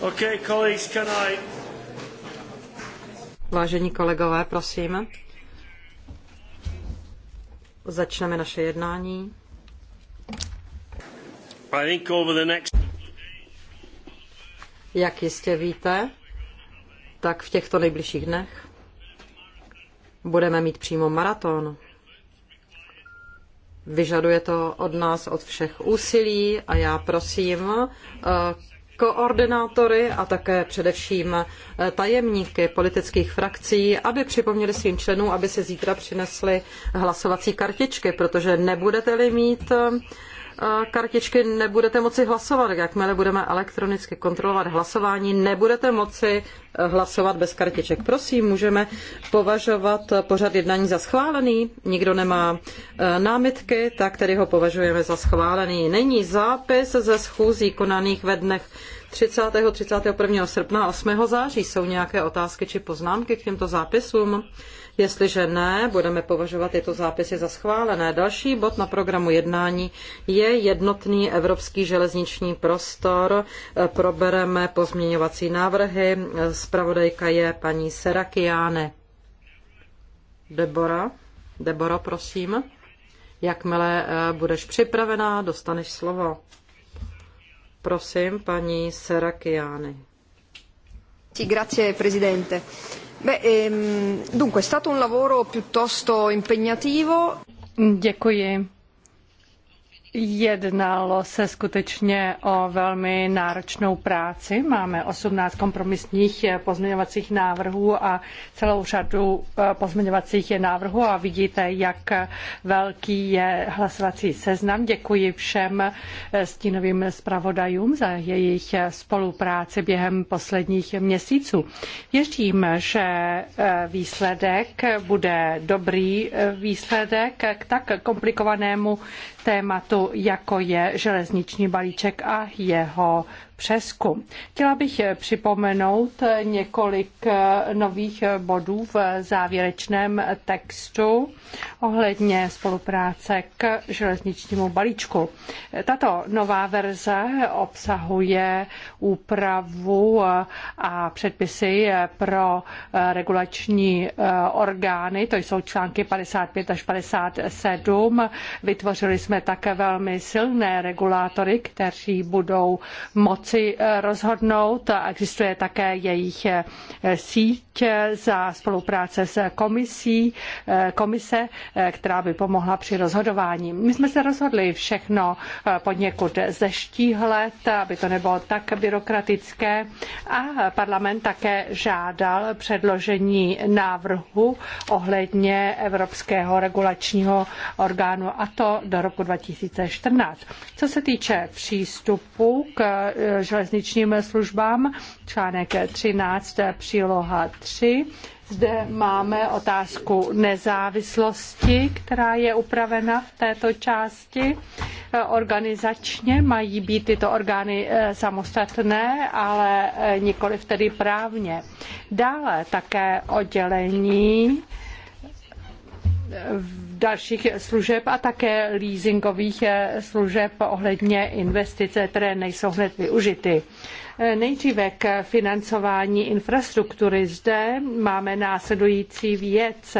Okay, colleagues, can I... Vážení kolegové, prosím. Začneme naše jednání. I think over the next... Jak jistě víte, tak v těchto nejbližších dnech budeme mít přímo maraton. Vyžaduje to od nás od všech úsilí a já prosím eh, koordinátory a také především eh, tajemníky politických frakcí, aby připomněli svým členům, aby si zítra přinesli hlasovací kartičky, protože nebudete-li mít eh, kartičky nebudete moci hlasovat. Jakmile budeme elektronicky kontrolovat hlasování, nebudete moci eh, hlasovat bez kartiček. Prosím, můžeme považovat pořad jednání za schválený. Nikdo nemá eh, námitky, tak tedy ho považujeme za schválený. Není zápis ze schůzí konaných ve dnech 30. 31. srpna a 8. září. Jsou nějaké otázky či poznámky k těmto zápisům? Jestliže ne, budeme považovat tyto zápisy za schválené. Další bod na programu jednání je jednotný evropský železniční prostor. Probereme pozměňovací návrhy. Spravodajka je paní Serakiáne. Debora, Debora, prosím. Jakmile eh, budeš připravená, dostaneš slovo. Prosím, paní Serakiány. Grazie, prezidente. Beh, ehm, dunque, è stato un lavoro piuttosto impegnativo. Děkuji. Jednalo se skutečně o velmi náročnou práci. Máme 18 kompromisních pozměňovacích návrhů a celou řadu eh, pozměňovacích návrhů a vidíte, jak velký je hlasovací seznam. Děkuji všem eh, stínovým zpravodajům za jejich spolupráci během posledních měsíců. Věřím, že eh, výsledek bude dobrý výsledek k tak komplikovanému tématu, jako je železniční balíček a jeho přeskum. Chtěla bych připomenout několik eh, nových eh, bodů v závěrečném textu ohledně spolupráce k železničnímu balíčku. Eh, tato nová verze obsahuje úpravu a předpisy pro regulační orgány, to jsou články 55 až 57. Vytvořili jsme také velmi silné regulátory, kteří budou moci moci eh, rozhodnout a existuje také jejich eh, síť Eh, za spolupráce s komisí, eh, komise, eh, která by pomohla při rozhodování. My jsme se rozhodli všechno poněkud zeštíhlet, aby to nebylo tak byrokratické a parlament také žádal předložení návrhu ohledně Evropského regulačního orgánu a to do roku 2014. Co se týče přístupu k železničním službám, článek 13, příloha 3. Zde máme otázku nezávislosti, která je upravena v této části. Organizačně mají být tyto orgány eh, samostatné, ale eh, nikoli tedy právně. Dále také oddělení dalších služeb a také leasingových služeb ohledně investice, které nejsou hned využity. Nejdříve k financování infrastruktury. Zde máme následující věc.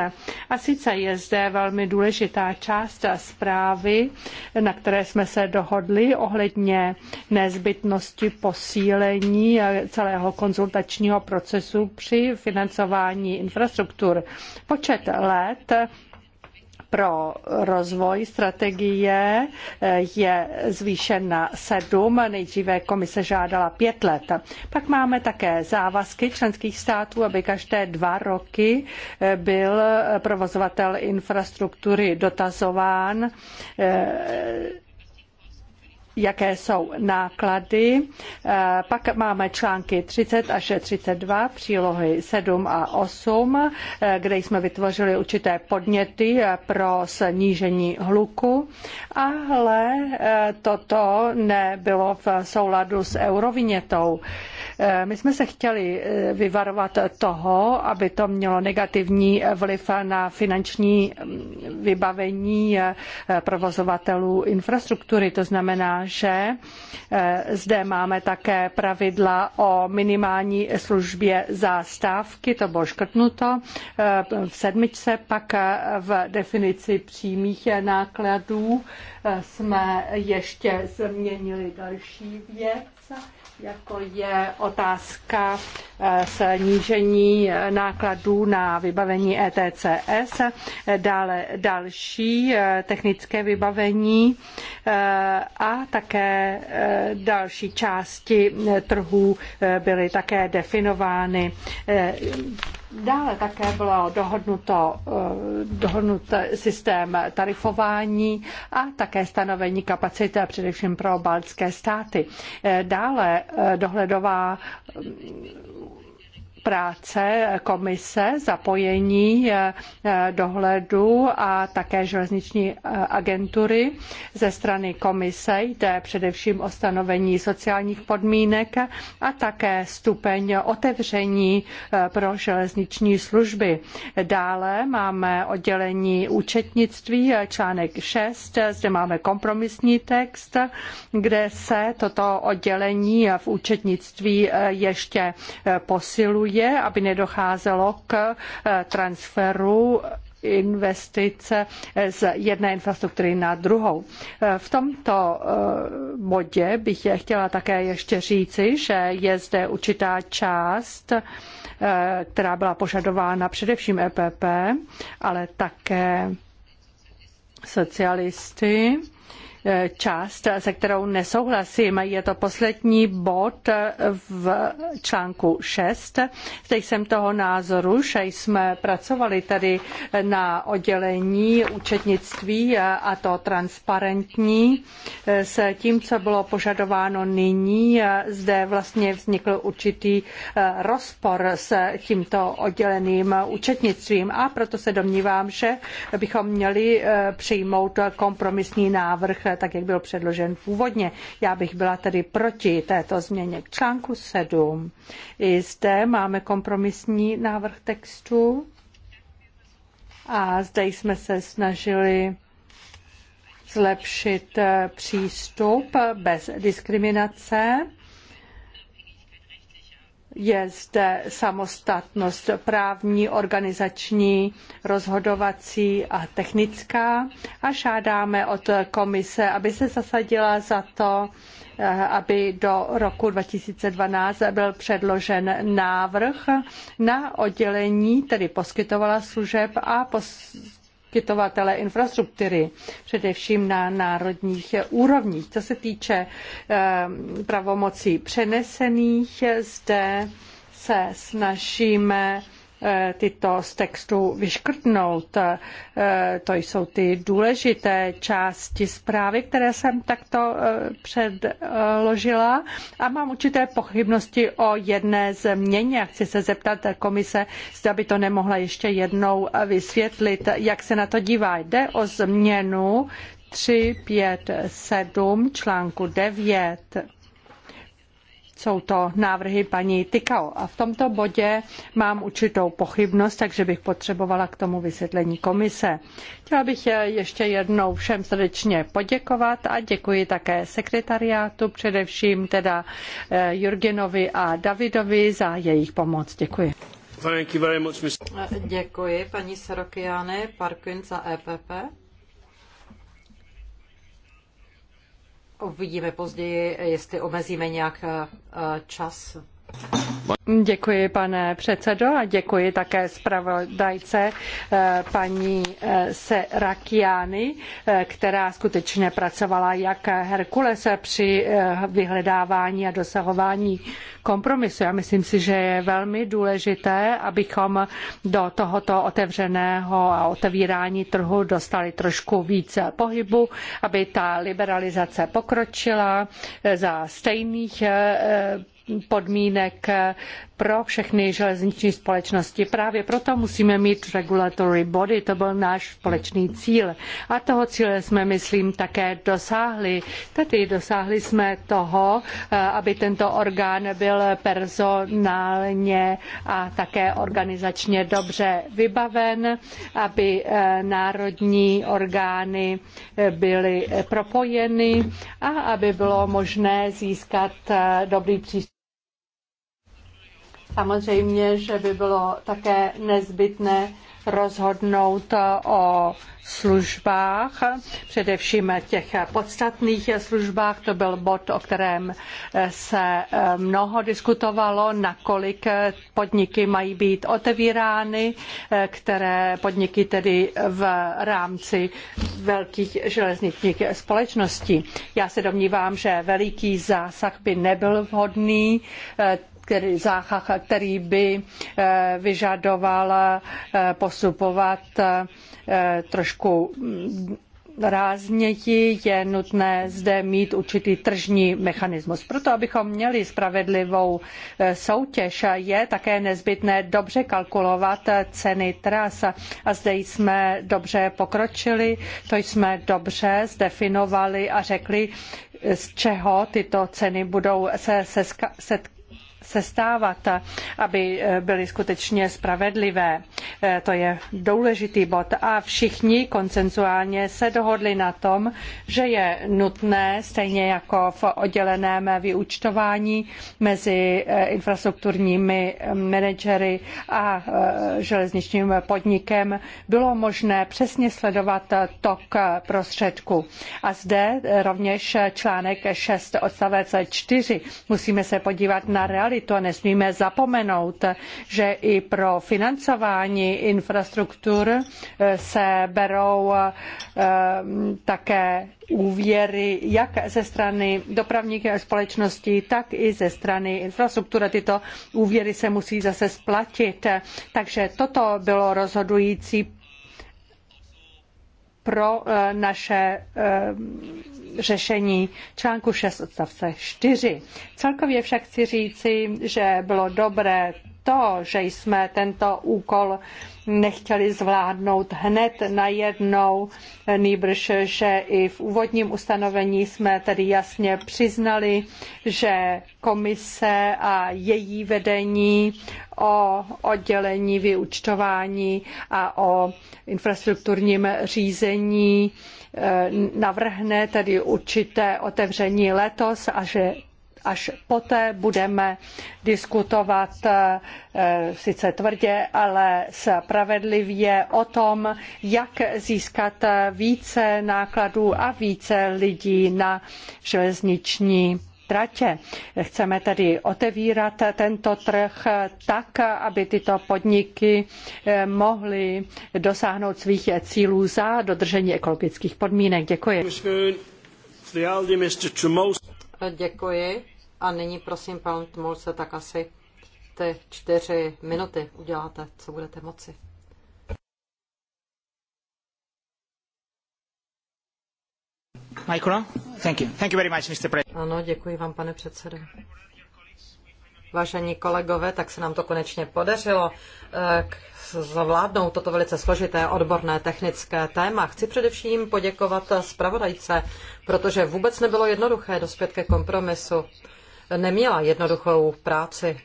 A sice je zde velmi důležitá část zprávy, na které jsme se dohodli ohledně nezbytnosti posílení celého konzultačního procesu při financování infrastruktur. Počet let pro rozvoj strategie eh, je zvýšen na sedm, nejdříve komise žádala pět let. Pak máme také závazky členských států, aby každé dva roky eh, byl eh, provozovatel infrastruktury dotazován jaké jsou náklady. Eh, pak máme články 30 až 32, přílohy 7 a 8, eh, kde jsme vytvořili určité podněty eh, pro snížení hluku, ale toto nebylo v souladu s eurovinětou. Eh, my jsme se chtěli eh, vyvarovat toho, aby to mělo negativní vliv na finanční mm, vybavení eh, provozovatelů infrastruktury. To znamená, že zde máme také pravidla o minimální službě zástávky, to bylo škrtnuto. V sedmičce pak v definici přímých nákladů jsme ještě změnili další věc jako je otázka eh, snížení eh, nákladů na vybavení ETCS, eh, dále další technické vybavení a také další části trhů byly také definovány. Dále také bylo dohodnuto, eh, dohodnut systém tarifování a také stanovení kapacity eh, především pro baltské státy. Eh, dále dohledová práce komise, zapojení eh, eh, dohledu a také železniční eh, agentury ze strany komise. Jde především o stanovení sociálních podmínek a také stupeň otevření pro železniční služby. Dále máme oddělení účetnictví, článek 6, zde máme kompromisní text, kde se toto oddělení v účetnictví ještě posiluje je, aby nedocházelo k eh, transferu investice z jedné infrastruktury na druhou. Eh, v tomto eh, bodě bych je chtěla také ještě říci, že je zde určitá část, která byla požadována především EPP, ale také socialisty část, se kterou nesouhlasím. Je to poslední bod v článku 6. Teď jsem toho názoru, že jsme pracovali tady na oddělení účetnictví a to transparentní. S tím, co bylo požadováno nyní, zde vlastně vznikl určitý rozpor s tímto odděleným účetnictvím a proto se domnívám, že bychom měli přijmout kompromisní návrh Eh, tak jak byl předložen původně. Já bych byla tedy proti této změně. K článku 7. I zde máme kompromisní návrh textu a zde jsme se snažili zlepšit eh, přístup bez diskriminace je zde samostatnost právní, organizační, rozhodovací a technická a žádáme od komise, aby se zasadila za to, eh, aby do roku 2012 byl předložen návrh na oddělení, tedy poskytovala služeb a pos poskytovatele infrastruktury, především na národních úrovních. Co se týče eh, pravomocí přenesených, zde se snažíme Eh, tyto z textu vyškrtnout. Eh, to jsou ty důležité části zprávy, které jsem takto eh, předložila a mám určité pochybnosti o jedné změně a chci se zeptat komise, zda by to nemohla ještě jednou vysvětlit, jak se na to dívá. Jde o změnu 3, 5, 7 článku 9 jsou to návrhy paní Tykao. A v tomto bodě mám určitou pochybnost, takže bych potřebovala k tomu vysvětlení komise. Chtěla bych ještě jednou všem srdečně poděkovat a děkuji také sekretariátu, především teda eh, Jurgenovi a Davidovi za jejich pomoc. Děkuji. Děkuji paní Serokiany, Parkin za EPP. Uvidíme později, jestli omezíme nějak eh, čas. Děkuji, pane předsedo, a děkuji také zpravodajce eh, paní eh, Serakiany, eh, která skutečně pracovala jak Herkules při vyhledávání a dosahování kompromisu. Já myslím si, že je velmi důležité, abychom do tohoto otevřeného a otevírání trhu dostali trošku více pohybu, aby ta liberalizace pokročila za stejných podmínek pro všechny železniční společnosti. Právě proto musíme mít regulatory body, to byl náš společný cíl. A toho cíle jsme, myslím, také dosáhli. Tedy dosáhli jsme toho, aby tento orgán byl personálně a také organizačně dobře vybaven, aby eh, národní orgány eh, byly propojeny a aby bylo možné získat eh, dobrý přístup Samozřejmě, že by bylo také nezbytné rozhodnout eh, o službách, především těch podstatných službách. To byl bod, o kterém eh, se eh, mnoho diskutovalo, nakolik podniky mají být otevírány, které podniky tedy v rámci velkých železničních společností. Já se domnívám, že veliký zásah by nebyl vhodný který, záchach, který by eh, vyžadoval eh, postupovat eh, trošku mm, rázněti je nutné zde mít určitý tržní mechanismus. Proto, abychom měli spravedlivou soutěž, je také nezbytné dobře kalkulovat ceny tras. A zde jsme dobře pokročili, to jsme dobře zdefinovali a řekli, z čeho tyto ceny budou se, se, se sestávat, aby eh, byly skutečně spravedlivé. Eh, to je důležitý bod. A všichni koncensuálně se dohodli na tom, že je nutné, stejně jako v odděleném vyúčtování mezi eh, infrastrukturními manažery a železničním podnikem, bylo možné přesně sledovat tok prostředků. A zde rovněž článek 6 odstavec 4. Musíme se podívat na realitu realitu a nesmíme zapomenout, že i pro financování infrastruktur eh, se berou eh, také úvěry jak ze strany dopravních společností, tak i ze strany infrastruktury. Tyto úvěry se musí zase splatit. Takže toto bylo rozhodující pro eh, naše eh, řešení článku 6 odstavce 4. Celkově však chci říci, že bylo dobré to, že jsme tento úkol nechtěli zvládnout hned najednou, nýbrž, že i v úvodním ustanovení jsme tedy jasně přiznali, že komise a její vedení o oddělení vyučtování a o infrastrukturním řízení eh, navrhne tedy určité otevření letos a že až poté budeme diskutovat eh, sice tvrdě, ale spravedlivě o tom, jak získat více nákladů a více lidí na železniční tratě. Chceme tedy otevírat tento trh tak, aby tyto podniky eh, mohly dosáhnout svých cílů za dodržení ekologických podmínek. Děkuji. Děkuji. A nyní prosím, pan Tmolce, tak asi ty čtyři minuty uděláte, co budete moci. Thank you. Thank you very much, Mr. President. Ano, děkuji vám, pane předsedo. Vážení kolegové, tak se nám to konečně podařilo eh, zvládnout toto velice složité odborné technické téma. Chci především poděkovat zpravodajce, protože vůbec nebylo jednoduché dospět ke kompromisu neměla jednoduchou práci,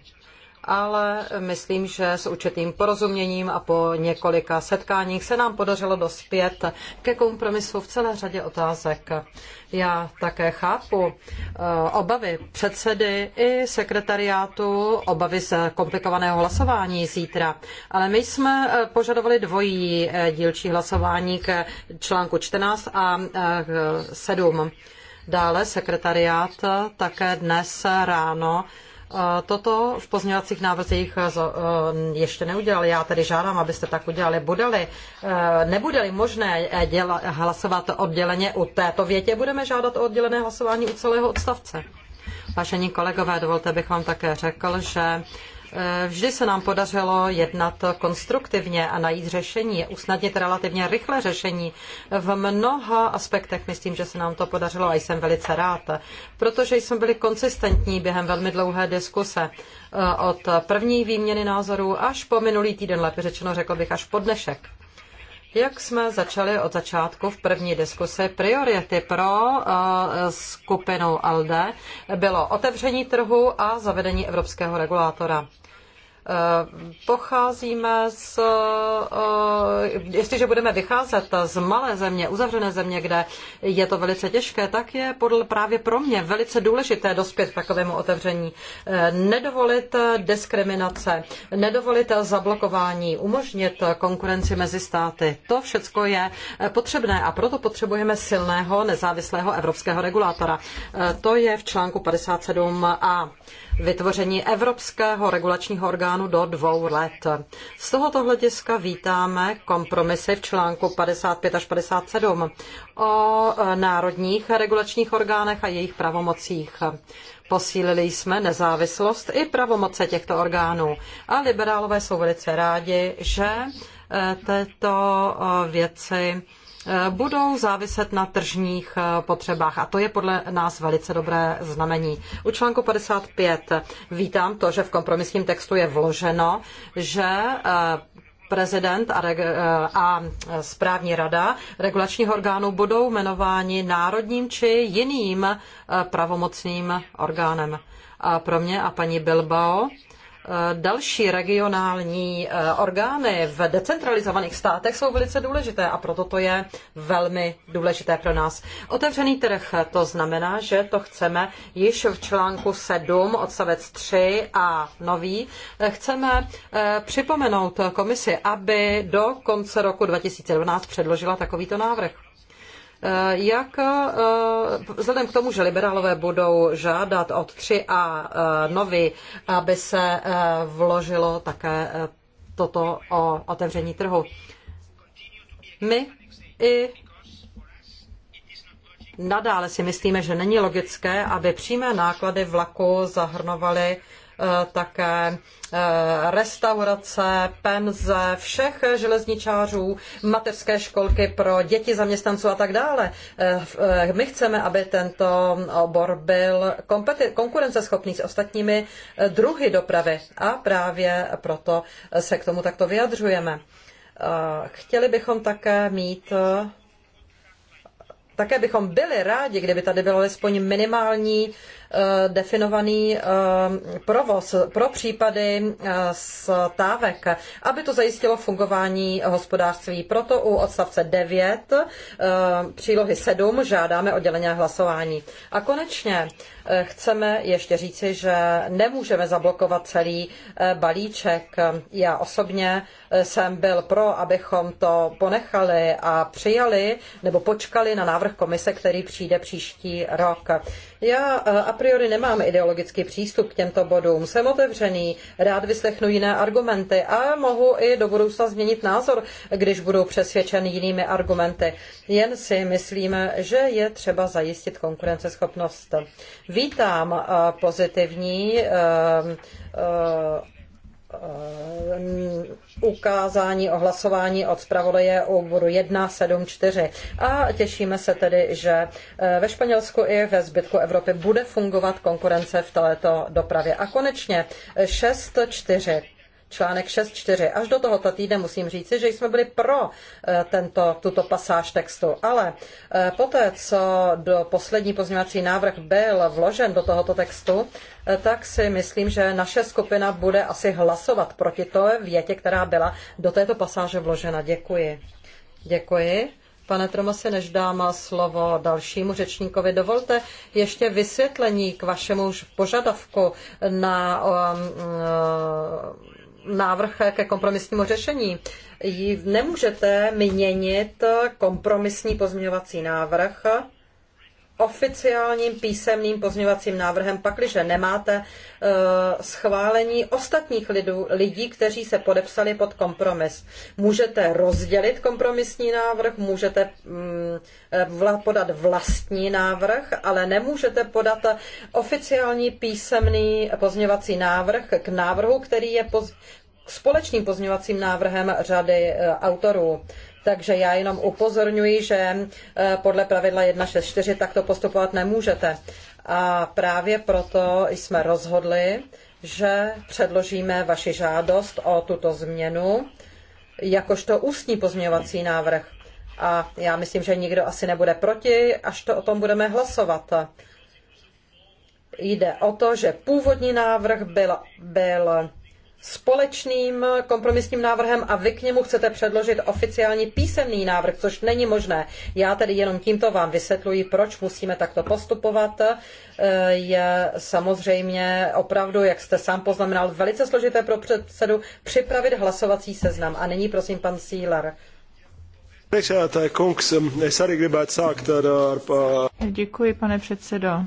ale myslím, že s určitým porozuměním a po několika setkáních se nám podařilo dospět ke kompromisu v celé řadě otázek. Já také chápu eh, obavy předsedy i sekretariátu, obavy z komplikovaného hlasování zítra, ale my jsme eh, požadovali dvojí eh, dílčí hlasování k článku 14 a 7. Dále sekretariát také dnes ráno eh, Toto v pozměňovacích návrzích eh, ještě neudělali. Já tedy žádám, abyste tak udělali. Budeli, eh, nebude-li možné děla, hlasovat odděleně u této větě, budeme žádat o oddělené hlasování u celého odstavce. Vážení kolegové, dovolte, abych vám také řekl, že Eh, vždy se nám podařilo jednat konstruktivně a najít řešení, usnadnit relativně rychlé řešení. V mnoha aspektech myslím, že se nám to podařilo a jsem velice rád, protože jsme byli konsistentní během velmi dlouhé diskuse eh, od první výměny názorů až po minulý týden, lépe řečeno řekl bych až po dnešek. Jak jsme začali od začátku v první diskusi, priority pro eh, skupinu ALDE bylo otevření trhu a zavedení evropského regulátora. Pocházíme z, eh, jestliže budeme vycházet z malé země, uzavřené země, kde je to velice těžké, tak je podle právě pro mě velice důležité dospět k takovému otevření. Eh, nedovolit diskriminace, nedovolit zablokování, umožnit konkurenci mezi státy. To všechno je eh, potřebné a proto potřebujeme silného nezávislého evropského regulátora. To je v článku 57a vytvoření Evropského regulačního orgánu do dvou let. Z tohoto hlediska vítáme kompromisy v článku 55 až 57 o e, národních regulačních orgánech a jejich pravomocích. Posílili jsme nezávislost i pravomoce těchto orgánů a liberálové jsou velice rádi, že e, této e, věci Eh, budou záviset na tržních eh, potřebách. A to je podle nás velice dobré znamení. U článku 55 eh, vítám to, že v kompromisním textu je vloženo, že prezident a, a správní rada regulačního orgánu budou jmenováni národním či jiným pravomocným orgánem. A pro mě a paní Bilbao Eh, další regionální eh, orgány v decentralizovaných státech jsou velice důležité a proto to je velmi důležité pro nás. Otevřený trh to znamená, že to chceme již v článku 7 odstavec 3 a nový. Eh, chceme připomenout komisi, aby do konce roku 2012 předložila takovýto návrh. Eh, jak eh, vzhledem k tomu, že liberálové budou žádat od 3A eh, novy, aby se vložilo také toto o otevření trhu. My i nadále si myslíme, že není logické, aby přímé náklady vlaku zahrnovaly Eh, také eh, restaurace, penze všech železničářů, mateřské školky pro děti zaměstnanců a tak dále. Eh, my chceme, aby tento obor byl konkurenceschopný s ostatními druhy dopravy a právě proto se k tomu takto vyjadřujeme. Chtěli bychom také mít také bychom byli rádi, kdyby tady bylo alespoň minimální Eh, definovaný eh, provoz pro případy eh, stávek, aby to zajistilo fungování hospodářství. Proto u odstavce 9 přílohy 7 žádáme oddělené hlasování. A konečně chceme ještě říci, že nemůžeme zablokovat celý balíček. Já osobně jsem byl pro, abychom to ponechali a přijali nebo počkali na návrh komise, který přijde příští rok. Já eh, a priori nemám ideologický přístup k těmto bodům. Jsem otevřený, rád vyslechnu jiné argumenty a mohu i do budoucna změnit názor, když budu přesvědčen jinými argumenty. Jen si myslíme, že je třeba zajistit konkurenceschopnost. Vítám eh, pozitivní eh, Eh, ukázání o hlasování od zpravodaje u bodu 174. A těšíme se tedy, že eh, ve Španělsku i ve zbytku Evropy bude fungovat konkurence v této dopravě. A konečně 6.4 článek 6.4. Až do tohoto týdne musím říci, že jsme byli pro eh, tento, tuto pasáž textu, ale eh, poté, co do poslední pozměňovací návrh byl vložen do tohoto textu, eh, tak si myslím, že naše skupina bude asi hlasovat proti té větě, která byla do této pasáže vložena. Děkuji. Děkuji. Pane Tromasi, než dám slovo dalšímu řečníkovi, dovolte ještě vysvětlení k vašemu požadavku na um, návrh ke kompromisnímu řešení. Nemůžete měnit kompromisní pozměňovací návrh oficiálním písemným pozměňovacím návrhem, pakliže nemáte eh, schválení ostatních lidů, lidí, kteří se podepsali pod kompromis. Můžete rozdělit kompromisní návrh, můžete mm, eh, podat vlastní návrh, ale nemůžete podat oficiální písemný pozměňovací návrh k návrhu, který je poz, společným pozměňovacím návrhem řady eh, autorů. Takže já jenom upozorňuji, že eh, podle pravidla 164 takto postupovat nemůžete. A právě proto jsme rozhodli, že předložíme vaši žádost o tuto změnu jakožto ústní pozměňovací návrh. A já myslím, že nikdo asi nebude proti, až to o tom budeme hlasovat. Jde o to, že původní návrh byl, byl společným kompromisním návrhem a vy k němu chcete předložit oficiální písemný návrh, což není možné. Já tedy jenom tímto vám vysvětluji, proč musíme takto postupovat. E, je samozřejmě opravdu, jak jste sám poznamenal, velice složité pro předsedu připravit hlasovací seznam. A nyní prosím pan Síler. Děkuji, pane předsedo. E,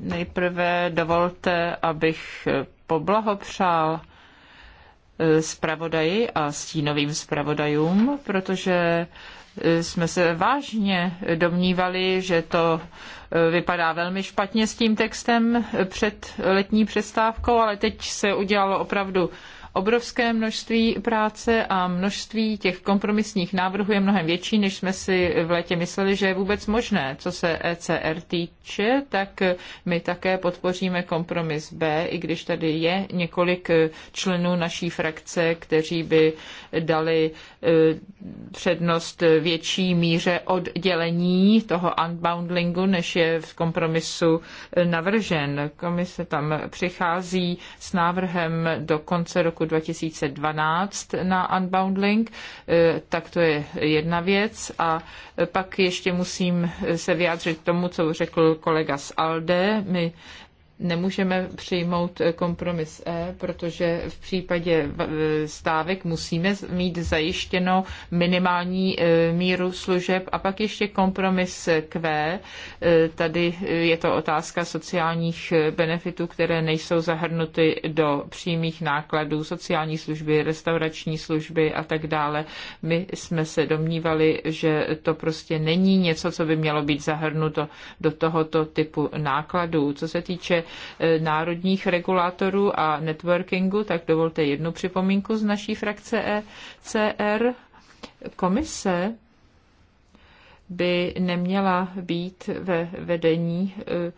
nejprve dovolte, abych poblahopřál eh, zpravodaji a stínovým zpravodajům, protože eh, jsme se vážně domnívali, že to eh, vypadá velmi špatně s tím textem před letní přestávkou, ale teď se udělalo opravdu obrovské množství práce a množství těch kompromisních návrhů je mnohem větší, než jsme si v létě mysleli, že je vůbec možné. Co se ECR týče, tak my také podpoříme kompromis B, i když tady je několik členů naší frakce, kteří by dali přednost větší míře oddělení toho unboundlingu, než je v kompromisu navržen. Komise tam přichází s návrhem do konce roku 2012 na unboundling, tak to je jedna věc. A pak ještě musím se vyjádřit k tomu, co řekl kolega z ALDE. My nemůžeme přijmout kompromis E, protože v případě stávek musíme mít zajištěno minimální e, míru služeb a pak ještě kompromis Q. E, tady je to otázka sociálních e, benefitů, které nejsou zahrnuty do přímých nákladů, sociální služby, restaurační služby a tak dále. My jsme se domnívali, že to prostě není něco, co by mělo být zahrnuto do tohoto typu nákladů. Co se týče Eh, národních regulátorů a networkingu, tak dovolte jednu připomínku z naší frakce ECR. Komise by neměla být ve vedení eh,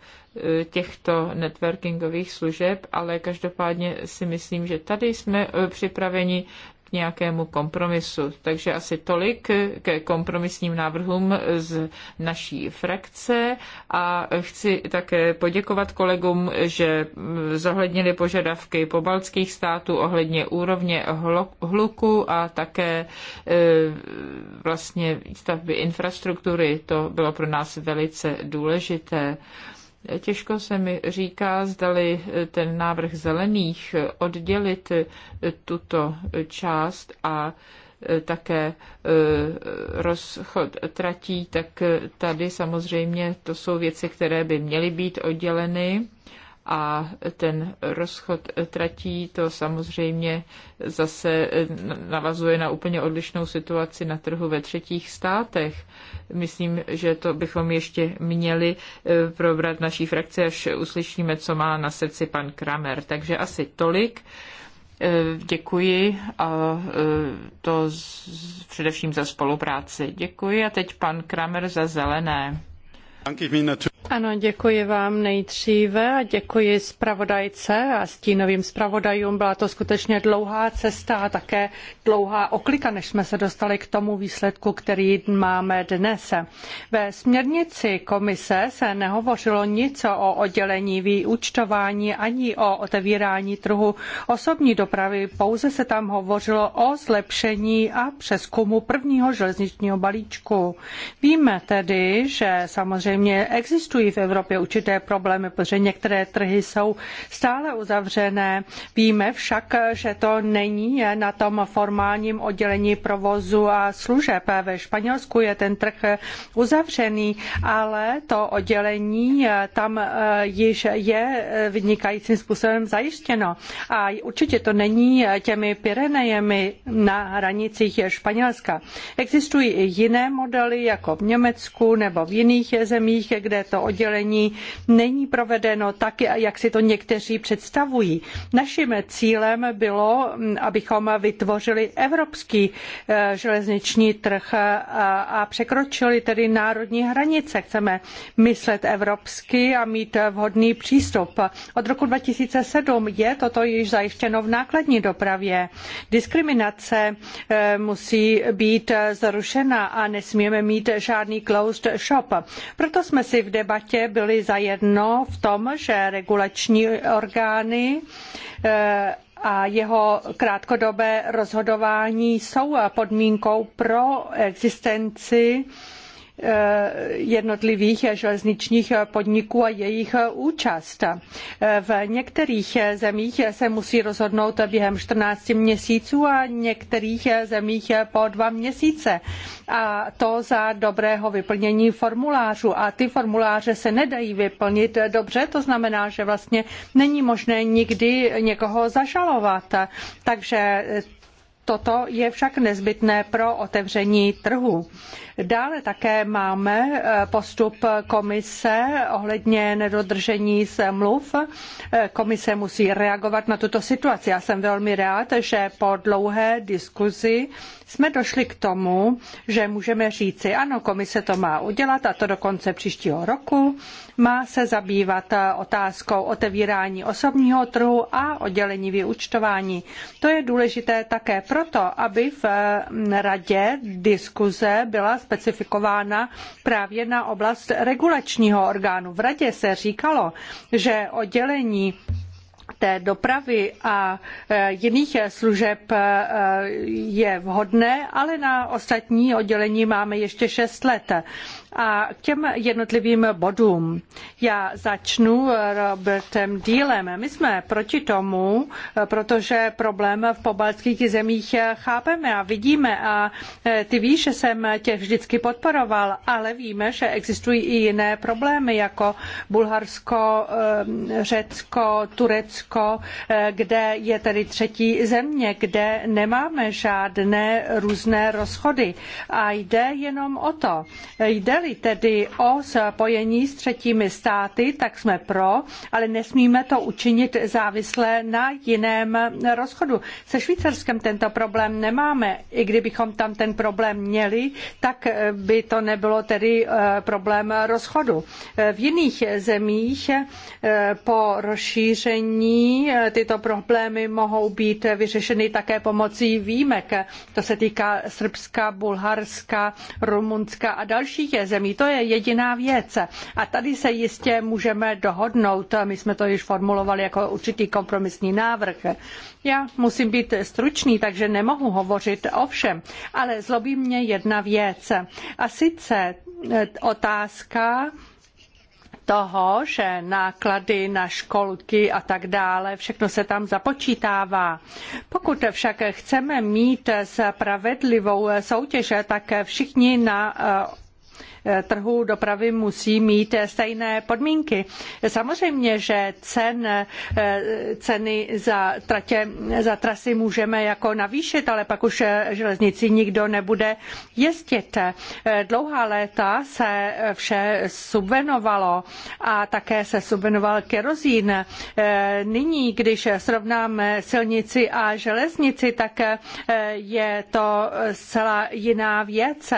eh, těchto networkingových služeb, ale každopádně si myslím, že tady jsme připraveni k nějakému kompromisu. Takže asi tolik ke kompromisním návrhům z naší frakce a chci také poděkovat kolegům, že zohlednili požadavky pobaltských států ohledně úrovně hluku a také e, vlastně stavby infrastruktury. To bylo pro nás velice důležité. Těžko se mi říká, zdali eh, ten návrh zelených eh, oddělit eh, tuto část a také rozchod tratí, tak tady samozřejmě to jsou věci, které by měly být odděleny a ten rozchod tratí, to samozřejmě zase navazuje na úplně odlišnou situaci na trhu ve třetích státech. Myslím, že to bychom ještě měli eh, probrat naší frakci, až uslyšíme, co má na srdci pan Kramer. Takže asi tolik. Eh, děkuji a eh, to především za spolupráci. Děkuji a teď pan Kramer za zelené. Ano, děkuji vám nejdříve a děkuji zpravodajce a stínovým zpravodajům. Byla to skutečně dlouhá cesta a také dlouhá oklika, než jsme se dostali k tomu výsledku, který máme dnes. Ve směrnici komise se nehovořilo nic o oddělení výúčtování ani o otevírání trhu osobní dopravy. Pouze se tam hovořilo o zlepšení a přeskumu prvního železničního balíčku. Víme tedy, že samozřejmě existují existují v Evropě určité problémy, protože některé trhy jsou stále uzavřené. Víme však, že to není na tom formálním oddělení provozu a služeb. Ve Španělsku je ten trh uzavřený, ale to oddělení tam eh, již je vynikajícím způsobem zajištěno. A určitě to není těmi Pyrenejemi na hranicích Španělska. Existují i jiné modely, jako v Německu nebo v jiných zemích, kde to to oddělení není provedeno tak, jak si to někteří představují. Naším cílem bylo, abychom vytvořili evropský eh, železniční trh a překročili tedy národní hranice. Chceme myslet evropsky a mít vhodný přístup. Od roku 2007 je toto již zajištěno v nákladní dopravě. Diskriminace eh, musí být zrušena a nesmíme mít žádný closed shop. Proto jsme si v debatě debatě byli zajedno v tom, že regulační orgány eh, a jeho krátkodobé rozhodování jsou podmínkou pro existenci Eh, jednotlivých železničních podniků a jejich účast. V některých zemích se musí rozhodnout během 14 měsíců a některých zemích po dva měsíce. A to za dobrého vyplnění formulářů. A ty formuláře se nedají vyplnit dobře, to znamená, že vlastně není možné nikdy někoho zažalovat. Takže Toto je však nezbytné pro otevření trhu. Dále také máme eh, postup komise ohledně nedodržení smluv. Eh, komise musí reagovat na tuto situaci. Já jsem velmi rád, že po dlouhé diskuzi jsme došli k tomu, že můžeme říci, ano, komise to má udělat a to do konce příštího roku. Má se zabývat eh, otázkou otevírání osobního trhu a oddělení vyúčtování. To je důležité také pro proto, aby v eh, radě diskuze byla specifikována právě na oblast regulačního orgánu. V radě se říkalo, že oddělení té dopravy a eh, jiných služeb eh, je vhodné, ale na ostatní oddělení máme ještě šest let. A k těm jednotlivým bodům. Já začnu eh, Robertem Dílem. My jsme proti tomu, eh, protože problém v pobaltských zemích eh, chápeme a vidíme a ty víš, že jsem tě vždycky podporoval, ale víme, že existují i jiné problémy, jako Bulharsko, Řecko, Turecko, kde je tedy třetí země, kde nemáme žádné různé rozchody. A jde jenom o to. Jde li tedy o spojení s třetími státy, tak jsme pro, ale nesmíme to učinit závislé na jiném rozchodu. Se Švýcarskem tento problém nemáme. I kdybychom tam ten problém měli, tak by to nebylo tedy eh, problém rozchodu. Eh, v jiných zemích eh, po rozšíření tyto problémy mohou být vyřešeny také pomocí výjimek. To se týká Srbska, Bulharska, Rumunska a dalších zemí. To je jediná věc. A tady se jistě můžeme dohodnout. My jsme to již formulovali jako určitý kompromisní návrh. Já musím být stručný, takže nemohu hovořit o všem, ale zlobí mě jedna věc. A sice e, otázka, toho, že náklady na školky a tak dále, všechno se tam započítává. Pokud však chceme mít spravedlivou soutěž, tak všichni na e, Eh, trhu dopravy musí mít stejné podmínky. Samozřejmě, že cen, eh, ceny za, tratě, za trasy můžeme jako navýšit, ale pak už eh, železnici nikdo nebude jezdit. Dlouhá léta se vše subvenovalo a také se subvenoval kerozín. Nyní, když srovnáme silnici a železnici, tak je to zcela jiná věc.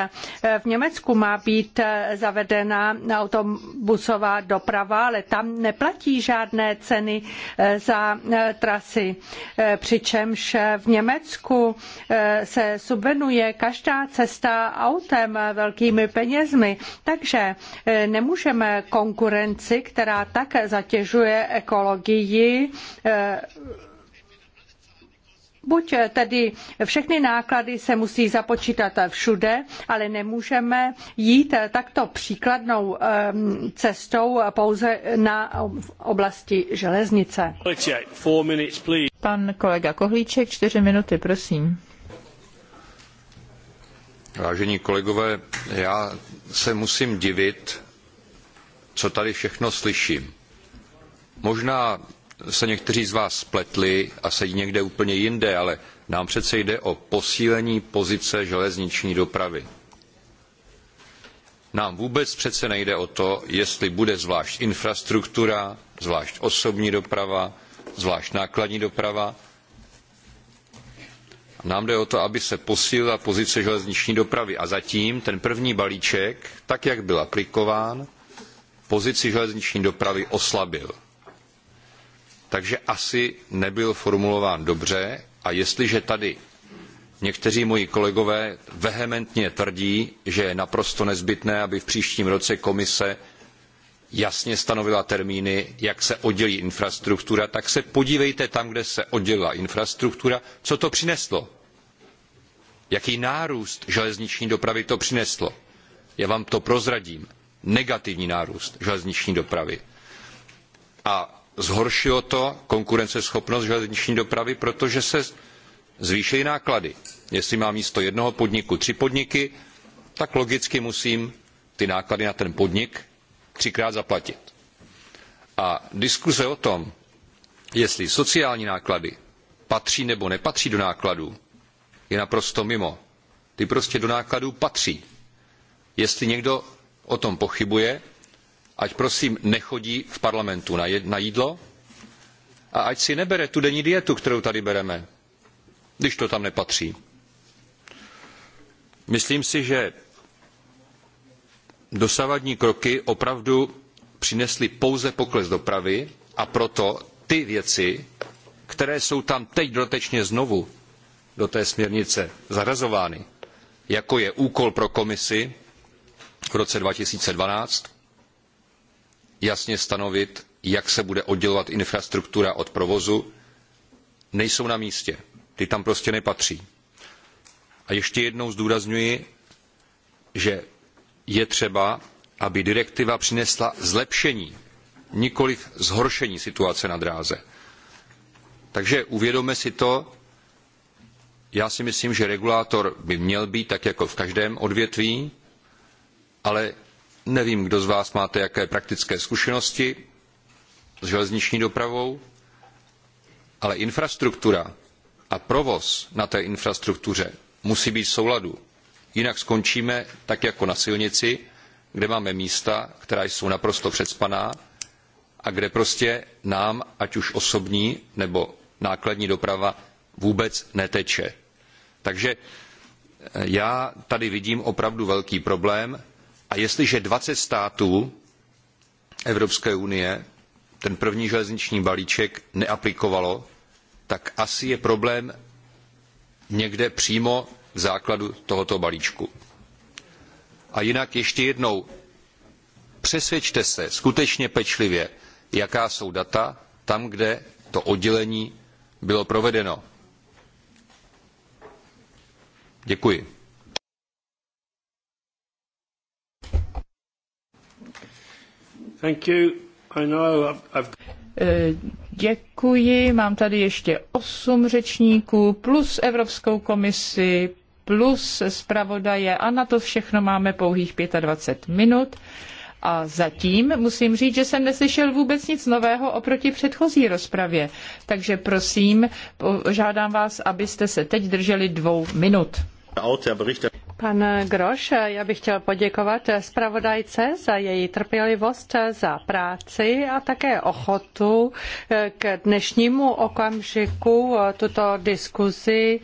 V Německu má být Eh, zavedena autobusová doprava, ale tam neplatí žádné ceny eh, za eh, trasy. Přičemž v Německu se subvenuje každá cesta autem velkými penězmi, takže nemůžeme konkurenci, která tak zatěžuje ekologii, Buď eh, tedy všechny náklady se musí započítat eh, všude, ale nemůžeme jít eh, takto příkladnou cestou pouze na oblasti železnice. Pan kolega Kohlíček, čtyři minuty, prosím. Vážení kolegové, já se musím divit, co tady všechno slyším. Možná se někteří z vás spletli a sedí někde úplně jinde, ale nám přece jde o posílení pozice železniční dopravy. Nám vůbec přece nejde o to, jestli bude zvlášť infrastruktura, zvlášť osobní doprava, zvlášť nákladní doprava. Nám jde o to, aby se posílila pozice železniční dopravy. A zatím ten první balíček, tak jak byl aplikován, pozici železniční dopravy oslabil takže asi nebyl formulován dobře a jestliže tady někteří moji kolegové vehementně tvrdí, že je naprosto nezbytné, aby v příštím roce komise jasně stanovila termíny, jak se oddělí infrastruktura, tak se podívejte tam, kde se oddělila infrastruktura, co to přineslo. Jaký nárůst železniční dopravy to přineslo. Já vám to prozradím. Negativní nárůst železniční dopravy. A zhoršilo to konkurenceschopnost železniční dopravy, protože se zvýšily náklady. Jestli má místo jednoho podniku tři podniky, tak logicky musím ty náklady na ten podnik třikrát zaplatit. A diskuze o tom, jestli sociální náklady patří nebo nepatří do nákladů, je naprosto mimo. Ty prostě do nákladů patří. Jestli někdo o tom pochybuje, ať prosím nechodí v parlamentu na, na jídlo a ať si nebere tu denní dietu, kterou tady bereme, když to tam nepatří. Myslím si, že dosavadní kroky opravdu přinesly pouze pokles dopravy a proto ty věci, které jsou tam teď dotečně znovu do té směrnice zařazovány, jako je úkol pro komisi v roce 2012, jasně stanovit, jak se bude oddělovat infrastruktura od provozu, nejsou na místě. Ty tam prostě nepatří. A ještě jednou zdůrazňuji, že je třeba, aby direktiva přinesla zlepšení, nikoliv zhoršení situace na dráze. Takže uvědomme si to. Já si myslím, že regulátor by měl být tak jako v každém odvětví, ale Nevím, kdo z vás máte jaké praktické zkušenosti s železniční dopravou, ale infrastruktura a provoz na té infrastruktuře musí být v souladu. Jinak skončíme tak jako na silnici, kde máme místa, která jsou naprosto přecpaná a kde prostě nám, ať už osobní nebo nákladní doprava, vůbec neteče. Takže já tady vidím opravdu velký problém a jestliže dvacet států Evropské unie ten první železniční balíček neaplikovalo, tak asi je problém někde přímo v základu tohoto balíčku. A jinak ještě jednou, přesvědčte se skutečně pečlivě, jaká jsou data tam, kde to oddělení bylo provedeno. Děkuji. Thank you. I know I've... Eh, děkuji. Mám tady ještě osm řečníků plus Evropskou komisi, plus zpravodaje a na to všechno máme pouhých 25 minut. A zatím musím říct, že jsem neslyšel vůbec nic nového oproti předchozí rozpravě. Takže prosím, žádám vás, abyste se teď drželi dvou minut. Pan Groš, já bych chtěl poděkovat zpravodajce za její trpělivost, za práci a také ochotu k dnešnímu okamžiku tuto diskuzi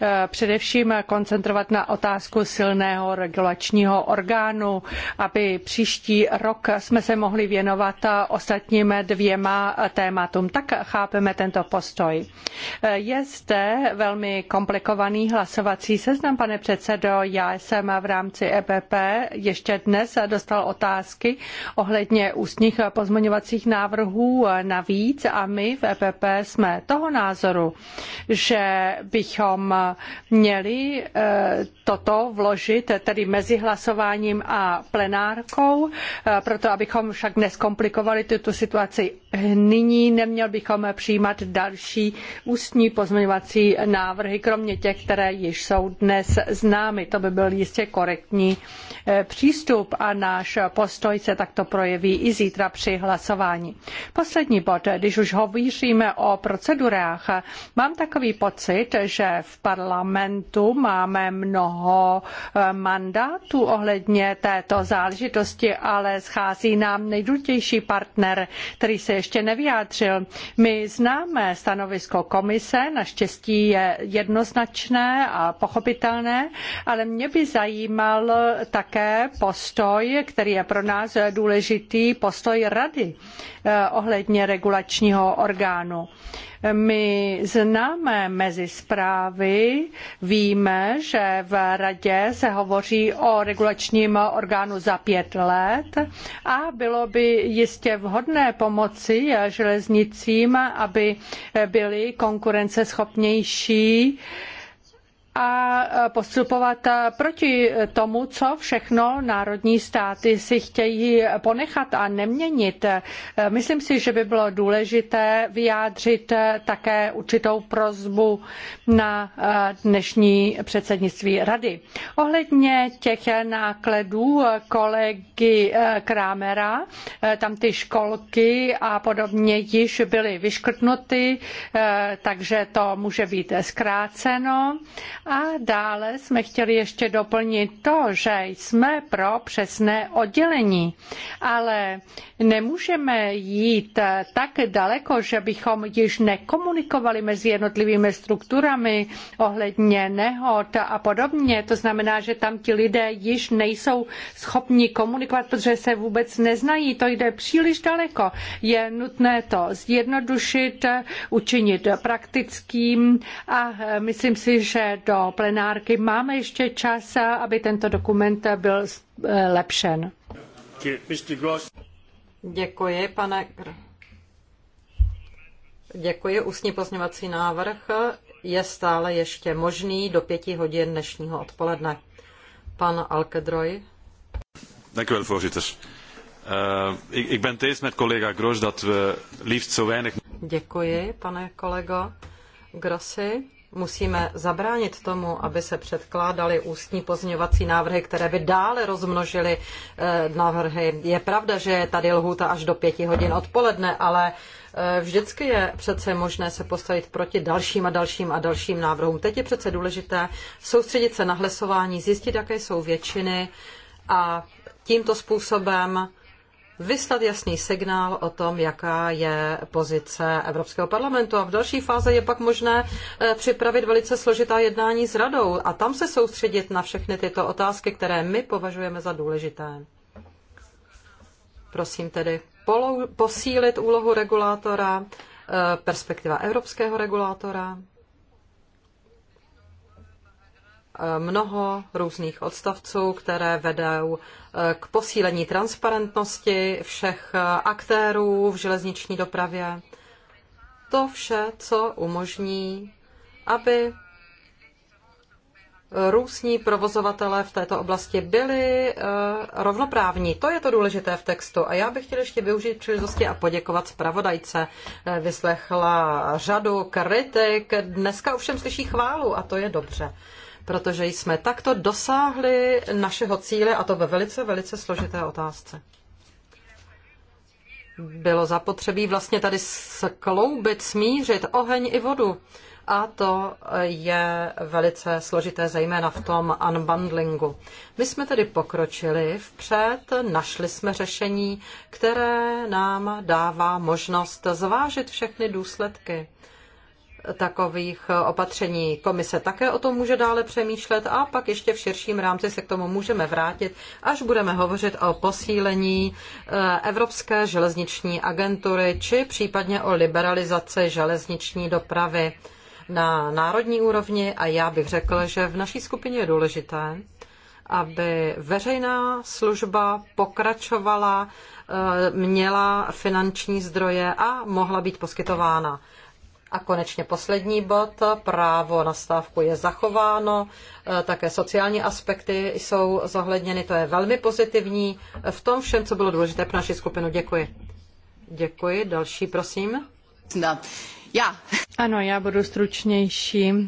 eh, především koncentrovat na otázku silného regulačního orgánu, aby příští rok jsme se mohli věnovat ostatním dvěma tématům. Tak chápeme tento postoj. Eh, je zde velmi komplikovaný hlasovací seznam, pane předsedo, já jsem v rámci EPP ještě dnes dostal otázky ohledně ústních pozměňovacích návrhů navíc a my v EPP jsme toho názoru, že bychom měli eh, toto vložit tedy mezi hlasováním a plenárkou, eh, proto abychom však neskomplikovali tuto situaci nyní, neměl bychom přijímat další ústní pozměňovací návrhy, kromě těch, které již jsou dnes známy. To by by byl jistě korektní eh, přístup a náš postoj se takto projeví i zítra při hlasování. Poslední bod, když už hovoříme o procedurách, mám takový pocit, že v parlamentu máme mnoho eh, mandátů ohledně této záležitosti, ale schází nám nejdůležitější partner, který se ještě nevyjádřil. My známe stanovisko komise, naštěstí je jednoznačné a pochopitelné, ale mě by zajímal také postoj, který je pro nás důležitý, postoj rady eh, ohledně regulačního orgánu. My známe mezi zprávy, víme, že v radě se hovoří o regulačním orgánu za pět let a bylo by jistě vhodné pomoci železnicím, aby byly konkurenceschopnější schopnější a postupovat eh, proti tomu, co všechno národní státy si chtějí ponechat a neměnit. Eh, myslím si, že by bylo důležité vyjádřit eh, také určitou prozbu na dnešní předsednictví rady. Ohledně těch nákladů kolegy Krámera, tam ty školky a podobně již byly vyškrtnuty, takže to může být zkráceno a dále jsme chtěli ještě doplnit to, že jsme pro přesné oddělení, ale nemůžeme jít tak daleko, že bychom již nekomunikovali mezi jednotlivými strukturami ohledně nehod a podobně. To znamená, že tam ti lidé již nejsou schopni komunikovat, protože se vůbec neznají. To jde příliš daleko. Je nutné to zjednodušit, učinit praktickým a myslím si, že do do plenárky máme ještě čas, aby tento dokument byl lepšen. Děkuji, pane. Děkuji. Ústní pozměvací návrh je stále ještě možný do pěti hodin dnešního odpoledne. Pan Alkedroj. Děkuji, u wel, voorzitter. Uh, ik, ben het eens met collega Gros dat we liefst zo weinig... Děkuji, pane kolego Grossi musíme zabránit tomu, aby se předkládaly ústní pozměňovací návrhy, které by dále rozmnožily eh, návrhy. Je pravda, že je tady lhůta až do pěti hodin odpoledne, ale eh, vždycky je přece možné se postavit proti dalším a dalším a dalším návrhům. Teď je přece důležité soustředit se na hlasování, zjistit, jaké jsou většiny a tímto způsobem vyslat jasný signál o tom, jaká je pozice Evropského parlamentu. A v další fáze je pak možné eh, připravit velice složitá jednání s radou a tam se soustředit na všechny tyto otázky, které my považujeme za důležité. Prosím tedy posílit úlohu regulátora, eh, perspektiva evropského regulátora mnoho různých odstavců, které vedou eh, k posílení transparentnosti všech eh, aktérů v železniční dopravě. To vše, co umožní, aby různí provozovatelé v této oblasti byli eh, rovnoprávní. To je to důležité v textu. A já bych chtěl ještě využít příležitosti a poděkovat zpravodajce. Vyslechla řadu kritik. Dneska ovšem slyší chválu a to je dobře protože jsme takto dosáhli našeho cíle a to ve velice, velice složité otázce. Bylo zapotřebí vlastně tady skloubit, smířit oheň i vodu. A to je velice složité, zejména v tom unbundlingu. My jsme tedy pokročili vpřed, našli jsme řešení, které nám dává možnost zvážit všechny důsledky takových opatření. Komise také o tom může dále přemýšlet a pak ještě v širším rámci se k tomu můžeme vrátit, až budeme hovořit o posílení eh, Evropské železniční agentury či případně o liberalizaci železniční dopravy na národní úrovni a já bych řekl, že v naší skupině je důležité, aby veřejná služba pokračovala, eh, měla finanční zdroje a mohla být poskytována. A konečně poslední bod, právo na stávku je zachováno, e, také sociální aspekty jsou zohledněny, to je velmi pozitivní. V tom všem, co bylo důležité pro naši skupinu, děkuji. Děkuji, další prosím. No. Já. Ano, já budu stručnější.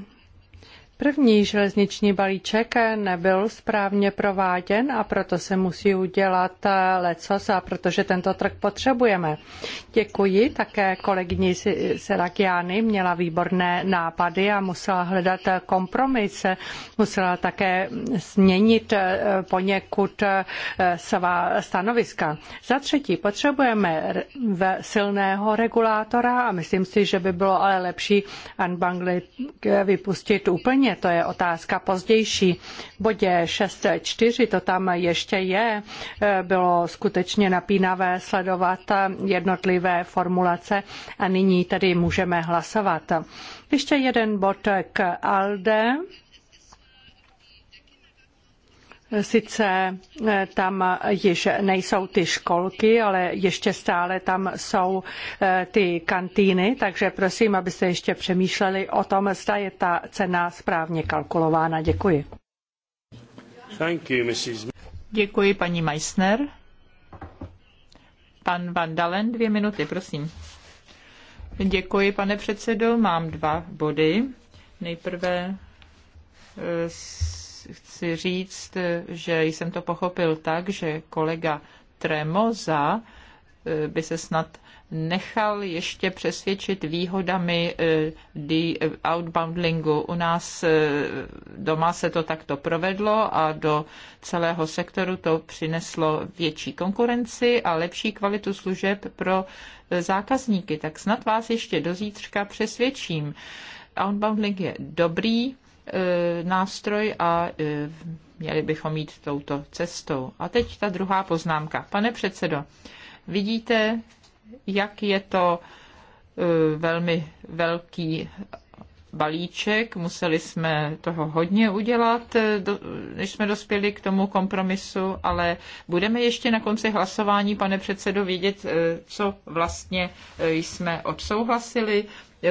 První železniční balíček nebyl správně prováděn a proto se musí udělat eh, lecos a protože tento trh potřebujeme. Děkuji také kolegyni Serakiány, měla výborné nápady a musela hledat kompromis. Musela také změnit eh, poněkud eh, svá stanoviska. Za třetí, potřebujeme silného regulátora a myslím si, že by bylo ale lepší unbundling vypustit úplně daně, to je otázka pozdější. V bodě 6.4, to tam ještě je, bylo skutečně napínavé sledovat jednotlivé formulace a nyní tedy můžeme hlasovat. Ještě jeden bod k ALDE. Sice eh, tam již nejsou ty školky, ale ještě stále tam jsou eh, ty kantýny, takže prosím, abyste ještě přemýšleli o tom, zda je ta cena správně kalkulována. Děkuji. Thank you, Mrs. Děkuji, paní Meissner. Pan Van Dalen, dvě minuty, prosím. Děkuji, pane předsedo. Mám dva body. Nejprve eh, s chci říct, že jsem to pochopil tak, že kolega Tremoza eh, by se snad nechal ještě přesvědčit výhodami eh, the outboundlingu. U nás eh, doma se to takto provedlo a do celého sektoru to přineslo větší konkurenci a lepší kvalitu služeb pro zákazníky. Tak snad vás ještě do zítřka přesvědčím. Outboundling je dobrý, E, nástroj a e, měli bychom jít touto cestou. A teď ta druhá poznámka. Pane předsedo, vidíte, jak je to e, velmi velký balíček, museli jsme toho hodně udělat, do, než jsme dospěli k tomu kompromisu, ale budeme ještě na konci hlasování, pane předsedo, vědět, co vlastně jsme odsouhlasili.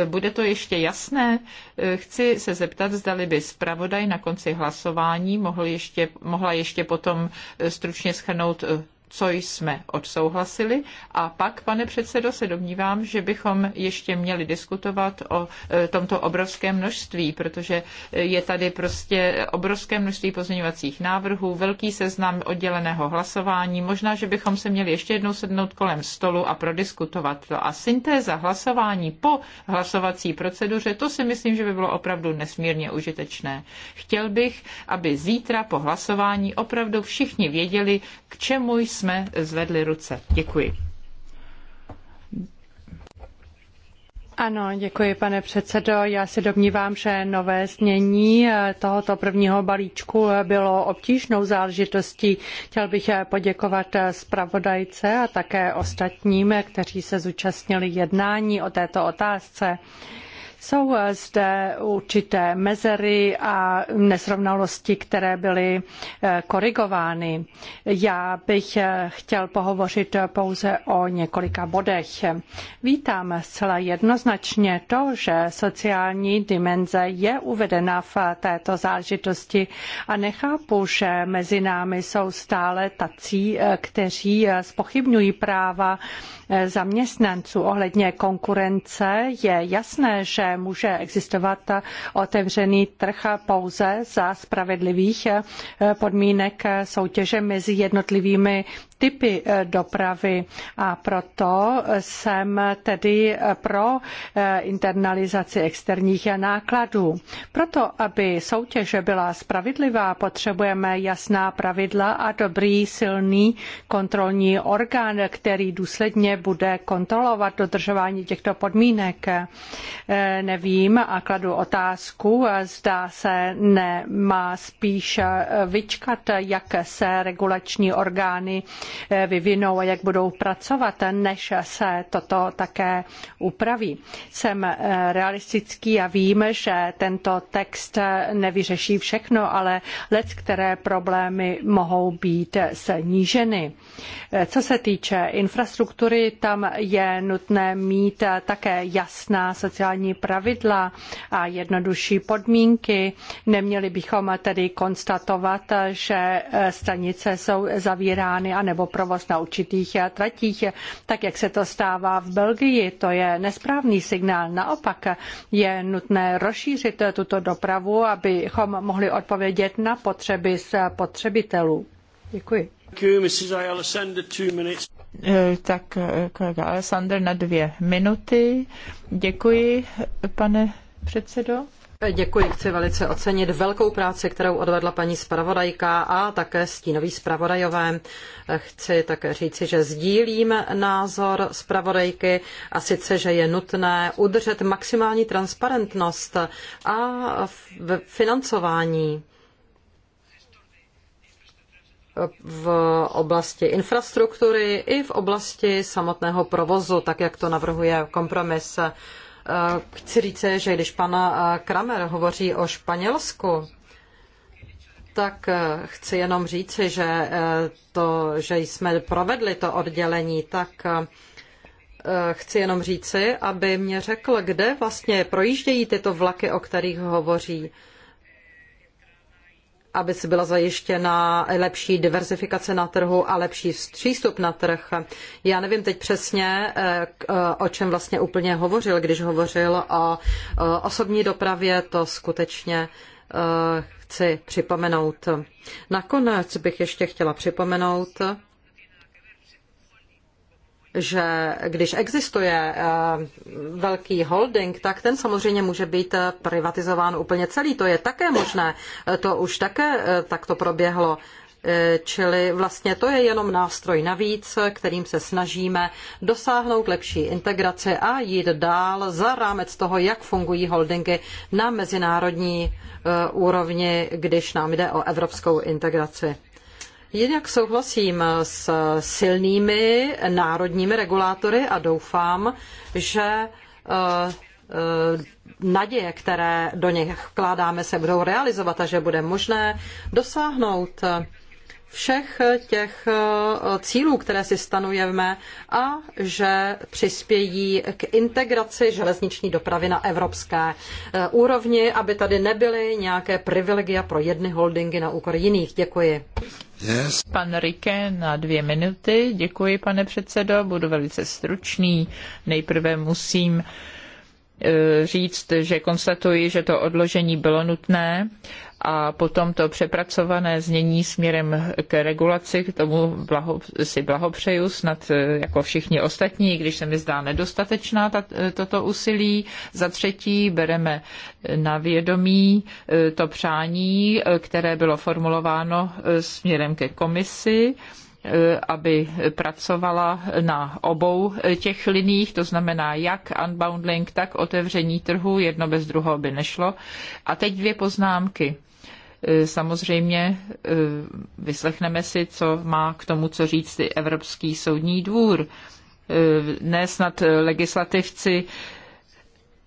Bude to ještě jasné? Eh, chci se zeptat, zdali by zpravodaj na konci hlasování mohl ještě, mohla ještě potom eh, stručně schrnout eh, co jsme odsouhlasili. A pak, pane předsedo, se domnívám, že bychom ještě měli diskutovat o e, tomto obrovském množství, protože e, je tady prostě obrovské množství pozměňovacích návrhů, velký seznam odděleného hlasování. Možná, že bychom se měli ještě jednou sednout kolem stolu a prodiskutovat to. A syntéza hlasování po hlasovací proceduře, to si myslím, že by bylo opravdu nesmírně užitečné. Chtěl bych, aby zítra po hlasování opravdu všichni věděli, k čemu jsme jsme zvedli ruce. Děkuji. Ano, děkuji, pane předsedo. Já se domnívám, že nové znění eh, tohoto prvního balíčku eh, bylo obtížnou záležitostí. Chtěl bych eh, poděkovat zpravodajce a také ostatním, kteří se zúčastnili jednání o této otázce. Jsou eh, zde určité mezery a nesrovnalosti, které byly eh, korigovány. Já bych eh, chtěl pohovořit pouze o několika bodech. Vítám zcela jednoznačně to, že sociální dimenze je uvedena v této záležitosti a nechápu, že mezi námi jsou stále tací, kteří spochybňují práva Eh, zaměstnanců. Ohledně konkurence je jasné, že může existovat otevřený trh pouze za spravedlivých eh, podmínek eh, soutěže mezi jednotlivými typy eh, dopravy a proto jsem tedy pro eh, internalizaci externích nákladů. Proto, aby soutěž byla spravedlivá, potřebujeme jasná pravidla a dobrý, silný kontrolní orgán, který důsledně bude kontrolovat dodržování těchto podmínek. Eh, nevím a kladu otázku, zda se nemá spíš vyčkat, jak se regulační orgány Eh, vyvinou a jak budou pracovat, než se toto také upraví. Jsem eh, realistický a vím, že tento text eh, nevyřeší všechno, ale lec, které problémy mohou být sníženy. Co se týče infrastruktury, tam je nutné mít také jasná sociální pravidla a jednodušší podmínky. Neměli bychom tedy konstatovat, že stanice jsou zavírány a nebo provoz na určitých eh, tratích, eh, tak jak se to stává v Belgii. To je nesprávný signál. Naopak je nutné rozšířit eh, tuto dopravu, abychom mohli odpovědět na potřeby spotřebitelů. Děkuji. Tak kolega Alessandr na dvě minuty. Děkuji, pane předsedo. Děkuji, chci velice ocenit velkou práci, kterou odvedla paní zpravodajka a také stínoví zpravodajové. Chci také říci, že sdílím názor zpravodajky a sice, že je nutné udržet maximální transparentnost a financování v oblasti infrastruktury i v oblasti samotného provozu, tak jak to navrhuje kompromis. Eh, chci říct, že když pan eh, Kramer hovoří o Španělsku, tak eh, chci jenom říci, že to, že jsme provedli to oddělení, tak chci jenom říci, aby mě řekl, kde vlastně projíždějí tyto vlaky, o kterých hovoří aby se byla zajištěna lepší diverzifikace na trhu a lepší přístup na trh. Já nevím teď přesně, eh, eh, o čem vlastně úplně hovořil, když hovořil o eh, osobní dopravě, to skutečně chci připomenout. Nakonec bych ještě chtěla připomenout, že když existuje eh, velký holding, tak ten samozřejmě může být eh, privatizován úplně celý. To je také možné. Eh, to už také takto proběhlo. Čili vlastně to je jenom nástroj navíc, kterým se snažíme dosáhnout lepší integrace a jít dál za rámec toho, jak fungují holdingy na mezinárodní úrovni, když nám jde o evropskou integraci. Jinak souhlasím s silnými národními regulátory a doufám, že eh, eh, naděje, které do nich vkládáme, se budou realizovat a že bude možné dosáhnout všech těch eh, cílů, které si stanujeme a že přispějí k integraci železniční dopravy na evropské eh, úrovni, aby tady nebyly nějaké privilegia pro jedny holdingy na úkor jiných. Děkuji. Yes. Pan Rike na dvě minuty. Děkuji, pane předsedo. Budu velice stručný. Nejprve musím eh, říct, že konstatuji, že to odložení bylo nutné a potom to přepracované znění směrem k regulaci, k tomu blaho, si blahopřeju snad e, jako všichni ostatní, když se mi zdá nedostatečná e, toto úsilí. Za třetí bereme na vědomí e, to přání, které bylo formulováno směrem ke komisi aby pracovala na obou těch liních, to znamená jak unbundling, tak otevření trhu, jedno bez druhého by nešlo. A teď dvě poznámky. Eh, samozřejmě eh, vyslechneme si, co má k tomu, co říct Evropský soudní dvůr eh, ne snad legislativci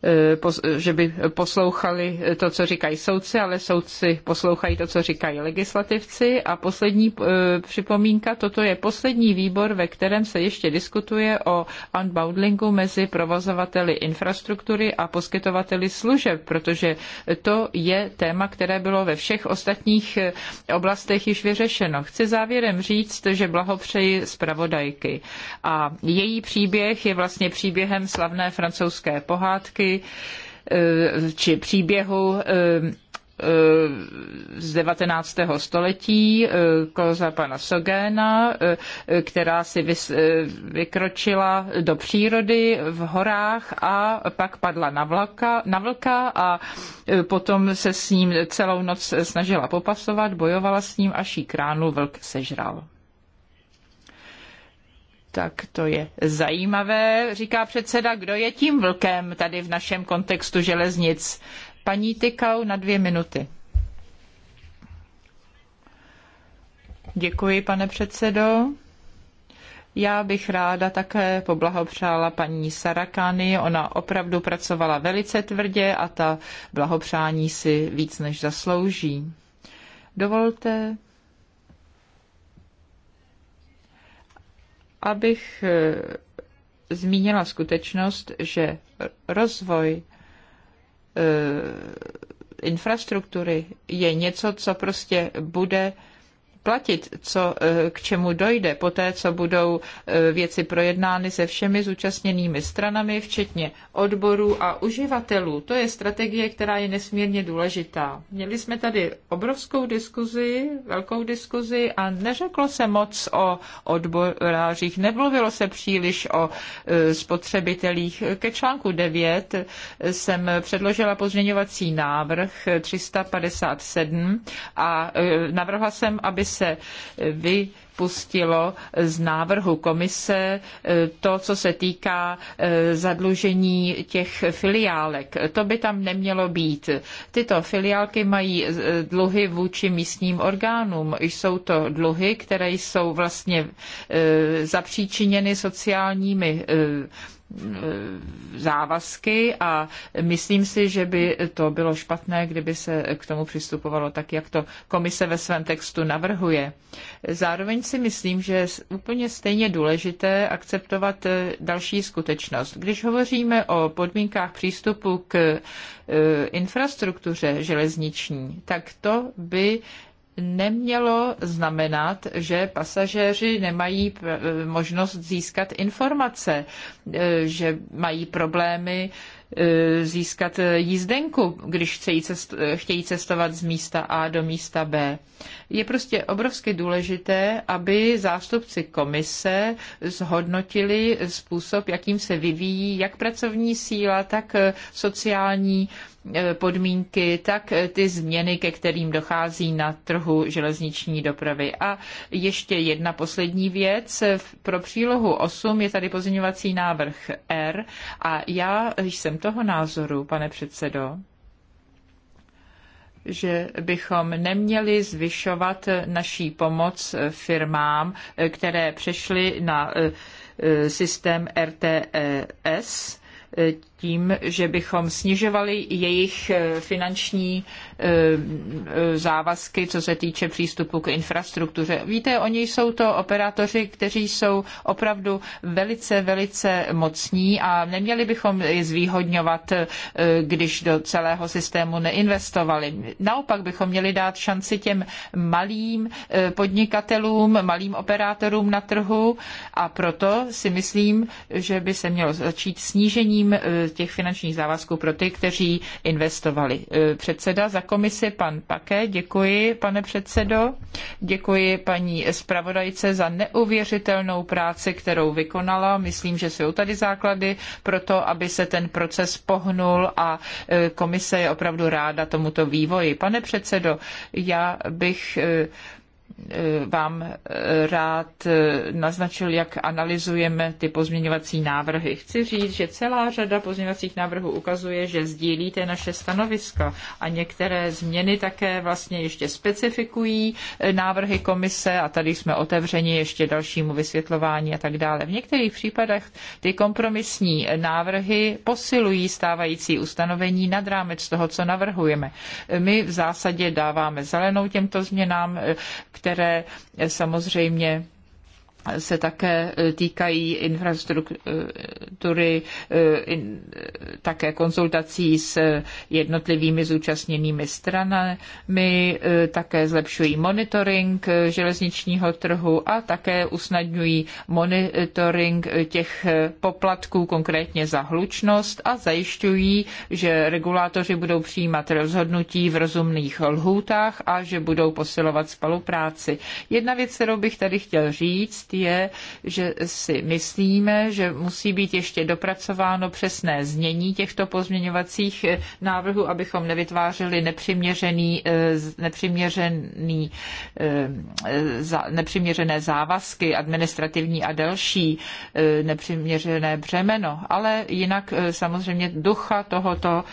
Eh, že by poslouchali to, co říkají soudci, ale soudci poslouchají to, co říkají legislativci. A poslední eh, připomínka, toto je poslední výbor, ve kterém se ještě diskutuje o unbundlingu mezi provozovateli infrastruktury a poskytovateli služeb, protože to je téma, které bylo ve všech ostatních eh, oblastech již vyřešeno. Chci závěrem říct, že blahopřeji zpravodajky. A její příběh je vlastně příběhem slavné francouzské pohádky, Eh, či příběhu eh, eh, z 19. století, koza pana Sogéna, která si vykročila do přírody v horách a pak padla na, vlaka, na vlka a potom se s ním celou noc snažila popasovat, bojovala s ním, až jí kránu vlk sežral. Tak to je zajímavé, říká předseda, kdo je tím vlkem tady v našem kontextu železnic. Paní Tykau na dvě minuty. Děkuji, pane předsedo. Já bych ráda také poblahopřála paní Sarakany. Ona opravdu pracovala velice tvrdě a ta blahopřání si víc než zaslouží. Dovolte, abych e, zmínila skutečnost, že rozvoj e, infrastruktury je něco, co prostě bude platit, co e, k čemu dojde poté, co budou e, věci projednány se všemi zúčastněnými stranami, včetně odborů a uživatelů. To je strategie, která je nesmírně důležitá. Měli jsme tady obrovskou diskuzi, velkou diskuzi a neřeklo se moc o odborářích, nemluvilo se příliš o e, spotřebitelích. Ke článku 9 jsem předložila pozměňovací návrh 357 a navrhla jsem, aby se se vy vypustilo z návrhu komise e, to, co se týká e, zadlužení těch filiálek. To by tam nemělo být. Tyto filiálky mají e, dluhy vůči místním orgánům. Jsou to dluhy, které jsou vlastně zapříčiněny sociálními Eh, závazky a myslím si, že by to bylo špatné, kdyby se k tomu přistupovalo tak, jak to komise ve svém textu navrhuje. Zároveň si myslím, že je úplně stejně důležité akceptovat eh, další skutečnost. Když hovoříme o podmínkách přístupu k eh, infrastruktuře železniční, tak to by nemělo znamenat, že pasažéři nemají možnost získat informace, e, že mají problémy e, získat jízdenku, když chtějí, cestovat z místa A do místa B. Je prostě obrovsky důležité, aby zástupci komise zhodnotili způsob, jakým se vyvíjí jak pracovní síla, tak e, sociální Eh, podmínky, tak eh, ty změny, ke kterým dochází na trhu železniční dopravy. A ještě jedna poslední věc. Pro přílohu 8 je tady pozměňovací návrh R a já jsem toho názoru, pane předsedo, že bychom neměli zvyšovat naší pomoc firmám, eh, které přešly na systém RTES tím, že bychom snižovali jejich eh, finanční Eh, eh, závazky, co se týče přístupu k infrastruktuře. Víte, oni jsou to operátoři, kteří jsou opravdu velice, velice mocní a neměli bychom je zvýhodňovat, eh, když do celého systému neinvestovali. Naopak bychom měli dát šanci těm malým podnikatelům, malým operátorům na trhu a proto si myslím, že by se mělo začít snížením těch finančních závazků pro ty, kteří investovali. Předseda za komisi pan Paké. Děkuji, pane předsedo. Děkuji paní zpravodajce za neuvěřitelnou práci, kterou vykonala. Myslím, že jsou tady základy pro to, aby se ten proces pohnul a e, komise je opravdu ráda tomuto vývoji. Pane předsedo, já bych e, Eh, vám eh, rád eh, naznačil, jak analyzujeme ty pozměňovací návrhy. Chci říct, že celá řada pozměňovacích návrhů ukazuje, že sdílíte naše stanoviska a některé změny také vlastně ještě specifikují návrhy komise a tady jsme otevřeni ještě dalšímu vysvětlování a tak dále. V některých případech ty kompromisní návrhy posilují stávající ustanovení nad rámec toho, co navrhujeme. My v zásadě dáváme zelenou těmto změnám, které které samozřejmě se také e, týkají infrastruktury, e, také konzultací s jednotlivými zúčastněnými stranami, e, také zlepšují monitoring železničního trhu a také usnadňují monitoring těch poplatků konkrétně za hlučnost a zajišťují, že regulátoři budou přijímat rozhodnutí v rozumných lhůtách a že budou posilovat spolupráci. Jedna věc, kterou bych tady chtěl říct, fakt je, že si myslíme, že musí být ještě dopracováno přesné znění těchto pozměňovacích eh, návrhů, abychom nevytvářeli nepřiměřený, eh, nepřiměřený, eh, nepřiměřené závazky, administrativní a další nepřiměřené břemeno. Ale jinak samozřejmě ducha tohoto,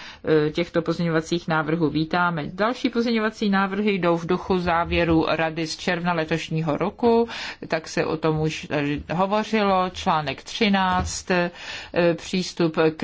těchto pozměňovacích návrhů vítáme. Další pozměňovací návrhy jdou v duchu závěru Rady z června letošního roku, tak se o to tom už hovořilo, článek 13, e, přístup k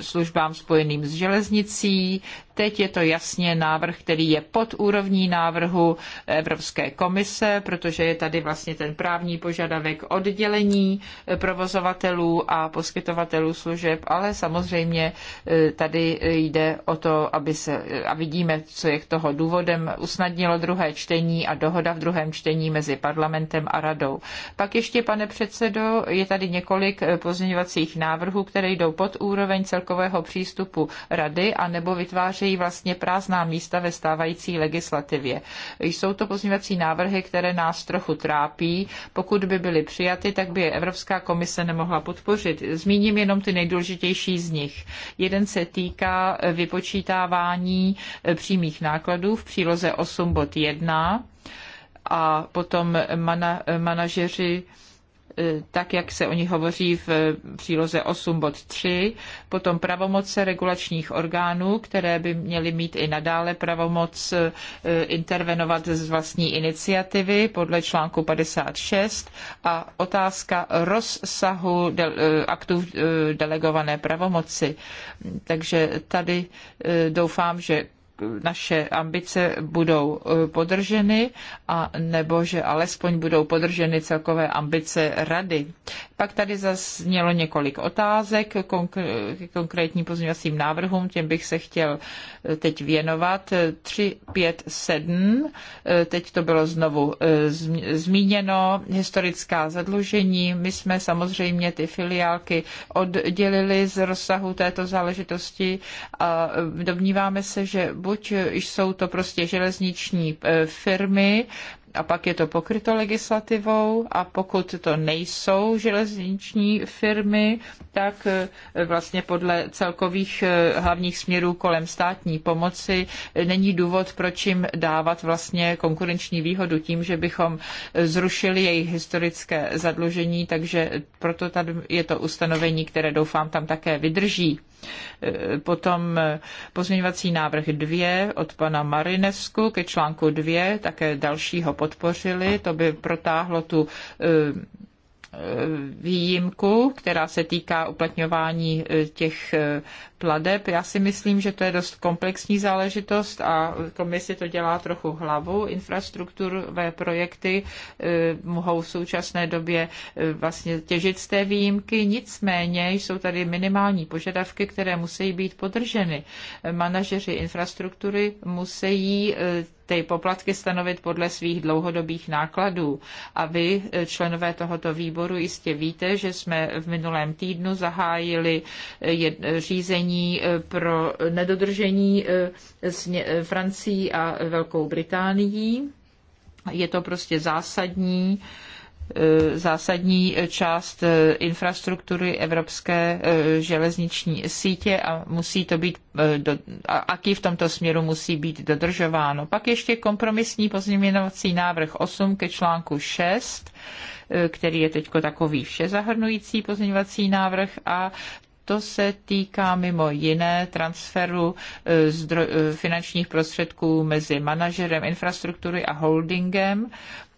službám spojeným s železnicí. Teď je to jasně návrh, který je pod úrovní návrhu Evropské komise, protože je tady vlastně ten právní požadavek oddělení e, provozovatelů a poskytovatelů služeb, ale samozřejmě e, tady jde o to, aby se, a vidíme, co je k toho důvodem, usnadnilo druhé čtení a dohoda v druhém čtení mezi parlamentem a radou. Pak ještě, pane předsedo, je tady několik eh, pozměňovacích návrhů, které jdou pod úroveň celkového přístupu rady a nebo vytvářejí vlastně prázdná místa ve stávající legislativě. Jsou to pozměňovací návrhy, které nás trochu trápí. Pokud by byly přijaty, tak by je Evropská komise nemohla podpořit. Zmíním jenom ty nejdůležitější z nich. Jeden se týká eh, vypočítávání eh, přímých nákladů v příloze 8 bod 1 a potom mana, manažeři e, tak, jak se o nich hovoří v příloze 8 bod 3, potom pravomoce regulačních orgánů, které by měly mít i nadále pravomoc e, intervenovat z vlastní iniciativy podle článku 56 a otázka rozsahu de- e, aktů delegované pravomoci. Takže tady doufám, že naše ambice budou e, podrženy a nebo že alespoň budou podrženy celkové ambice rady. Pak tady zaznělo několik otázek k konkrétním pozměňovacím návrhům, těm bych se chtěl eh, teď věnovat. 3, 5, 7, teď to bylo znovu eh, zmíněno, historická zadlužení. My jsme samozřejmě ty filiálky oddělili z rozsahu této záležitosti a eh, domníváme se, že buď jsou to prostě železniční firmy, a pak je to pokryto legislativou a pokud to nejsou železniční firmy, tak eh, vlastně podle celkových eh, hlavních směrů kolem státní pomoci eh, není důvod, proč jim dávat vlastně konkurenční výhodu tím, že bychom zrušili jejich historické zadlužení, takže proto tady je to ustanovení, které doufám tam také vydrží. Potom eh, pozměňovací návrh 2 od pana Marinesku ke článku 2 také dalšího podpořili. To by protáhlo tu eh, výjimku, která se týká uplatňování e, těch e, pladeb. Já si myslím, že to je dost komplexní záležitost a komisi to dělá trochu hlavu. Infrastrukturové projekty e, mohou v současné době vlastně těžit z té výjimky, nicméně jsou tady minimální požadavky, které musí být podrženy. Manažeři infrastruktury musí ty poplatky stanovit podle svých dlouhodobých nákladů. A vy, členové tohoto výboru, jistě víte, že jsme v minulém týdnu zahájili eh, řízení eh, pro nedodržení s eh, Francií a Velkou Británií. Je to prostě zásadní E, zásadní část e, infrastruktury evropské e, železniční sítě a musí to být, a aký v tomto směru musí být dodržováno. Pak ještě kompromisní pozměňovací návrh 8 ke článku 6, který je teď takový všezahrnující pozměňovací návrh a to se týká mimo jiné transferu finančních prostředků mezi manažerem infrastruktury a holdingem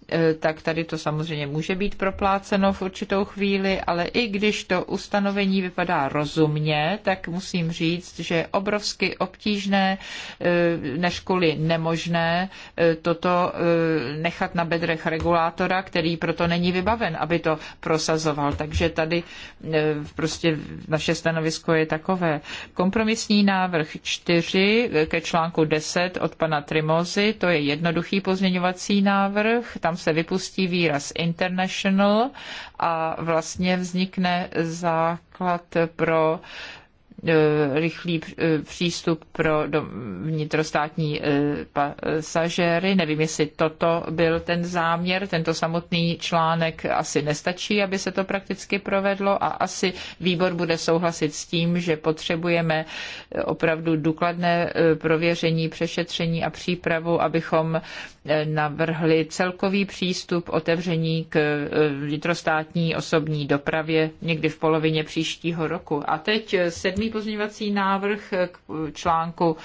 Eh, tak tady to samozřejmě může být propláceno v určitou chvíli, ale i když to ustanovení vypadá rozumně, tak musím říct, že je obrovsky obtížné, eh, než kvůli nemožné, eh, toto nechat na bedrech regulátora, který proto není vybaven, aby to prosazoval. Takže tady prostě naše stanovisko je takové. Kompromisní návrh 4 ke článku 10 od pana Trimozy, to je jednoduchý pozměňovací návrh, tam tam se vypustí výraz international a vlastně vznikne základ pro e, rychlý e, přístup pro vnitrostátní e, pasažéry. Nevím, jestli toto byl ten záměr. Tento samotný článek asi nestačí, aby se to prakticky provedlo a asi výbor bude souhlasit s tím, že potřebujeme opravdu důkladné prověření, přešetření a přípravu, abychom navrhli celkový přístup otevření k eh, vnitrostátní osobní dopravě někdy v polovině příštího roku. A teď eh, sedmý pozměňovací návrh eh, k článku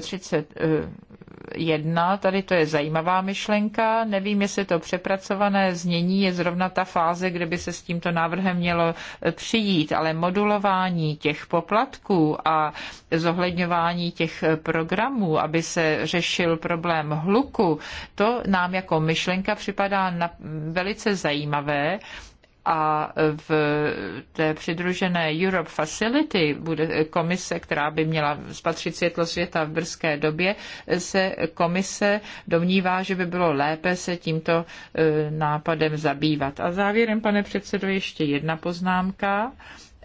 31, eh, tady to je zajímavá myšlenka. Nevím, jestli to přepracované znění je zrovna ta fáze, kde by se s tímto návrhem mělo eh, přijít, ale modulování těch poplatků a zohledňování těch eh, programů, aby se řešil problém hluku, to nám jako myšlenka připadá na mm, velice zajímavé a v té přidružené Europe Facility bude komise, která by měla spatřit světlo světa v brzké době, se komise domnívá, že by bylo lépe se tímto e, nápadem zabývat. A závěrem, pane předsedo, ještě jedna poznámka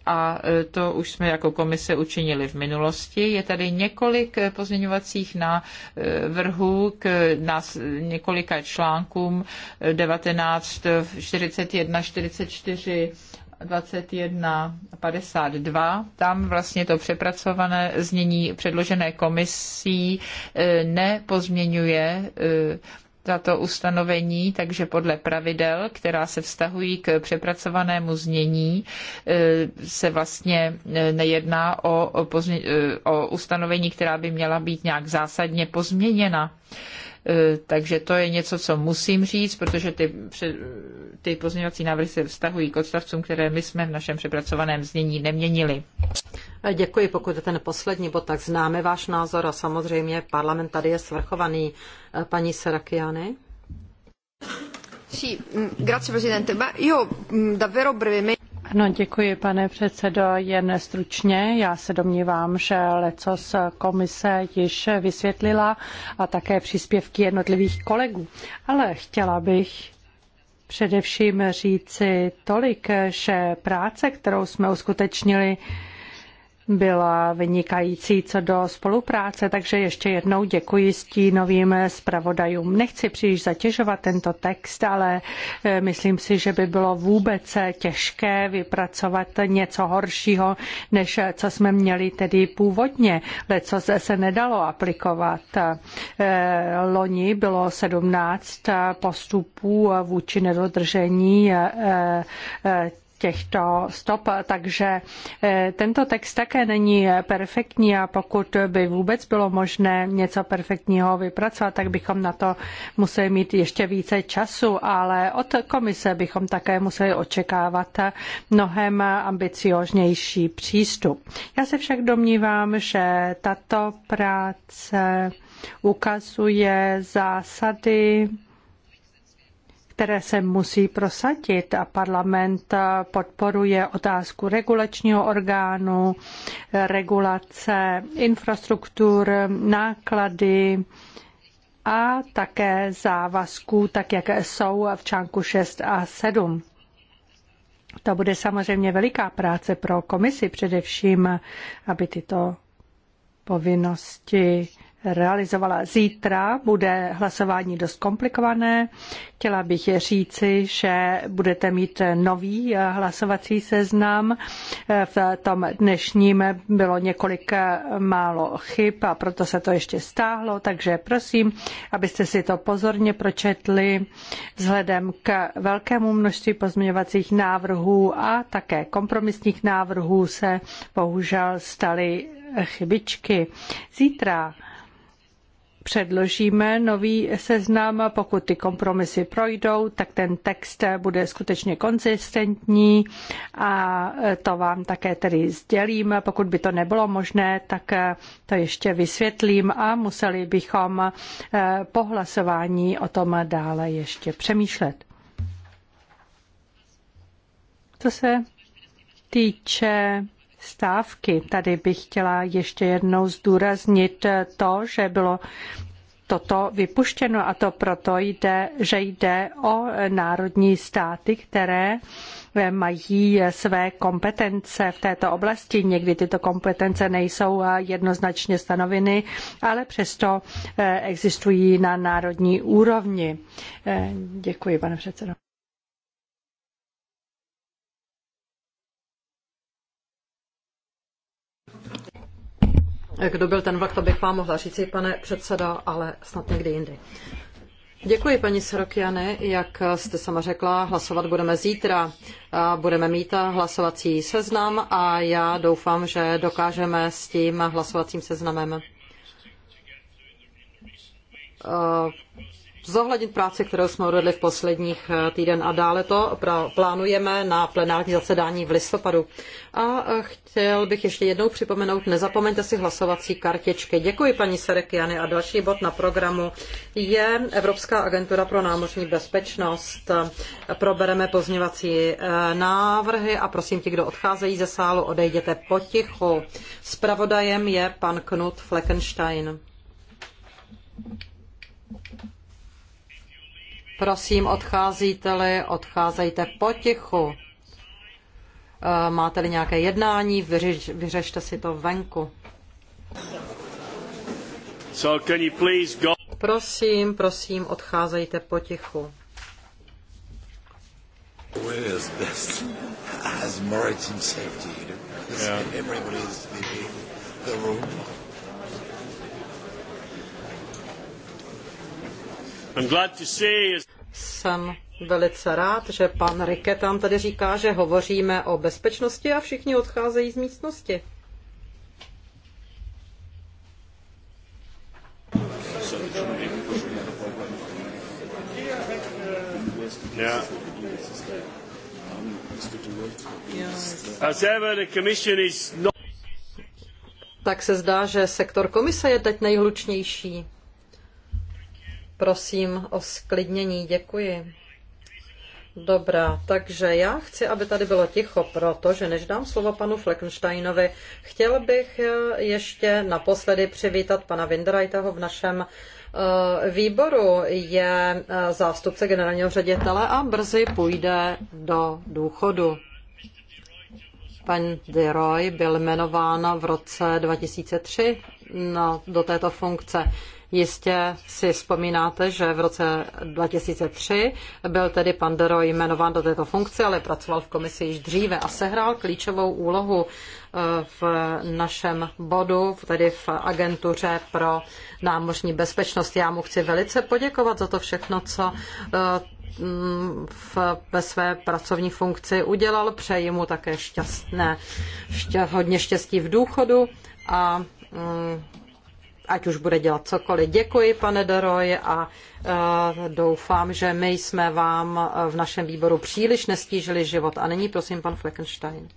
a e, to už jsme jako komise učinili v minulosti. Je tady několik e, pozměňovacích návrhů e, k nás, několika článkům 19, 41, 44, 21 52. Tam vlastně to přepracované znění předložené komisí nepozměňuje tato ustanovení, takže podle pravidel, která se vztahují k přepracovanému znění, eh, se vlastně eh, nejedná o, eh, o ustanovení, která by měla být nějak zásadně pozměněna. Eh, takže to je něco, co musím říct, protože ty, ty pozměňovací návrhy se vztahují k odstavcům, které my jsme v našem přepracovaném znění neměnili. Děkuji, pokud je ten poslední bod, tak známe váš názor a samozřejmě parlament tady je svrchovaný. Eh, paní Serakiany? Sì, mm, grazie Presidente. Ma io mm, davvero brevemente... Ano, děkuji, pane předsedo. Jen stručně, já se domnívám, že lecos komise již vysvětlila a také příspěvky jednotlivých kolegů. Ale chtěla bych především říci tolik, že práce, kterou jsme uskutečnili, byla vynikající co do spolupráce, takže ještě jednou děkuji stínovým zpravodajům. Nechci příliš zatěžovat tento text, ale eh, myslím si, že by bylo vůbec těžké vypracovat něco horšího, než eh, co jsme měli tedy původně. Leco se nedalo aplikovat. Eh, loni bylo 17 postupů vůči nedodržení těchto stop, takže eh, tento text také není perfektní a pokud by vůbec bylo možné něco perfektního vypracovat, tak bychom na to museli mít ještě více času, ale od komise bychom také museli očekávat mnohem ambicióznější přístup. Já se však domnívám, že tato práce ukazuje zásady, které se musí prosadit a parlament podporuje otázku regulačního orgánu, regulace infrastruktur, náklady a také závazků, tak jak jsou v článku 6 a 7. To bude samozřejmě veliká práce pro komisi především, aby tyto povinnosti realizovala. Zítra bude hlasování dost komplikované. Chtěla bych říci, že budete mít nový eh, hlasovací seznam. Eh, v tom dnešním bylo několik eh, málo chyb a proto se to ještě stáhlo, takže prosím, abyste si to pozorně pročetli vzhledem k velkému množství pozměňovacích návrhů a také kompromisních návrhů se bohužel staly chybičky. Zítra předložíme nový seznam, pokud ty kompromisy projdou, tak ten text bude skutečně konzistentní a to vám také tedy sdělím. Pokud by to nebylo možné, tak to ještě vysvětlím a museli bychom eh, po hlasování o tom dále ještě přemýšlet. Co se týče stávky. Tady bych chtěla ještě jednou zdůraznit to, že bylo toto vypuštěno a to proto jde, že jde o národní státy, které mají své kompetence v této oblasti. Někdy tyto kompetence nejsou jednoznačně stanoveny, ale přesto eh, existují na národní úrovni. Eh, děkuji, pane předsedo. kdo byl ten vlak, to bych vám mohla říci, pane předsedo, ale snad někdy jindy. Děkuji, paní Sorokiany. Jak jste sama řekla, hlasovat budeme zítra. Budeme mít hlasovací seznam a já doufám, že dokážeme s tím hlasovacím seznamem zohlednit práci, kterou jsme odvedli v posledních eh, týden a dále to plánujeme na plenární zasedání v listopadu. A eh, chtěl bych ještě jednou připomenout, nezapomeňte si hlasovací kartičky. Děkuji paní Serekiany a další bod na programu je Evropská agentura pro námořní bezpečnost. Probereme pozněvací eh, návrhy a prosím ti, kdo odcházejí ze sálu, odejděte potichu. Spravodajem je pan Knut Fleckenstein. Prosím, odcházíte-li, odcházejte potichu. Eh, máte-li nějaké jednání, vyřeš, vyřešte si to venku. So can you please go? Prosím, prosím, odcházejte potichu. Where is this? As Jsem velice rád, že pan Rike tam tady říká, že hovoříme o bezpečnosti a všichni odcházejí z místnosti. Tak se zdá, že sektor komise je teď nejhlučnější. Prosím o sklidnění, děkuji. Dobrá, takže já chci, aby tady bylo ticho, protože než dám slovo panu Fleckensteinovi, chtěl bych eh, ještě naposledy přivítat pana Windrajteho v našem eh, výboru. Je eh, zástupce generálního ředitele a brzy půjde do důchodu. Pan De Roy byl jmenován v roce 2003 na, do této funkce. Jistě si vzpomínáte, že v roce 2003 byl tedy pan Dero jmenován do této funkce, ale pracoval v komisi již dříve a sehrál klíčovou úlohu eh, v našem bodu, tedy v agentuře pro námořní bezpečnost. Já mu chci velice poděkovat za to všechno, co eh, mm, v, ve své pracovní funkci udělal. Přeji mu také šťastné, šťa, hodně štěstí v důchodu a mm, ať už bude dělat cokoliv. Děkuji, pane Doroj a e, doufám, že my jsme vám v našem výboru příliš nestížili život. A nyní prosím pan Fleckenstein.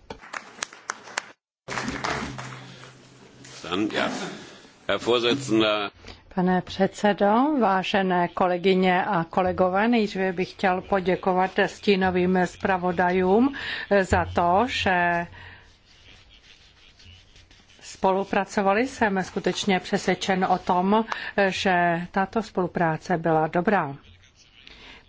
Pane předsedo, vážené kolegyně a kolegové, nejdříve bych chtěl poděkovat stínovým zpravodajům za to, že spolupracovali, jsem skutečně přesvědčen o tom, že tato spolupráce byla dobrá.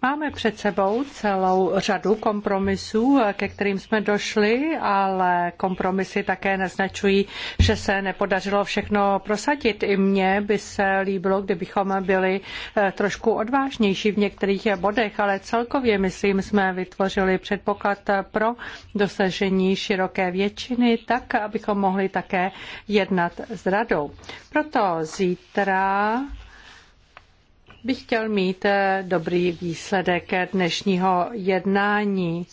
Máme před sebou celou řadu kompromisů, ke kterým jsme došli, ale kompromisy také naznačují, že se nepodařilo všechno prosadit. I mně by se líbilo, kdybychom byli eh, trošku odvážnější v některých bodech, ale celkově, myslím, jsme vytvořili předpoklad pro dosažení široké většiny, tak, abychom mohli také jednat s radou. Proto zítra bych chtěl mít eh, dobrý výsledek eh, dnešního jednání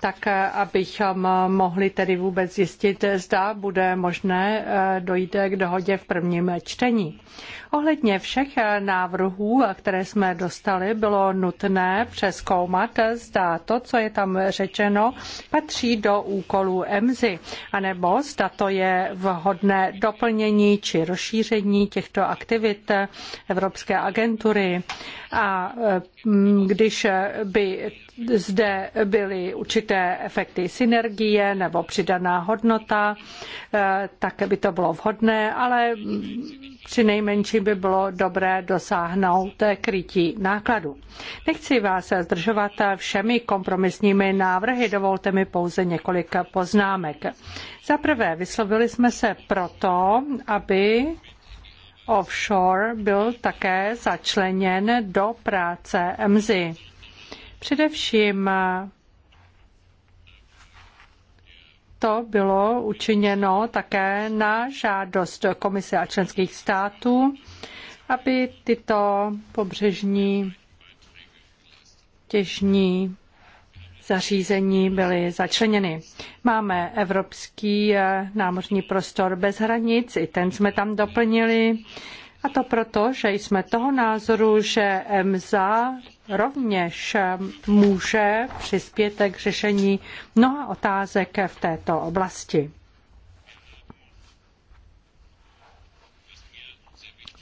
tak eh, abychom mohli tedy vůbec zjistit, zda bude možné eh, dojít k dohodě v prvním čtení. Ohledně všech eh, návrhů, které jsme dostali, bylo nutné přeskoumat, zda to, co je tam řečeno, patří do úkolů EMZY, anebo zda to je vhodné doplnění či rozšíření těchto aktivit Evropské agentury. A když by zde byly určité efekty synergie nebo přidaná hodnota, eh, tak by to bylo vhodné, ale při nejmenší by bylo dobré dosáhnout eh, krytí nákladů. Nechci vás zdržovat eh, všemi kompromisními návrhy, dovolte mi pouze několik poznámek. Za prvé, vyslovili jsme se proto, aby offshore byl také začleněn do práce MZI. Především eh, to bylo učiněno také na žádost Komise a členských států, aby tyto pobřežní těžní zařízení byly začleněny. Máme evropský eh, námořní prostor bez hranic, i ten jsme tam doplnili. A to proto, že jsme toho názoru, že EMSA rovněž může přispět k řešení mnoha otázek v této oblasti.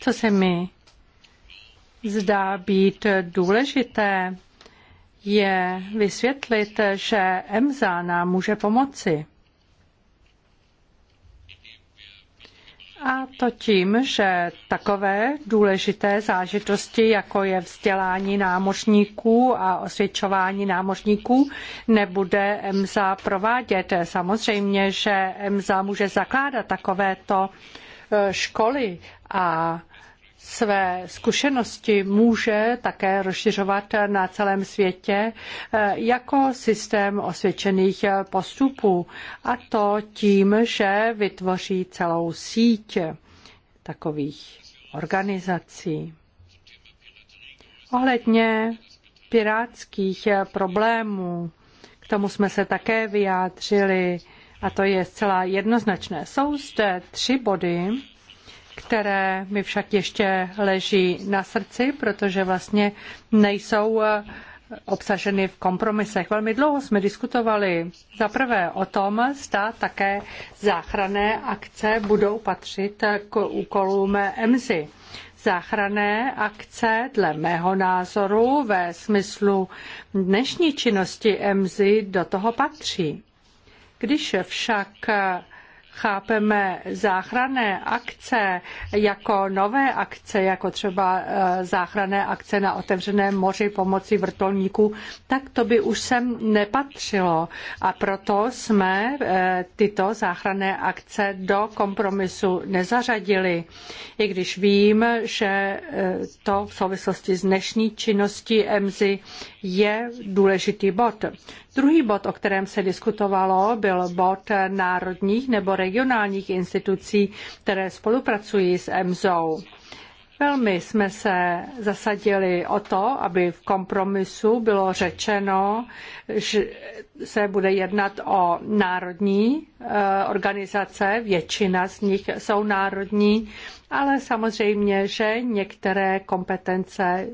Co se mi zdá být důležité, je vysvětlit, že EMSA nám může pomoci. A to tím, že takové důležité zážitosti, jako je vzdělání námořníků a osvědčování námořníků, nebude EMSA provádět. Samozřejmě, že EMSA může zakládat takovéto e, školy a své zkušenosti může také rozšiřovat na celém světě eh, jako systém osvědčených eh, postupů a to tím, že vytvoří celou síť takových organizací. Ohledně pirátských eh, problémů, k tomu jsme se také vyjádřili, a to je zcela jednoznačné. Jsou zde tři body, které mi však ještě leží na srdci, protože vlastně nejsou eh, obsaženy v kompromisech. Velmi dlouho jsme diskutovali za prvé o tom, zda také záchranné akce budou patřit k úkolům EMSI. Záchranné akce, dle mého názoru, ve smyslu dnešní činnosti EMSI do toho patří. Když však chápeme záchranné akce jako nové akce, jako třeba e, záchranné akce na otevřeném moři pomocí vrtulníků, tak to by už sem nepatřilo. A proto jsme e, tyto záchranné akce do kompromisu nezařadili. I když vím, že e, to v souvislosti s dnešní činností EMZY je důležitý bod. Druhý bod, o kterém se diskutovalo, byl bod národních nebo regionálních regionálních institucí, které spolupracují s EMZou. Velmi jsme se zasadili o to, aby v kompromisu bylo řečeno, že se bude jednat o národní eh, organizace, většina z nich jsou národní, ale samozřejmě, že některé kompetence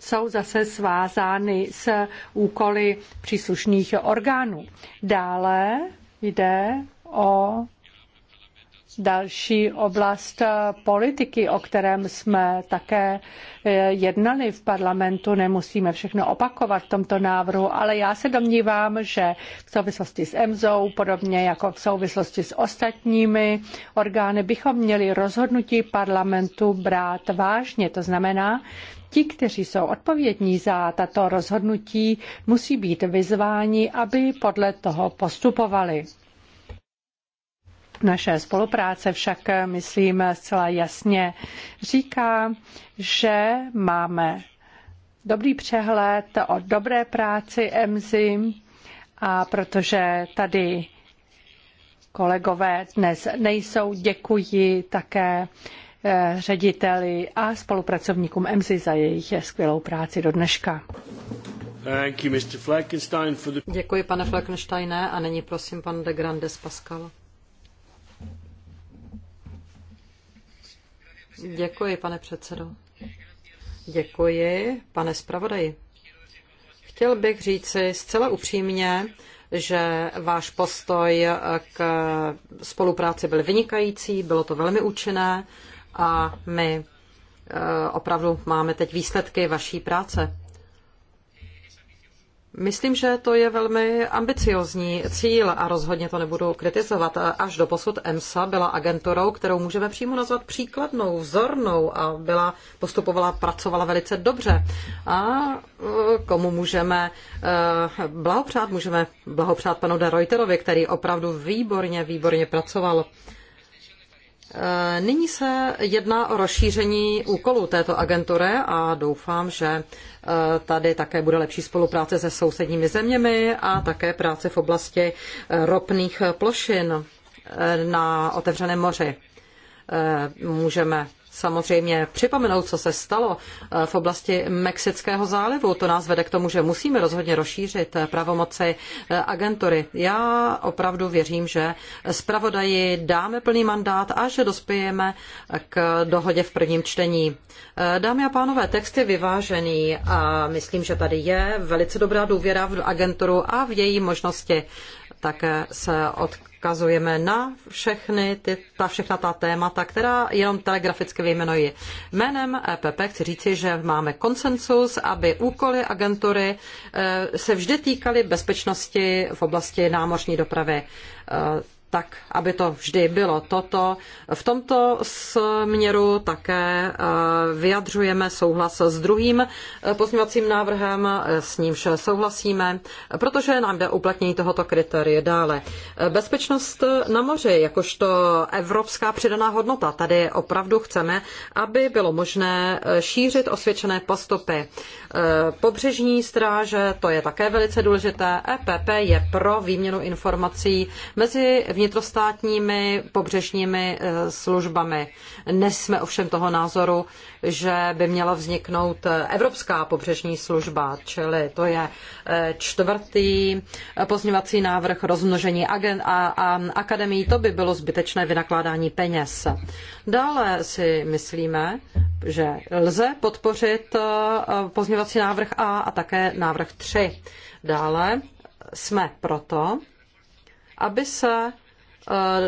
jsou zase svázány s úkoly příslušných orgánů. Dále jde o Další oblast eh, politiky, o kterém jsme také eh, jednali v parlamentu, nemusíme všechno opakovat v tomto návrhu, ale já se domnívám, že v souvislosti s EMZou, podobně jako v souvislosti s ostatními orgány, bychom měli rozhodnutí parlamentu brát vážně. To znamená, Ti, kteří jsou odpovědní za tato rozhodnutí, musí být vyzváni, aby podle toho postupovali. Naše spolupráce však, myslím, zcela jasně říká, že máme dobrý přehled o dobré práci EMZY a protože tady kolegové dnes nejsou, děkuji také eh, řediteli a spolupracovníkům EMSI za jejich skvělou práci do dneška. Děkuji, pane Fleckensteine, a nyní prosím pan de Grandes Pascal. Děkuji, pane předsedo. Děkuji, pane zpravodaji. Chtěl bych říci zcela upřímně, že váš postoj k spolupráci byl vynikající, bylo to velmi účinné a my eh, opravdu máme teď výsledky vaší práce. Myslím, že to je velmi ambiciozní cíl a rozhodně to nebudu kritizovat. Až do posud EMSA byla agenturou, kterou můžeme přímo nazvat příkladnou, vzornou a byla, postupovala, pracovala velice dobře. A eh, komu můžeme eh, blahopřát? Můžeme blahopřát panu de Reuterovi, který opravdu výborně, výborně pracoval. Eh, nyní se jedná o rozšíření úkolů této agentury a doufám, že eh, tady také bude lepší spolupráce se sousedními zeměmi a také práce v oblasti eh, ropných plošin na otevřeném moři. Můžeme samozřejmě připomenout, co se stalo eh, v oblasti Mexického zálivu. To nás vede k tomu, že musíme rozhodně rozšířit eh, pravomoci eh, agentury. Já opravdu věřím, že zpravodaji dáme plný mandát a že dospějeme k dohodě v prvním čtení. Dámy a pánové, text je vyvážený a myslím, že tady je velice dobrá důvěra v agenturu a v její možnosti. Také se odkazujeme na všechny ty, ta, všechna ta témata, která jenom telegraficky vyjmenuji. Jménem EPP chci říci, že máme konsensus, aby úkoly agentury eh, se vždy týkaly bezpečnosti v oblasti námořní dopravy eh, tak aby to vždy bylo toto. V tomto směru také eh, vyjadřujeme souhlas s druhým eh, pozměňovacím návrhem, eh, s nímž souhlasíme, protože nám jde uplatnění tohoto kritérie dále. Bezpečnost na moři, jakožto evropská přidaná hodnota, tady opravdu chceme, aby bylo možné šířit osvědčené postupy. Pobřežní stráže, to je také velice důležité. EPP je pro výměnu informací mezi vnitř vnitrostátními pobřežními eh, službami. Dnes jsme ovšem toho názoru, že by měla vzniknout eh, Evropská pobřežní služba, čili to je eh, čtvrtý pozměvací návrh rozmnožení agent a, a akademií. To by bylo zbytečné vynakládání peněz. Dále si myslíme, že lze podpořit pozměvací návrh A a také návrh 3. Dále jsme proto, aby se Eh,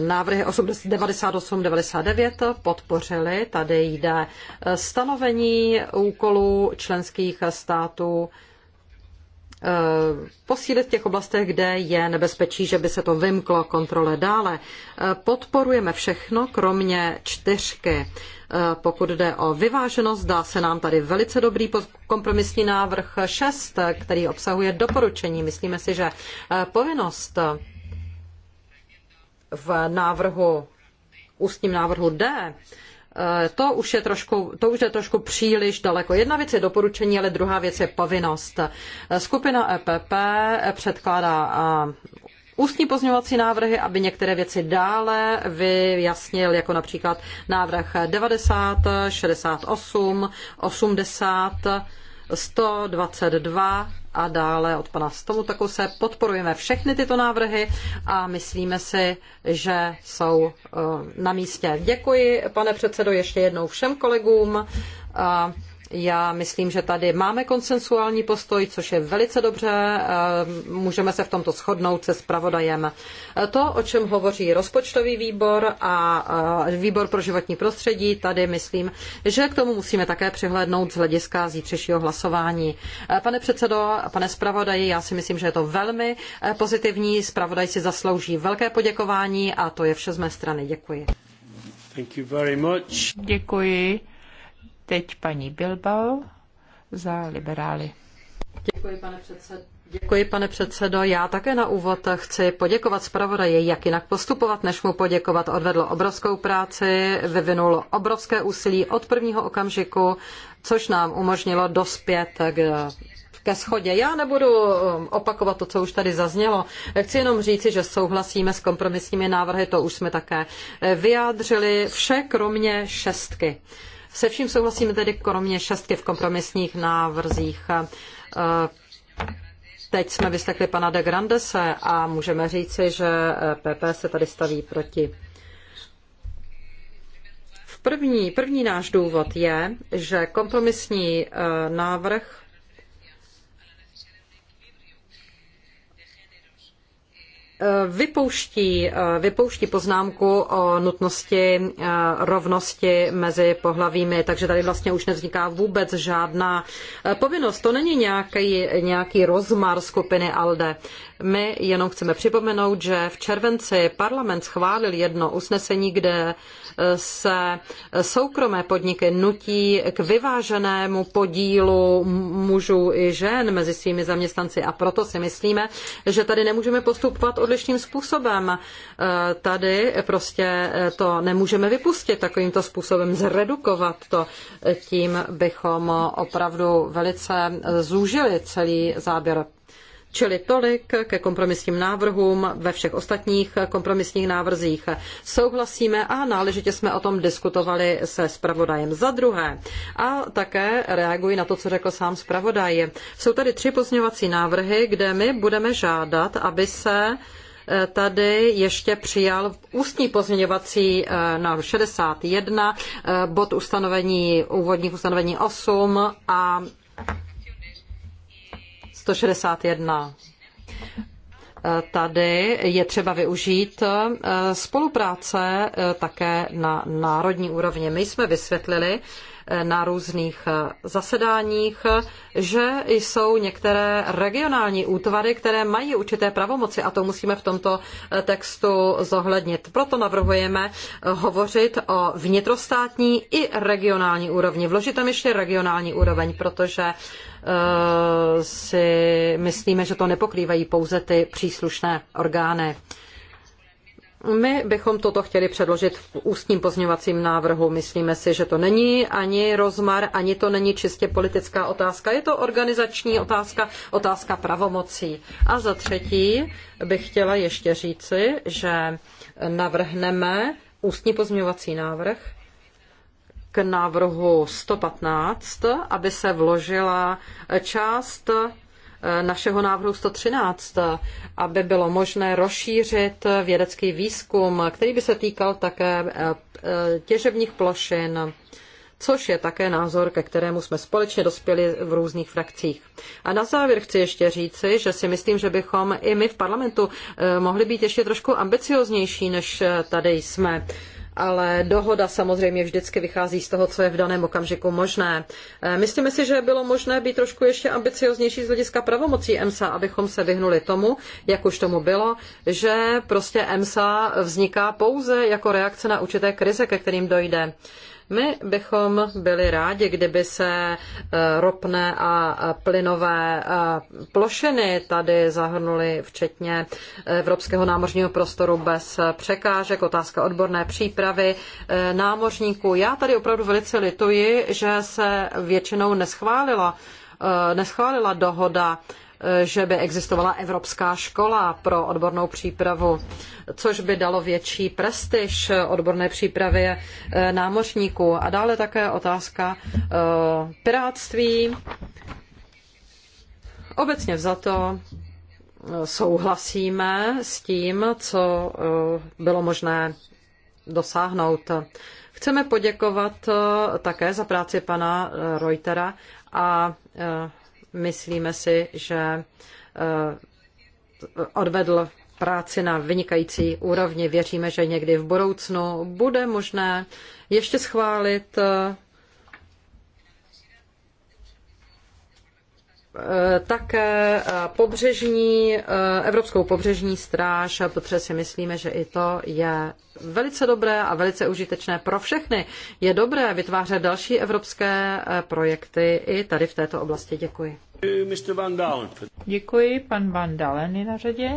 návrhy 98-99 podpořili. Tady jde eh, stanovení úkolů členských států eh, posílit v těch oblastech, kde je nebezpečí, že by se to vymklo kontrole dále. Podporujeme všechno, kromě čtyřky. Pokud jde o vyváženost, dá se nám tady velice dobrý kompromisní návrh 6, který obsahuje doporučení. Myslíme si, že povinnost v návrhu, ústním návrhu D, eh, to už, je trošku, to už je trošku příliš daleko. Jedna věc je doporučení, ale druhá věc je povinnost. Skupina EPP předkládá eh, ústní pozměňovací návrhy, aby některé věci dále vyjasnil, jako například návrh 90, 68, 80, 122 a dále od pana Stovu, takou se podporujeme všechny tyto návrhy a myslíme si, že jsou eh, na místě. Děkuji, pane předsedo, ještě jednou všem kolegům. A já myslím, že tady máme konsensuální postoj, což je velice dobře. Eh, můžeme se v tomto shodnout se spravodajem. Eh, to, o čem hovoří rozpočtový výbor a eh, výbor pro životní prostředí, tady myslím, že k tomu musíme také přihlédnout z hlediska zítřejšího hlasování. Pane předsedo, pane spravodaji, já si myslím, že je to velmi pozitivní. Spravodaj si zaslouží velké poděkování a to je vše z mé strany. Děkuji. Děkuji. Teď paní Bilbao za liberály. Děkuji, pane předsedo. Děkuji, pane předsedo. Já také na úvod chci poděkovat zpravodaji, jak jinak postupovat, než mu poděkovat. Odvedl obrovskou práci, vyvinul obrovské úsilí od prvního okamžiku, což nám umožnilo dospět k ke schodě. Já nebudu um, opakovat to, co už tady zaznělo. Chci jenom říci, že souhlasíme s kompromisními návrhy, to už jsme také eh, vyjádřili, vše kromě šestky. Se vším souhlasíme tedy kromě šestky v kompromisních návrzích. Eh, teď jsme vyslechli pana de Grandese a můžeme říci, že PP eh, se tady staví proti. V první, první náš důvod je, že kompromisní eh, návrh Eh, vypouští, eh, vypouští poznámku o nutnosti eh, rovnosti mezi pohlavími, takže tady vlastně už nevzniká vůbec žádná povinnost. To není nějaký, nějaký rozmar skupiny ALDE. My jenom chceme připomenout, že v červenci parlament schválil jedno usnesení, kde eh, se soukromé podniky nutí k vyváženému podílu mužů i žen mezi svými zaměstnanci a proto si myslíme, že tady nemůžeme postupovat odlišným způsobem. Eh, tady prostě eh, to nemůžeme vypustit takovýmto způsobem, zredukovat to. Tím bychom opravdu velice zúžili celý záběr Čili tolik ke kompromisním návrhům ve všech ostatních kompromisních návrzích. Souhlasíme a náležitě jsme o tom diskutovali se zpravodajem za druhé. A také reaguji na to, co řekl sám zpravodaj. Jsou tady tři pozměňovací návrhy, kde my budeme žádat, aby se eh, tady ještě přijal ústní pozměňovací eh, návrh 61, eh, bod ustanovení, úvodních ustanovení 8 a 161. Tady je třeba využít e, spolupráce e, také na národní úrovni. My jsme vysvětlili e, na různých zasedáních, že jsou některé regionální útvary, které mají určité pravomoci a to musíme v tomto textu zohlednit. Proto navrhujeme hovořit o vnitrostátní i regionální úrovni. Vložit tam ještě regionální úroveň, protože Eh, si myslíme, že to nepokrývají pouze ty příslušné orgány. My bychom toto chtěli předložit v ústním pozměňovacím návrhu. Myslíme si, že to není ani rozmar, ani to není čistě politická otázka. Je to organizační otázka, otázka pravomocí. A za třetí bych chtěla ještě říci, že navrhneme ústní pozměňovací návrh k návrhu 115, aby se vložila část eh, našeho návrhu 113, aby bylo možné rozšířit vědecký výzkum, který by se týkal také eh, těžebních plošin, což je také názor, ke kterému jsme společně dospěli v různých frakcích. A na závěr chci ještě říci, že si myslím, že bychom i my v parlamentu eh, mohli být ještě trošku ambicioznější, než tady jsme ale dohoda samozřejmě vždycky vychází z toho, co je v daném okamžiku možné. Eh, myslíme si, že bylo možné být trošku ještě ambicioznější z hlediska pravomocí EMSA, abychom se vyhnuli tomu, jak už tomu bylo, že prostě EMSA vzniká pouze jako reakce na určité krize, ke kterým dojde. My bychom byli rádi, kdyby se e, ropné a plynové e, plošiny tady zahrnuly, včetně Evropského námořního prostoru bez překážek, otázka odborné přípravy e, námořníků. Já tady opravdu velice lituji, že se většinou neschválila, neschválila dohoda že by existovala Evropská škola pro odbornou přípravu, což by dalo větší prestiž odborné přípravě eh, námořníků. A dále také otázka eh, piráctví. Obecně vzato eh, souhlasíme s tím, co bylo možné dosáhnout. Chceme poděkovat také za práci pana Reutera a Myslíme si, že eh, odvedl práci na vynikající úrovni. Věříme, že někdy v budoucnu bude možné ještě schválit eh, Eh, také eh, pobřežní, eh, Evropskou pobřežní stráž, protože si myslíme, že i to je velice dobré a velice užitečné pro všechny. Je dobré vytvářet další evropské projekty i tady v této oblasti. Děkuji. Děkuji, pan Van Dalen je na řadě.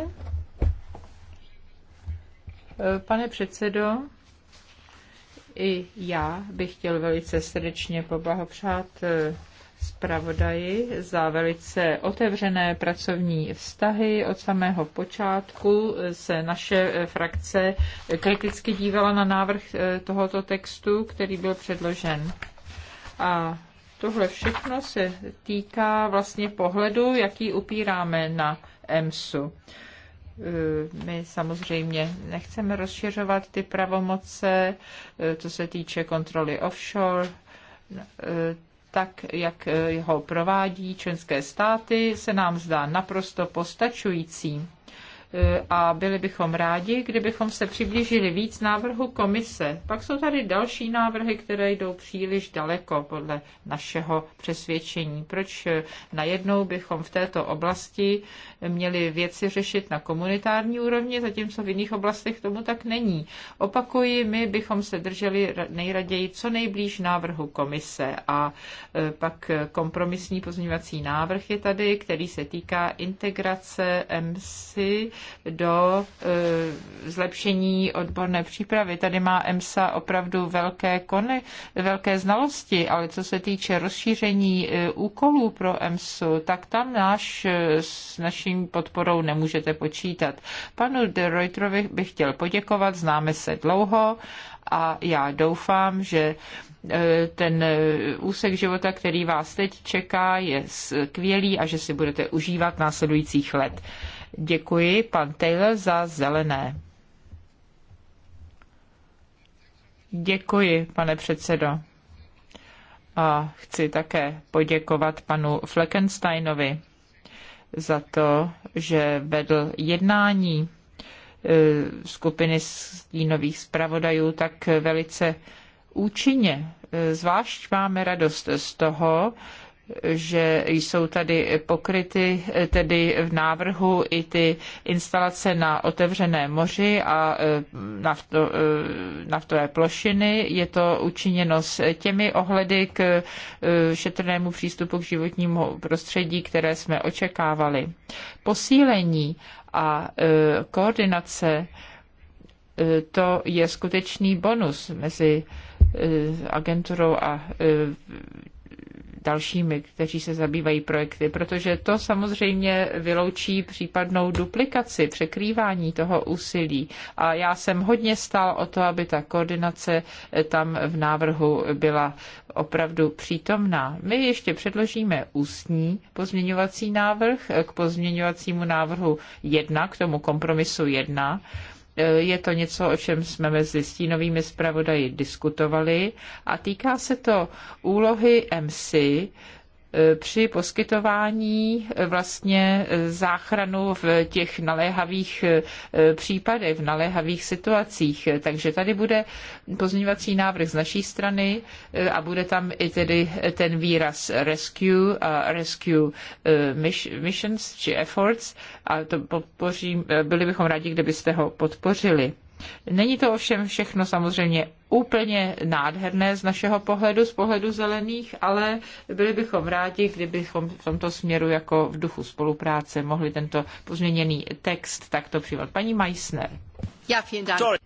Pane předsedo, i já bych chtěl velice srdečně poblahopřát zpravodaji za velice otevřené pracovní vztahy. Od samého počátku se naše frakce kriticky dívala na návrh eh, tohoto textu, který byl předložen. A tohle všechno se týká vlastně pohledu, jaký upíráme na EMSu. Eh, my samozřejmě nechceme rozšiřovat ty pravomoce, eh, co se týče kontroly offshore, tak, jak eh, ho provádí členské státy, se nám zdá naprosto postačující a byli bychom rádi, kdybychom se přiblížili víc návrhu komise. Pak jsou tady další návrhy, které jdou příliš daleko podle našeho přesvědčení. Proč eh, najednou bychom v této oblasti měli věci řešit na komunitární úrovni, zatímco v jiných oblastech tomu tak není. Opakuji, my bychom se drželi nejraději co nejblíž návrhu komise a eh, pak eh, kompromisní pozměňovací návrh je tady, který se týká integrace MSI do eh, zlepšení odborné přípravy. Tady má EMSA opravdu velké kony, velké znalosti, ale co se týče rozšíření eh, úkolů pro EMSu, tak tam náš, eh, s naším podporou nemůžete počítat. Panu de Reuterovi bych chtěl poděkovat, známe se dlouho a já doufám, že ten úsek života, který vás teď čeká, je skvělý a že si budete užívat následujících let. Děkuji, pan Taylor, za zelené. Děkuji, pane předsedo. A chci také poděkovat panu Fleckensteinovi za to, že vedl jednání e, skupiny stínových zpravodajů tak velice účinně. E, zvlášť máme radost z toho, že jsou tady pokryty eh, tedy v návrhu i ty instalace na otevřené moři a eh, nafto, eh, naftové plošiny. Je to učiněno s těmi ohledy k šetrnému přístupu k životnímu prostředí, které jsme očekávali. Posílení a koordinace to je skutečný bonus mezi agenturou a dalšími, kteří se zabývají projekty, protože to samozřejmě vyloučí případnou duplikaci, překrývání toho úsilí. A já jsem hodně stál o to, aby ta koordinace tam v návrhu byla opravdu přítomná. My ještě předložíme ústní pozměňovací návrh k pozměňovacímu návrhu 1, k tomu kompromisu 1 Eh, je to něco, o čem jsme mezi stínovými zpravodaji diskutovali a týká se to úlohy MC Eh, při poskytování eh, vlastně eh, záchranu v těch naléhavých případech, v naléhavých situacích. Takže tady bude pozměňovací návrh z naší strany a bude tam i tedy ten výraz rescue a rescue missions či efforts a to podpořím, byli bychom rádi, kdybyste ho podpořili. Není to ovšem všechno samozřejmě úplně nádherné z našeho pohledu, z pohledu zelených, ale byli bychom rádi, kdybychom v tomto směru jako v duchu spolupráce mohli tento pozměněný text takto přijmout. Paní Meissner. Já, vielen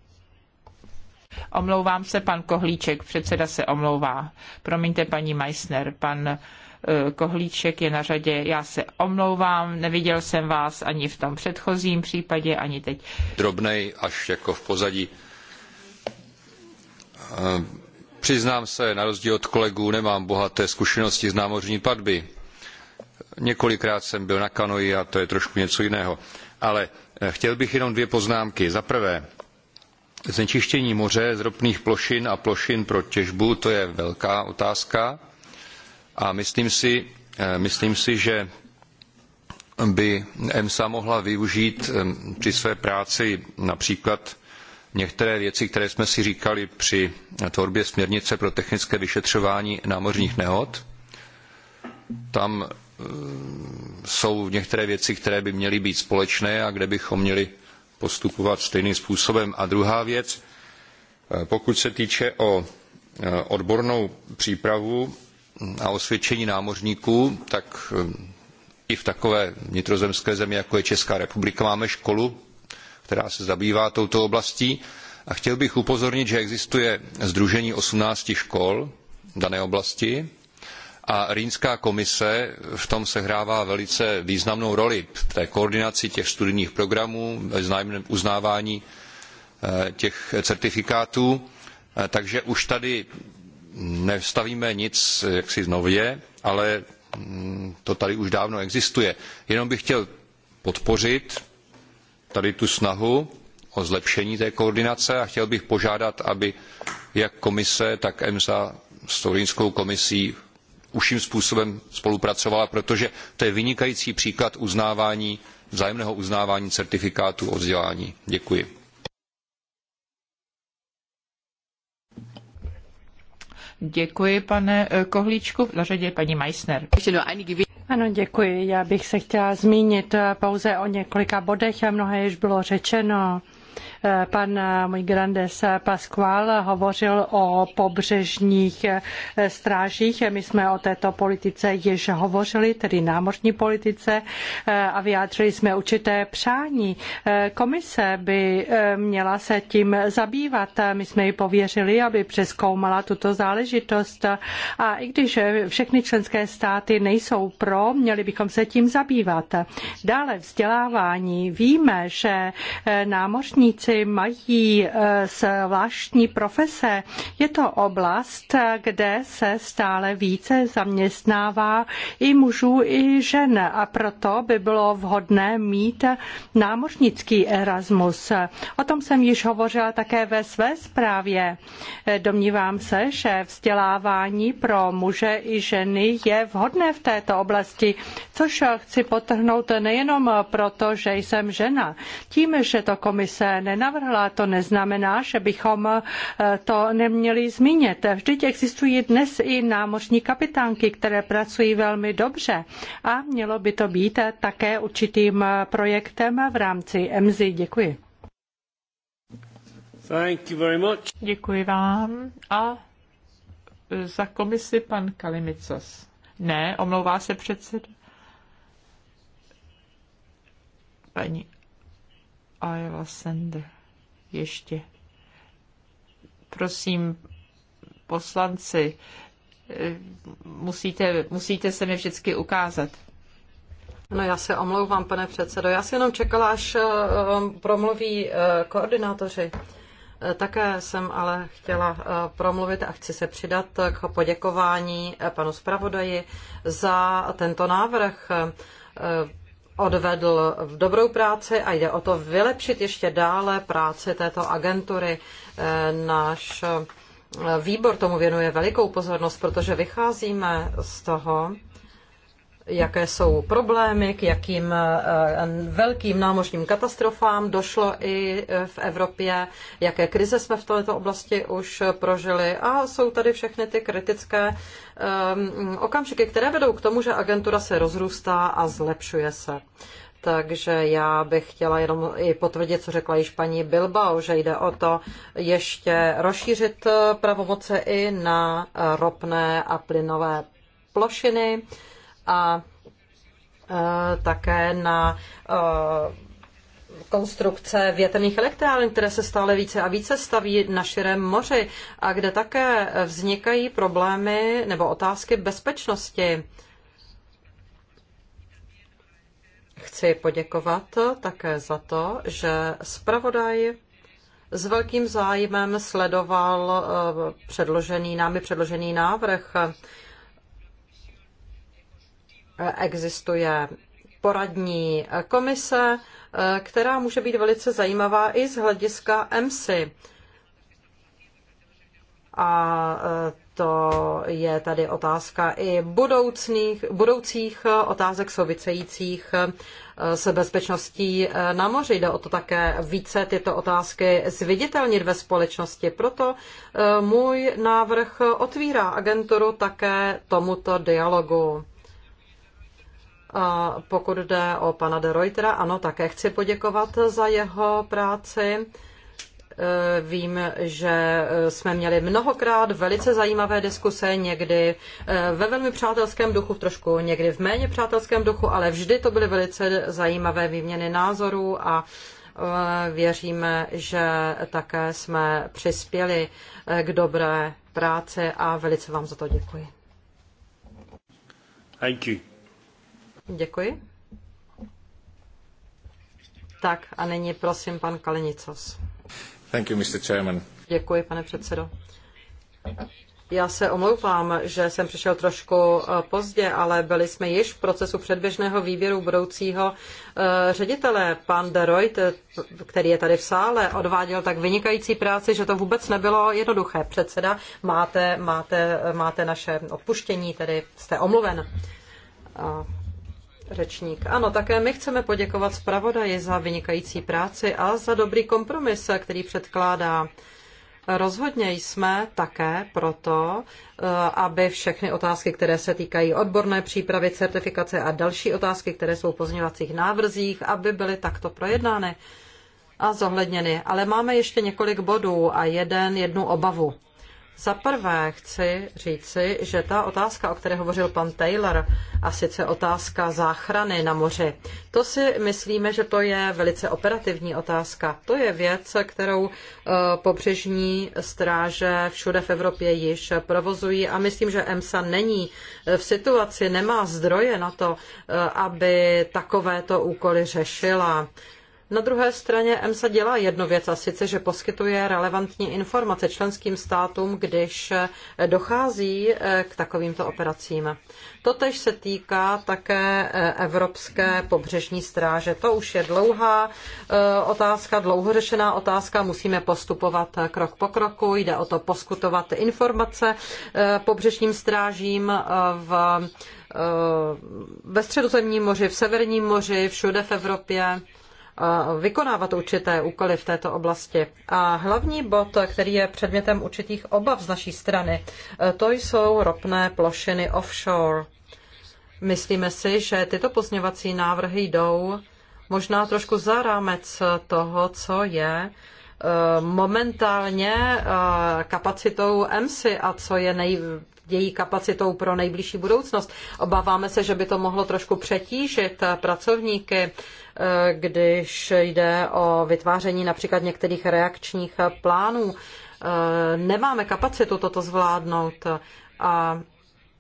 Omlouvám se, pan Kohlíček, předseda se omlouvá. Promiňte, paní Meissner, pan Eh, kohlíček je na řadě. Já se omlouvám, neviděl jsem vás ani v tom předchozím případě, ani teď. Drobnej až jako v pozadí. Eh, přiznám se, na rozdíl od kolegů, nemám bohaté zkušenosti z námořní padby. Několikrát jsem byl na kanoji a to je trošku něco jiného. Ale eh, chtěl bych jenom dvě poznámky. Za prvé, znečištění moře z ropných plošin a plošin pro těžbu, to je velká otázka. A myslím si, eh, myslím si, že by EMSA mohla využít eh, při své práci například některé věci, které jsme si říkali při tvorbě směrnice pro technické vyšetřování námořních nehod. Tam eh, jsou některé věci, které by měly být společné a kde bychom měli postupovat stejným způsobem. A druhá věc, pokud se týče o odbornou přípravu, a osvědčení námořníků, tak um, i v takové vnitrozemské zemi, jako je Česká republika, máme školu, která se zabývá touto oblastí. A chtěl bych upozornit, že existuje Združení 18 škol v dané oblasti a Rýnská komise v tom sehrává velice významnou roli v té koordinaci těch studijních programů, uznávání eh, těch certifikátů. Eh, takže už tady nestavíme nic jaksi nově, ale mm, to tady už dávno existuje. Jenom bych chtěl podpořit tady tu snahu o zlepšení té koordinace a chtěl bych požádat, aby jak komise, tak EMSA s Tourinskou komisí užším způsobem spolupracovala, protože to je vynikající příklad uznávání, vzájemného uznávání certifikátů o vzdělání. Děkuji. Děkuji, pane eh, Kohlíčku. Na řadě je paní Meissner. Ano, děkuji. Já bych se chtěla zmínit eh, pouze o několika bodech a mnohé již bylo řečeno. Pan grandes Pasqual hovořil o pobřežních eh, strážích. My jsme o této politice již hovořili, tedy námořní politice eh, a vyjádřili jsme určité přání. Eh, komise by měla se tím zabývat. My jsme ji pověřili, aby přeskoumala tuto záležitost a i když všechny členské státy nejsou pro, měli bychom se tím zabývat. Dále vzdělávání. Víme, že námořníci lékaři mají eh, zvláštní profese. Je to oblast, eh, kde se stále více zaměstnává i mužů, i žen a proto by bylo vhodné mít námořnický Erasmus. O tom jsem již hovořila také ve své zprávě. Eh, domnívám se, že vzdělávání pro muže i ženy je vhodné v této oblasti, což chci potrhnout nejenom proto, že jsem žena. Tím, že to komise nenavrhla, to neznamená, že bychom eh, to neměli zmínit. Vždyť existují dnes i námořní kapitánky, které pracují velmi dobře a mělo by to být také určitým eh, projektem v rámci EMZI. Děkuji. Thank you very much. Děkuji vám. A za komisi pan Kalimicos. Ne, omlouvá se předseda. Paní Ayla Sender ještě. Prosím, poslanci, eh, musíte, musíte se mi vždycky ukázat. No já se omlouvám, pane předsedo. Já si jenom čekala, až eh, promluví eh, koordinátoři. Také jsem ale chtěla promluvit a chci se přidat k poděkování panu zpravodaji za tento návrh odvedl v dobrou práci a jde o to vylepšit ještě dále práci této agentury. Eh, náš eh, výbor tomu věnuje velikou pozornost, protože vycházíme z toho, jaké jsou problémy, k jakým eh, velkým námořním katastrofám došlo i eh, v Evropě, jaké krize jsme v této oblasti už prožili. A jsou tady všechny ty kritické eh, okamžiky, které vedou k tomu, že agentura se rozrůstá a zlepšuje se. Takže já bych chtěla jenom i potvrdit, co řekla již paní Bilbao, že jde o to ještě rozšířit pravomoce i na ropné a plynové plošiny a také na konstrukce větrných elektráren, které se stále více a více staví na širém moři a kde také vznikají problémy nebo otázky bezpečnosti. Chci poděkovat také za to, že zpravodaj s velkým zájmem sledoval eh, předložený, námi předložený návrh Existuje poradní komise, eh, která může být velice zajímavá i z hlediska EMSI. A eh, to je tady otázka i budoucných, budoucích eh, otázek souvisejících s bezpečností na moři. Jde o to také více tyto otázky zviditelnit ve společnosti. Proto můj návrh otvírá agenturu také tomuto dialogu. A pokud jde o pana de Reutera, ano, také chci poděkovat za jeho práci. E, vím, že e, jsme měli mnohokrát velice zajímavé diskuse, někdy e, ve velmi přátelském duchu, trošku někdy v méně přátelském duchu, ale vždy to byly velice zajímavé výměny názorů a věříme, že také jsme přispěli k dobré práci a velice vám za to děkuji. Thank you. Děkuji. Tak a nyní prosím pan Kalinicos. Thank you, Mr. Chairman. Děkuji, pane předsedo. Já se omlouvám, že jsem přišel trošku eh, pozdě, ale byli jsme již v procesu předběžného výběru budoucího eh, ředitele. Pan de Reut, který je tady v sále, odváděl tak vynikající práci, že to vůbec nebylo jednoduché. Předseda, máte, máte, máte naše odpuštění, tedy jste omluven. Řečník. Ano, také my chceme poděkovat zpravodaji za vynikající práci a za dobrý kompromis, který předkládá. Rozhodně jsme také proto, eh, aby všechny otázky, které se týkají odborné přípravy, certifikace a další otázky, které jsou v pozměňovacích návrzích, aby byly takto projednány a zohledněny. Ale máme ještě několik bodů a jeden, jednu obavu. Za prvé chci říci, že ta otázka, o které hovořil pan Taylor, a sice otázka záchrany na moři, to si myslíme, že to je velice operativní otázka. To je věc, kterou eh, pobřežní stráže všude v Evropě již provozují a myslím, že EMSA není eh, v situaci, nemá zdroje na to, eh, aby takovéto úkoly řešila. Na druhé straně EMSA dělá jednu věc a sice, že poskytuje relevantní informace členským státům, když eh, dochází eh, k takovýmto operacím. Totež se týká také eh, Evropské pobřežní stráže. To už je dlouhá otázka, dlouhořešená otázka. Musíme postupovat krok po kroku. Jde o to poskutovat informace pobřežním strážím v ve středozemním moři, v severním moři, všude v Evropě vykonávat určité úkoly v této oblasti. A hlavní bod, který je předmětem určitých obav z naší strany, e, to jsou ropné plošiny offshore. Myslíme si, že tyto pozměvací návrhy jdou možná trošku za rámec toho, co je e, momentálně e, kapacitou EMSI a co je nej, její kapacitou pro nejbližší budoucnost. Obáváme se, že by to mohlo trošku přetížit pracovníky Eh, když jde o vytváření například některých reakčních plánů. Eh, nemáme kapacitu toto zvládnout a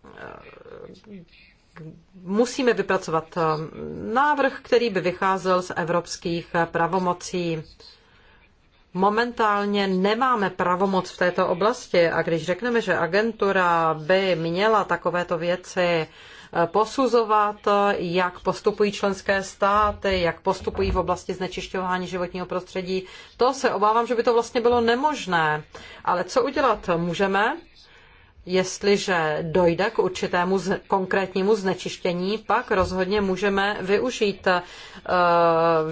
eh, musíme vypracovat návrh, který by vycházel z evropských pravomocí. Momentálně nemáme pravomoc v této oblasti a když řekneme, že agentura by měla takovéto věci Eh, posuzovat, eh, jak postupují členské státy, jak postupují v oblasti znečišťování životního prostředí. To se obávám, že by to vlastně bylo nemožné. Ale co udělat můžeme? Jestliže dojde k určitému konkrétnímu znečištění, pak rozhodně můžeme využít eh,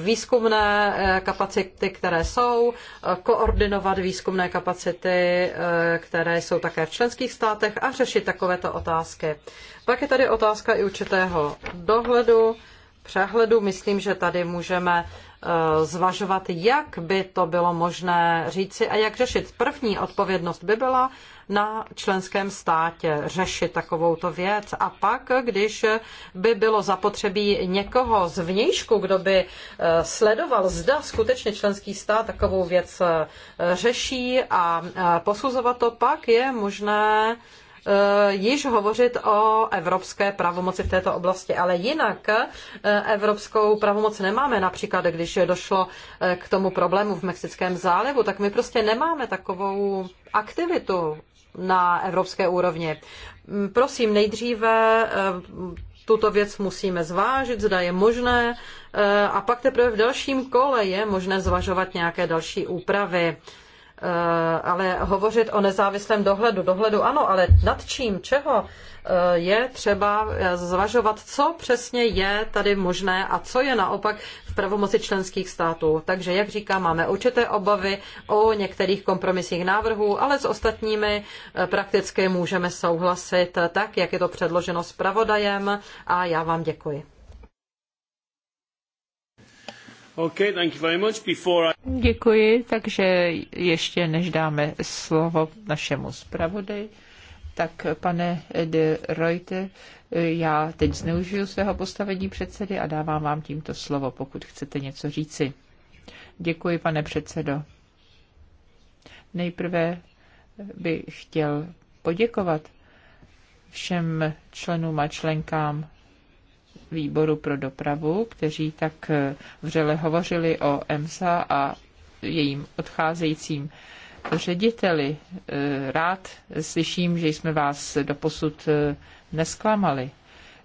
výzkumné eh, kapacity, které jsou, eh, koordinovat výzkumné kapacity, které jsou také v členských státech a řešit takovéto otázky. Pak je tady otázka i určitého dohledu, přehledu. Myslím, že tady můžeme zvažovat, jak by to bylo možné říci a jak řešit. První odpovědnost by byla na členském státě řešit takovouto věc. A pak, když by bylo zapotřebí někoho z vnějšku, kdo by eh, sledoval, zda skutečně členský stát takovou věc eh, řeší a eh, posuzovat to, pak je možné již hovořit o evropské pravomoci v této oblasti, ale jinak evropskou pravomoc nemáme. Například, když došlo k tomu problému v Mexickém zálivu, tak my prostě nemáme takovou aktivitu na evropské úrovni. Mm, prosím, nejdříve eh, tuto věc musíme zvážit, zda je možné, eh, a pak teprve v dalším kole je možné zvažovat nějaké další úpravy. Eh, ale hovořit o nezávislém dohledu, dohledu ano, ale nad čím, čeho eh, je třeba eh, zvažovat, co přesně je tady možné a co je naopak v pravomoci členských států. Takže, jak říkám, máme určité obavy o některých kompromisních návrhů, ale s ostatními prakticky můžeme souhlasit tak, jak je to předloženo zpravodajem a já vám děkuji. Okay, thank you very much. Before I... Děkuji, takže ještě než dáme slovo našemu zpravodaji, tak pane de Reuter, já teď zneužiju svého postavení předsedy a dávám vám tímto slovo, pokud chcete něco říci. Děkuji, pane předsedo. Nejprve bych chtěl poděkovat všem členům a členkám výboru pro dopravu, kteří tak eh, vřele hovořili o EMSA a jejím odcházejícím řediteli. Eh, rád slyším, že jsme vás doposud eh, nesklamali.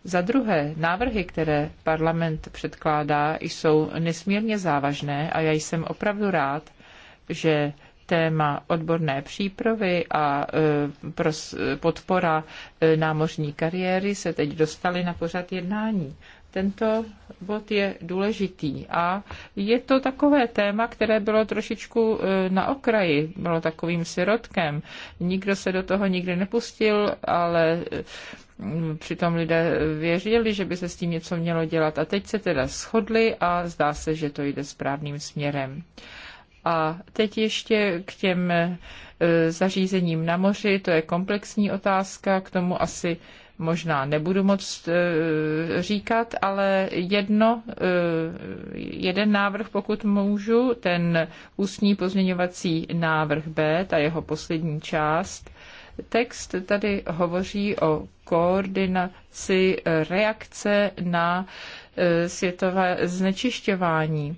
Za druhé, návrhy, které parlament předkládá, jsou nesmírně závažné a já jsem opravdu rád, že téma odborné přípravy a e, podpora e, námořní kariéry se teď dostaly na pořad jednání. Tento bod je důležitý a je to takové téma, které bylo trošičku e, na okraji, bylo takovým sirotkem. Nikdo se do toho nikdy nepustil, ale mm, přitom lidé věřili, že by se s tím něco mělo dělat. A teď se teda shodli a zdá se, že to jde správným směrem. A teď ještě k těm e, zařízením na moři, to je komplexní otázka, k tomu asi možná nebudu moc e, říkat, ale jedno, e, jeden návrh, pokud můžu, ten ústní pozměňovací návrh B, ta jeho poslední část, Text tady hovoří o koordinaci reakce na světové znečišťování.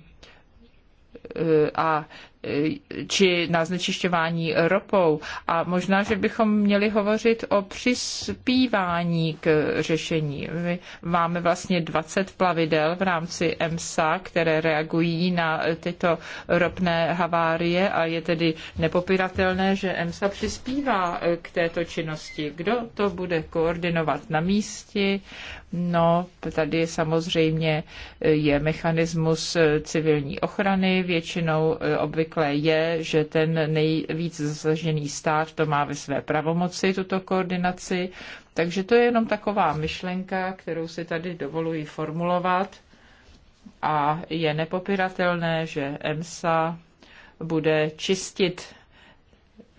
Eh, a eh, či na znečišťování ropou. A možná, že bychom měli hovořit o přispívání k řešení. My máme vlastně 20 plavidel v rámci EMSA, které reagují na tyto ropné havárie a je tedy nepopiratelné, že EMSA přispívá eh, k této činnosti. Kdo to bude koordinovat na místě? No, tady samozřejmě e, je mechanismus e, civilní ochrany. Většinou e, obvykle je, že ten nejvíc zasažený stát to má ve své pravomoci, tuto koordinaci. Takže to je jenom taková myšlenka, kterou si tady dovoluji formulovat. A je nepopiratelné, že EMSA bude čistit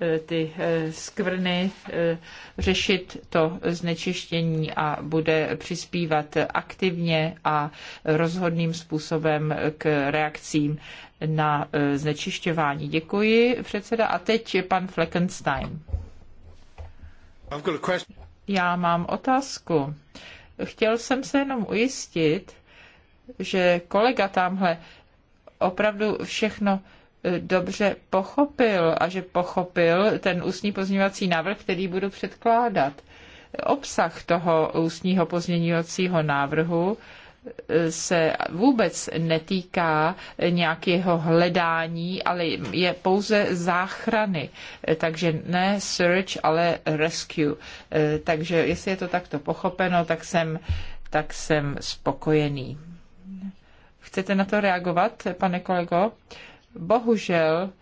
Eh, ty eh, skvrny, eh, řešit to znečištění a bude přispívat aktivně a rozhodným způsobem k reakcím na znečišťování. Děkuji, předseda. A teď je pan Fleckenstein. Já mám otázku. Chtěl jsem se jenom ujistit, že kolega tamhle opravdu všechno dobře pochopil a že pochopil ten ústní pozměňovací návrh, který budu předkládat. Obsah toho ústního pozměňovacího návrhu eh, se vůbec netýká nějakého hledání, ale je pouze záchrany. Eh, takže ne search, ale rescue. Eh, takže jestli je to takto pochopeno, tak jsem, tak jsem spokojený. Chcete na to reagovat, pane kolego? Bohužel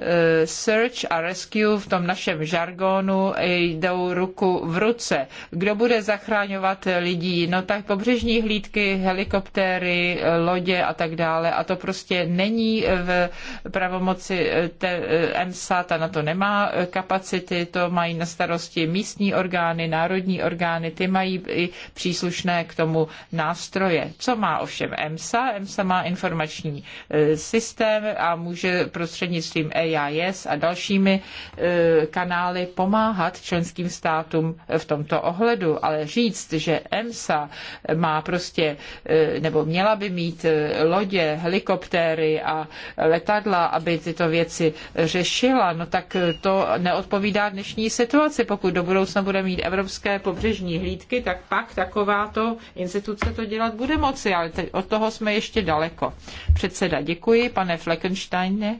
Eh, search a rescue v tom našem žargonu jdou ruku v ruce. Kdo bude zachraňovat lidí? No tak pobřežní hlídky, helikoptéry, eh, lodě a tak dále. A to prostě není v pravomoci EMSA, eh, ta na to nemá kapacity, to mají na starosti místní orgány, národní orgány, ty mají i příslušné k tomu nástroje. Co má ovšem EMSA? EMSA má informační systém a může prostřednictvím EIS a dalšími e, kanály pomáhat členským státům v tomto ohledu. Ale říct, že EMSA má prostě, e, nebo měla by mít e, lodě, helikoptéry a letadla, aby tyto věci řešila, no tak to neodpovídá dnešní situaci. Pokud do budoucna bude mít evropské pobřežní hlídky, tak pak takováto instituce to dělat bude moci, ale teď od toho jsme ještě daleko. Předseda, děkuji, pane Fleckensteine.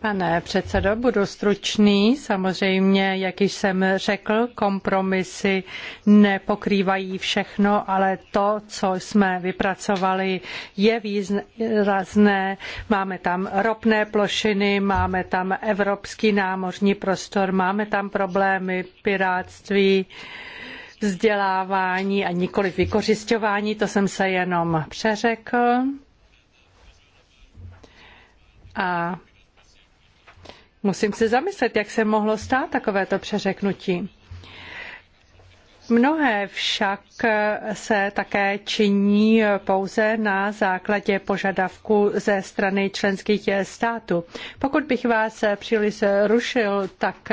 Pane předsedo, budu stručný. Samozřejmě, jak již jsem řekl, kompromisy nepokrývají všechno, ale to, co jsme vypracovali, je výrazné. Máme tam ropné plošiny, máme tam evropský námořní prostor, máme tam problémy pirátství vzdělávání a nikoli vykořišťování, to jsem se jenom přeřekl. A Musím se zamyslet, jak se mohlo stát takovéto přeřeknutí. Mnohé však se také činí pouze na základě požadavku ze strany členských států. Pokud bych vás příliš rušil, tak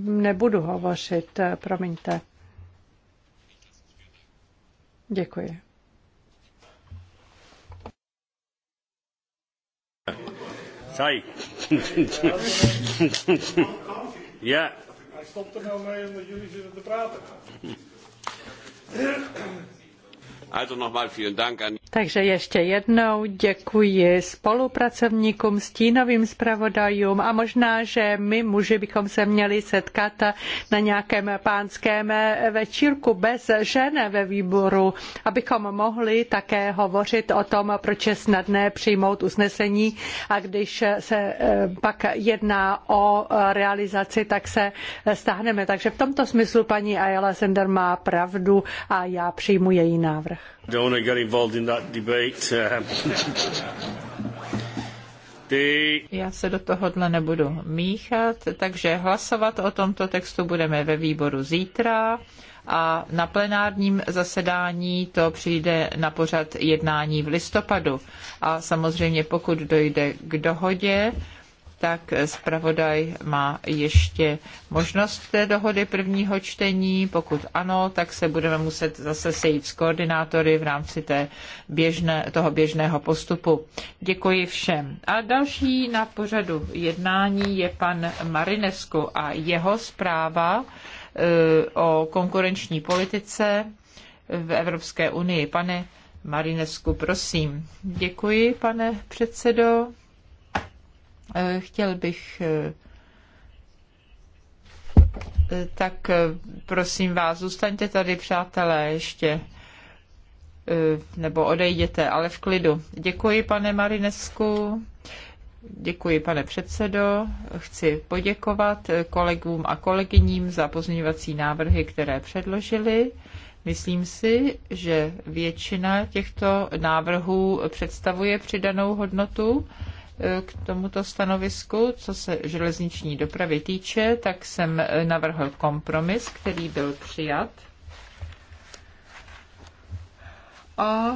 nebudu hovořit, promiňte. Děkuji. Sorry. ja. Hij stopt er nou mee omdat jullie zitten te praten. Takže ještě jednou děkuji spolupracovníkům, stínovým zpravodajům a možná, že my muži bychom se měli setkat na nějakém pánském večírku bez žen ve výboru, abychom mohli také hovořit o tom, proč je snadné přijmout usnesení a když se eh, pak jedná o realizaci, tak se stáhneme. Takže v tomto smyslu paní Ayala Sender má pravdu a já přijmu její návrh. Don't want to get involved in that debate. Uh, Já se do tohohle nebudu míchat, takže hlasovat o tomto textu budeme ve výboru zítra a na plenárním zasedání to přijde na pořad jednání v listopadu. A samozřejmě pokud dojde k dohodě, tak zpravodaj má ještě možnost té dohody prvního čtení. Pokud ano, tak se budeme muset zase sejít s koordinátory v rámci té běžné, toho běžného postupu. Děkuji všem. A další na pořadu jednání je pan Marinesku a jeho zpráva eh, o konkurenční politice v Evropské unii. Pane Marinesku, prosím. Děkuji, pane předsedo. Eh, chtěl bych eh, eh, tak prosím vás, zůstaňte tady, přátelé, ještě nebo odejděte, ale v klidu. Děkuji, pane Marinesku. Děkuji, pane předsedo. Chci poděkovat kolegům a kolegyním za pozměňovací návrhy, které předložili. Myslím si, že většina těchto návrhů představuje přidanou hodnotu k tomuto stanovisku. Co se železniční dopravy týče, tak jsem navrhl kompromis, který byl přijat. A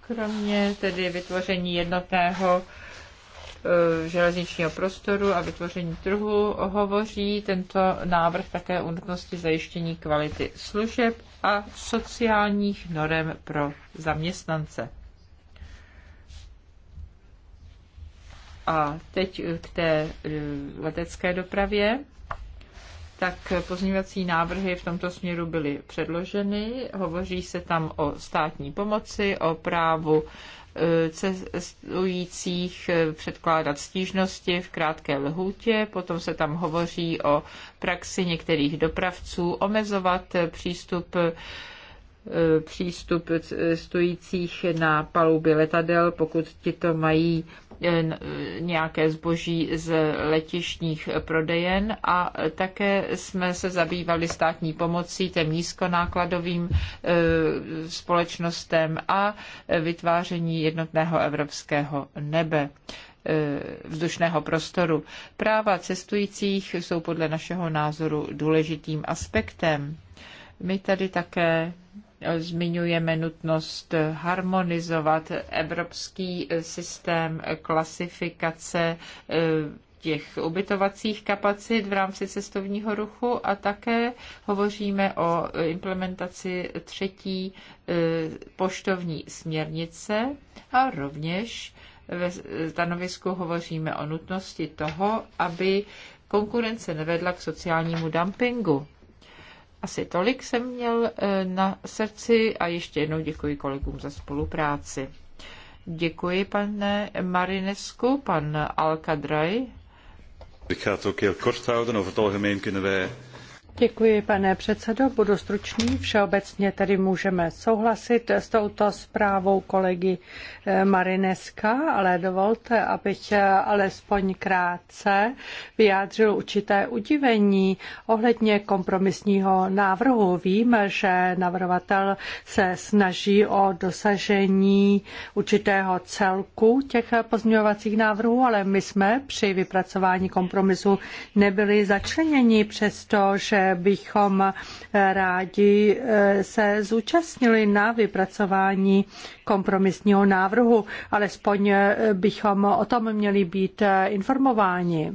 kromě tedy vytvoření jednotného e, železničního prostoru a vytvoření trhu hovoří tento návrh také o nutnosti zajištění kvality služeb a sociálních norem pro zaměstnance. A teď k té e, letecké dopravě. Tak pozměňovací návrhy v tomto směru byly předloženy. Hovoří se tam o státní pomoci, o právu e, cestujících e, předkládat stížnosti v krátké lhůtě. Potom se tam hovoří o praxi některých dopravců omezovat přístup přístup cestujících na palubě letadel, pokud ti to mají Eh, nějaké zboží z letišních prodejen a také jsme se zabývali státní pomocí těm nízkonákladovým eh, společnostem a vytváření jednotného evropského nebe eh, vzdušného prostoru. Práva cestujících jsou podle našeho názoru důležitým aspektem. My tady také zmiňujeme nutnost harmonizovat evropský systém klasifikace eh, těch ubytovacích kapacit v rámci cestovního ruchu a také hovoříme o implementaci třetí eh, poštovní směrnice a rovněž ve stanovisku hovoříme o nutnosti toho, aby konkurence nevedla k sociálnímu dumpingu. Asi tolik jsem měl eh, na srdci a ještě jednou děkuji kolegům za spolupráci. Děkuji, pane Marinesku, pan Alcadraj. Ik ga het ook heel kort houden. Děkuji, pane předsedo. Budu stručný. Všeobecně tedy můžeme souhlasit s touto zprávou kolegy eh, Marineska, ale dovolte, abych eh, alespoň krátce vyjádřil určité udivení ohledně kompromisního návrhu. Vím, že navrhovatel se snaží o dosažení určitého celku těch pozměňovacích návrhů, ale my jsme při vypracování kompromisu nebyli začleněni, přestože že bychom rádi eh, se zúčastnili na vypracování kompromisního návrhu, alespoň eh, bychom o tom měli být eh, informováni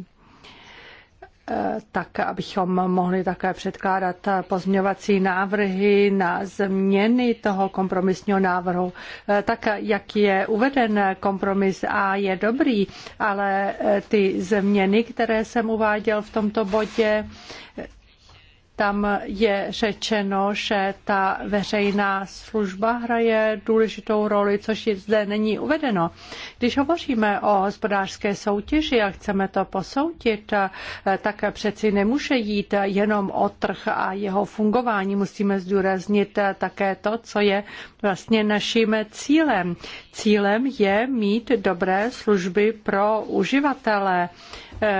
tak abychom mohli také předkládat pozměňovací návrhy na změny toho kompromisního návrhu. Tak jak je uveden kompromis A je dobrý, ale ty změny, které jsem uváděl v tomto bodě, tam je řečeno, že ta veřejná služba hraje důležitou roli, což zde není uvedeno. Když hovoříme o hospodářské soutěži a chceme to posoudit, tak přeci nemůže jít jenom o trh a jeho fungování. Musíme zdůraznit také to, co je vlastně naším cílem. Cílem je mít dobré služby pro uživatele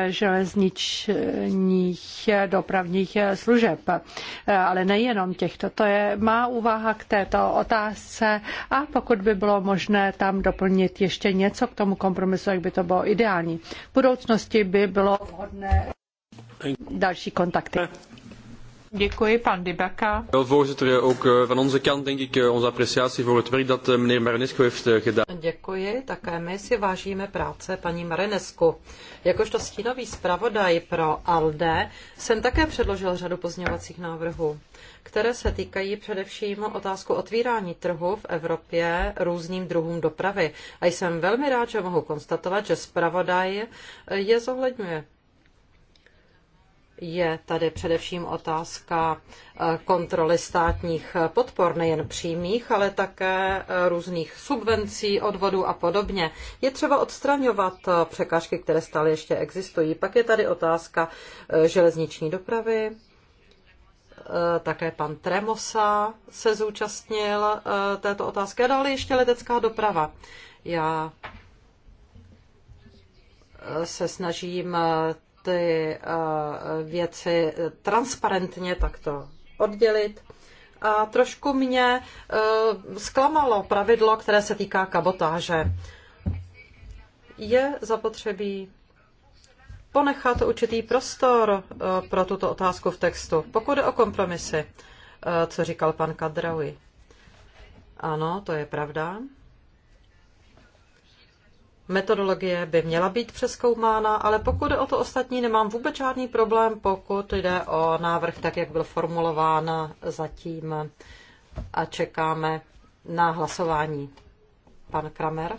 železničních dopravních služeb. Ale nejenom těchto. To je má úvaha k této otázce a pokud by bylo možné tam doplnit ještě něco k tomu kompromisu, jak by to bylo ideální. V budoucnosti by bylo vhodné další kontakty. Eh, Děkuji, pan Dibaka. Voorzitter, eh, ook eh, van onze kant denk ik eh, onze appreciatie voor het werk dat meneer Marinescu heeft gedaan. Děkuji, také my si vážíme práce paní Marinescu. Jakožto stínový zpravodaj pro ALDE jsem také předložil řadu pozměňovacích návrhů, které se týkají především otázku otvírání trhu v Evropě různým druhům dopravy. A jsem velmi rád, že mohu konstatovat, že zpravodaj je zohledňuje je tady především otázka eh, kontroly státních podpor, nejen přímých, ale také eh, různých subvencí, odvodů a podobně. Je třeba odstraňovat eh, překážky, které stále ještě existují. Pak je tady otázka železniční dopravy. Také pan Tremosa se zúčastnil této otázky a dále ještě letecká doprava. Já se snažím ty eh, věci transparentně takto oddělit. A trošku mě eh, zklamalo pravidlo, které se týká kabotáže. Je zapotřebí ponechat určitý prostor eh, pro tuto otázku v textu. Pokud je o kompromisy, co říkal pan Kadraui. Ano, to je pravda. Metodologie by měla být přeskoumána, ale pokud jde o to ostatní, nemám vůbec žádný problém, pokud jde o návrh tak, jak byl formulován zatím a čekáme na hlasování. Pan Kramer?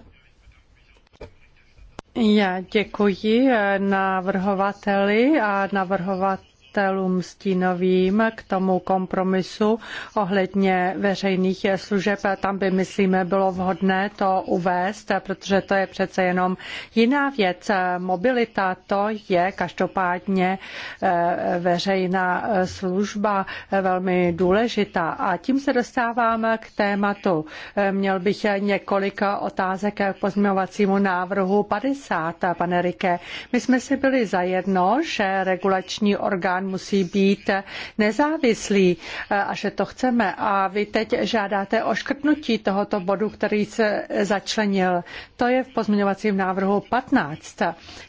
Já děkuji eh, navrhovateli a navrhovat navrhovatelům stínovým k tomu kompromisu ohledně veřejných služeb. Tam by, myslíme, bylo vhodné to uvést, protože to je přece jenom jiná věc. Mobilita to je každopádně eh, veřejná služba velmi důležitá. A tím se dostáváme k tématu. Měl bych několik otázek k pozměňovacímu návrhu 50, pane Rike. My jsme si byli zajedno, že regulační orgán orgán musí být nezávislý a že to chceme. A vy teď žádáte o škrtnutí tohoto bodu, který se začlenil. To je v pozměňovacím návrhu 15.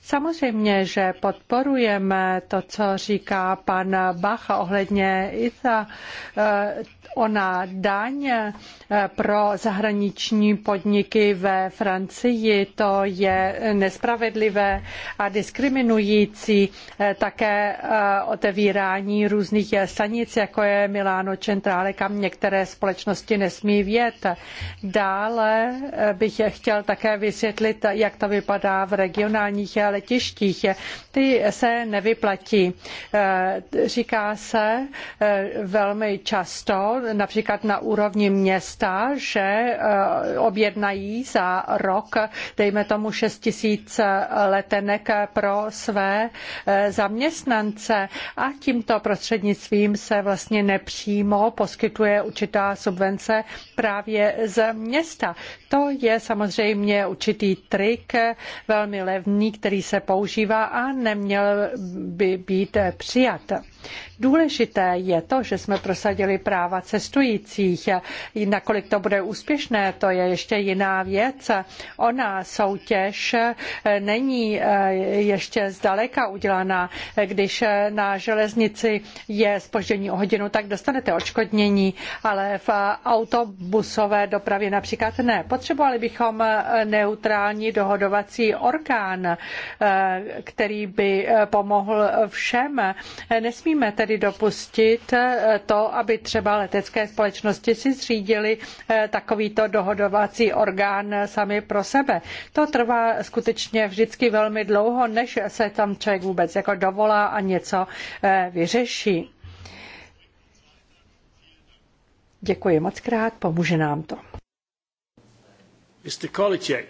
Samozřejmě, že podporujeme to, co říká pan Bach ohledně ITA Ona daň eh, pro zahraniční podniky ve Francii, to je nespravedlivé a diskriminující eh, také eh, otevírání různých stanic, jako je Miláno Centrale, kam některé společnosti nesmí vjet. Dále bych chtěl také vysvětlit, jak to vypadá v regionálních letištích. Ty se nevyplatí. Říká se velmi často, například na úrovni města, že eh, objednají za rok, dejme tomu 6 tisíc letenek pro své eh, zaměstnance a tímto prostřednictvím se vlastně nepřímo poskytuje určitá subvence právě z města. To je samozřejmě určitý trik, velmi levný, který se používá a neměl by být přijat. Důležité je to, že jsme prosadili práva cestujících. Nakolik to bude úspěšné, to je ještě jiná věc. Ona soutěž není eh, ještě zdaleka udělaná. Když eh, na železnici je spoždění o hodinu, tak dostanete odškodnění, ale v autobusové dopravě například ne. Potřebovali bychom eh, neutrální dohodovací orgán, který by pomohl všem. Nesmí Nesmíme tedy dopustit eh, to, aby třeba letecké společnosti si zřídily eh, takovýto dohodovací orgán eh, sami pro sebe. To trvá skutečně vždycky velmi dlouho, než se tam člověk vůbec jako dovolá a něco vyřeší. Děkuji moc krát, pomůže nám to. Mr. Kohlíček.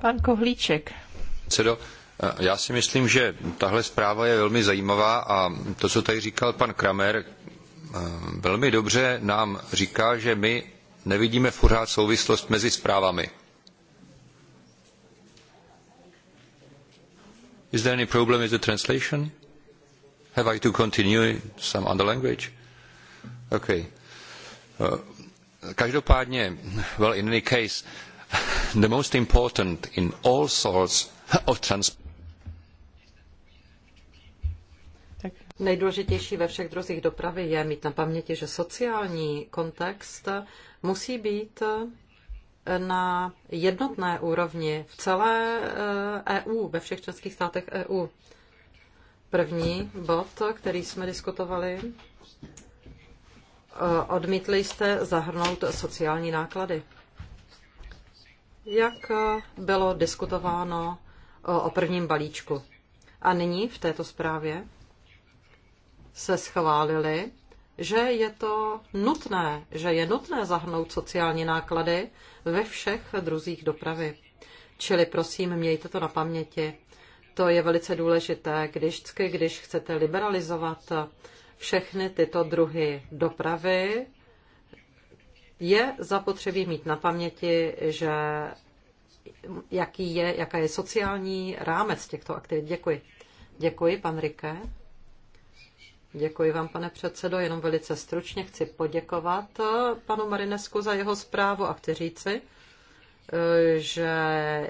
Pan Kohlíček. Cedo, já si myslím, že tahle zpráva je velmi zajímavá a to, co tady říkal pan Kramer, eh, velmi dobře nám říká, že my nevidíme pořád souvislost mezi zprávami. Is there any problem with the translation? Have I to continue some other language? Okay. Eh, každopádně, well, in any case, the most important in all sorts of transport Nejdůležitější ve všech druzích dopravy je mít na paměti, že sociální kontext musí být eh, na jednotné úrovni v celé EU, eh, e ve všech českých státech EU. První bod, který jsme diskutovali, eh, odmítli jste zahrnout sociální náklady. Jak bylo diskutováno o prvním balíčku? A nyní v této zprávě se schválili, že je to nutné, že je nutné zahrnout sociální náklady ve všech druzích dopravy. Čili prosím, mějte to na paměti. To je velice důležité, když, když chcete liberalizovat všechny tyto druhy dopravy, je zapotřebí mít na paměti, že jaký je, jaká je sociální rámec těchto aktivit. Děkuji. Děkuji, pan Rike. Děkuji vám, pane předsedo. Jenom velice stručně chci poděkovat panu Marinesku za jeho zprávu a chci říci, že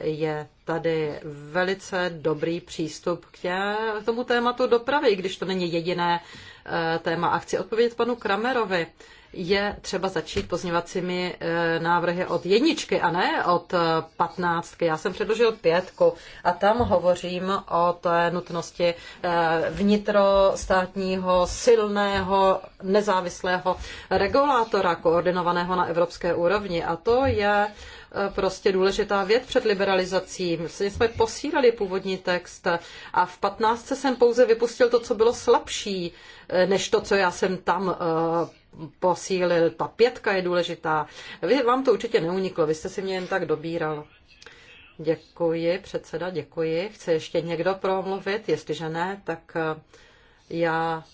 je tady velice dobrý přístup k, tě, k tomu tématu dopravy, když to není jediné eh, téma. A chci odpovědět panu Kramerovi je třeba začít pozněvacími eh, návrhy od jedničky a ne od eh, patnáctky. Já jsem předložil pětku a tam hovořím o té nutnosti eh, vnitrostátního silného nezávislého regulátora koordinovaného na evropské úrovni a to je prostě důležitá věc před liberalizací. My jsme posílali původní text a v 15. jsem pouze vypustil to, co bylo slabší, než to, co já jsem tam posílil. Ta pětka je důležitá. Vy, vám to určitě neuniklo, vy jste si mě jen tak dobíral. Děkuji, předseda, děkuji. Chce ještě někdo promluvit? Jestliže ne, tak eh, já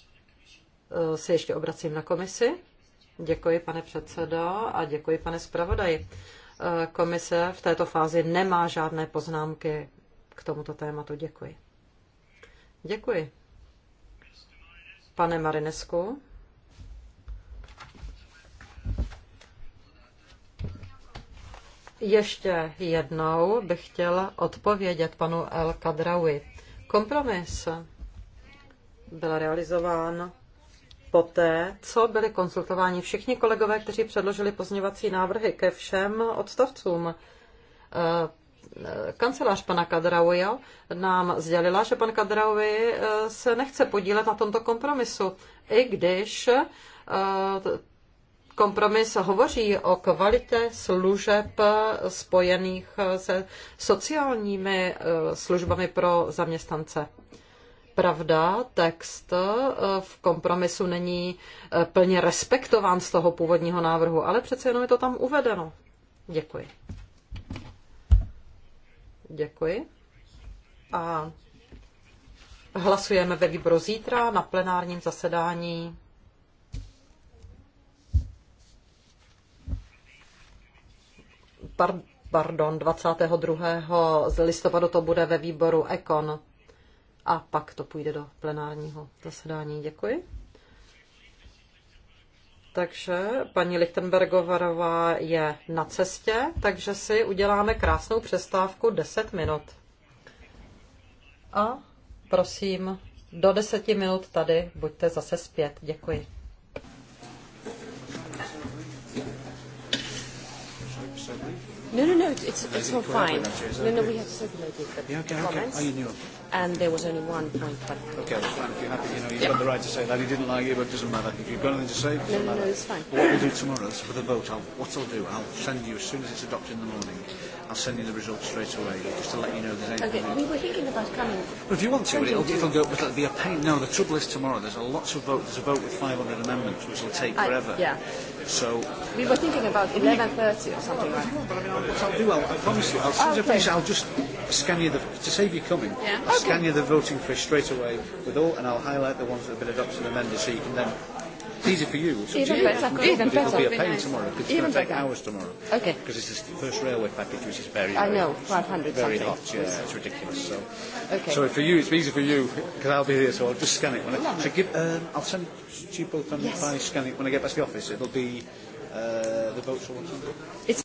eh, se ještě obracím na komisi. Děkuji, pane předsedo, a děkuji, pane zpravodaji. Eh, komise v této fázi nemá žádné poznámky k tomuto tématu. Děkuji. Děkuji. Pane Marinesku. Ještě jednou bych chtěl odpovědět panu El Kadrawi. Kompromis byl realizován poté, co byli konsultováni všichni kolegové, kteří předložili pozměňovací návrhy ke všem odstavcům. Eh, kancelář pana Kadrauja nám sdělila, že pan Kadraui eh, se nechce podílet na tomto kompromisu, i když eh, kompromis hovoří o kvalitě služeb spojených se sociálními eh, službami pro zaměstnance. Pravda, text eh, v kompromisu není eh, plně respektován z toho původního návrhu, ale přece jenom je to tam uvedeno. Děkuji. Děkuji. A hlasujeme ve výboru zítra na plenárním zasedání pardon, 22. z listopadu to bude ve výboru Ekon a pak to půjde do plenárního zasedání. Děkuji. Takže paní Lichtenbergová je na cestě, takže si uděláme krásnou přestávku 10 minut. A prosím, do 10 minut tady buďte zase zpět. Děkuji. No, no, no, it's, it's all fine. No, no, we have circulated the yeah, okay, comments. Okay. Oh, you knew. And there was only one point. okay, that's fine. If you're happy, you know, you've yeah. got the right to say that. He didn't like you, but it doesn't matter. If you've got anything to say, it doesn't no, no, No, it's fine. What we'll do tomorrow is for the vote, I'll, what I'll do, I'll send you as soon as it's adopted in the morning. I'll send you the results straight away, just to let you know there's anything. Okay, we were thinking about coming. Well, if you want to, it'll, it'll go, it'll be a pain. No, the trouble is tomorrow there's a lots of vote. There's a vote with 500 amendments, which will take forever. I, yeah. So. We were thinking about 11:30 or something. like. if but I mean, I'll, I'll do, I'll, I promise you, I'll, oh, as okay. I'll just scan you the to save you coming. Yeah. I'll okay. scan you the voting fish straight away with all, and I'll highlight the ones that have been adopted and amended, so you can then It's easy for you. It's even better. Yeah. Even better. It'll be a pain nice. tomorrow. It's even going to take better. hours tomorrow. Okay. Because it's the first railway package, which is very, very I know, 500 very hot. Yeah, it's ridiculous. So, okay. so for you, it's easy for you because I'll be here, so I'll just scan it. When I, Lovely. so give, um, I'll send you both on yes. if I scan it when I get back to the office. It'll be uh, the votes or what's on It's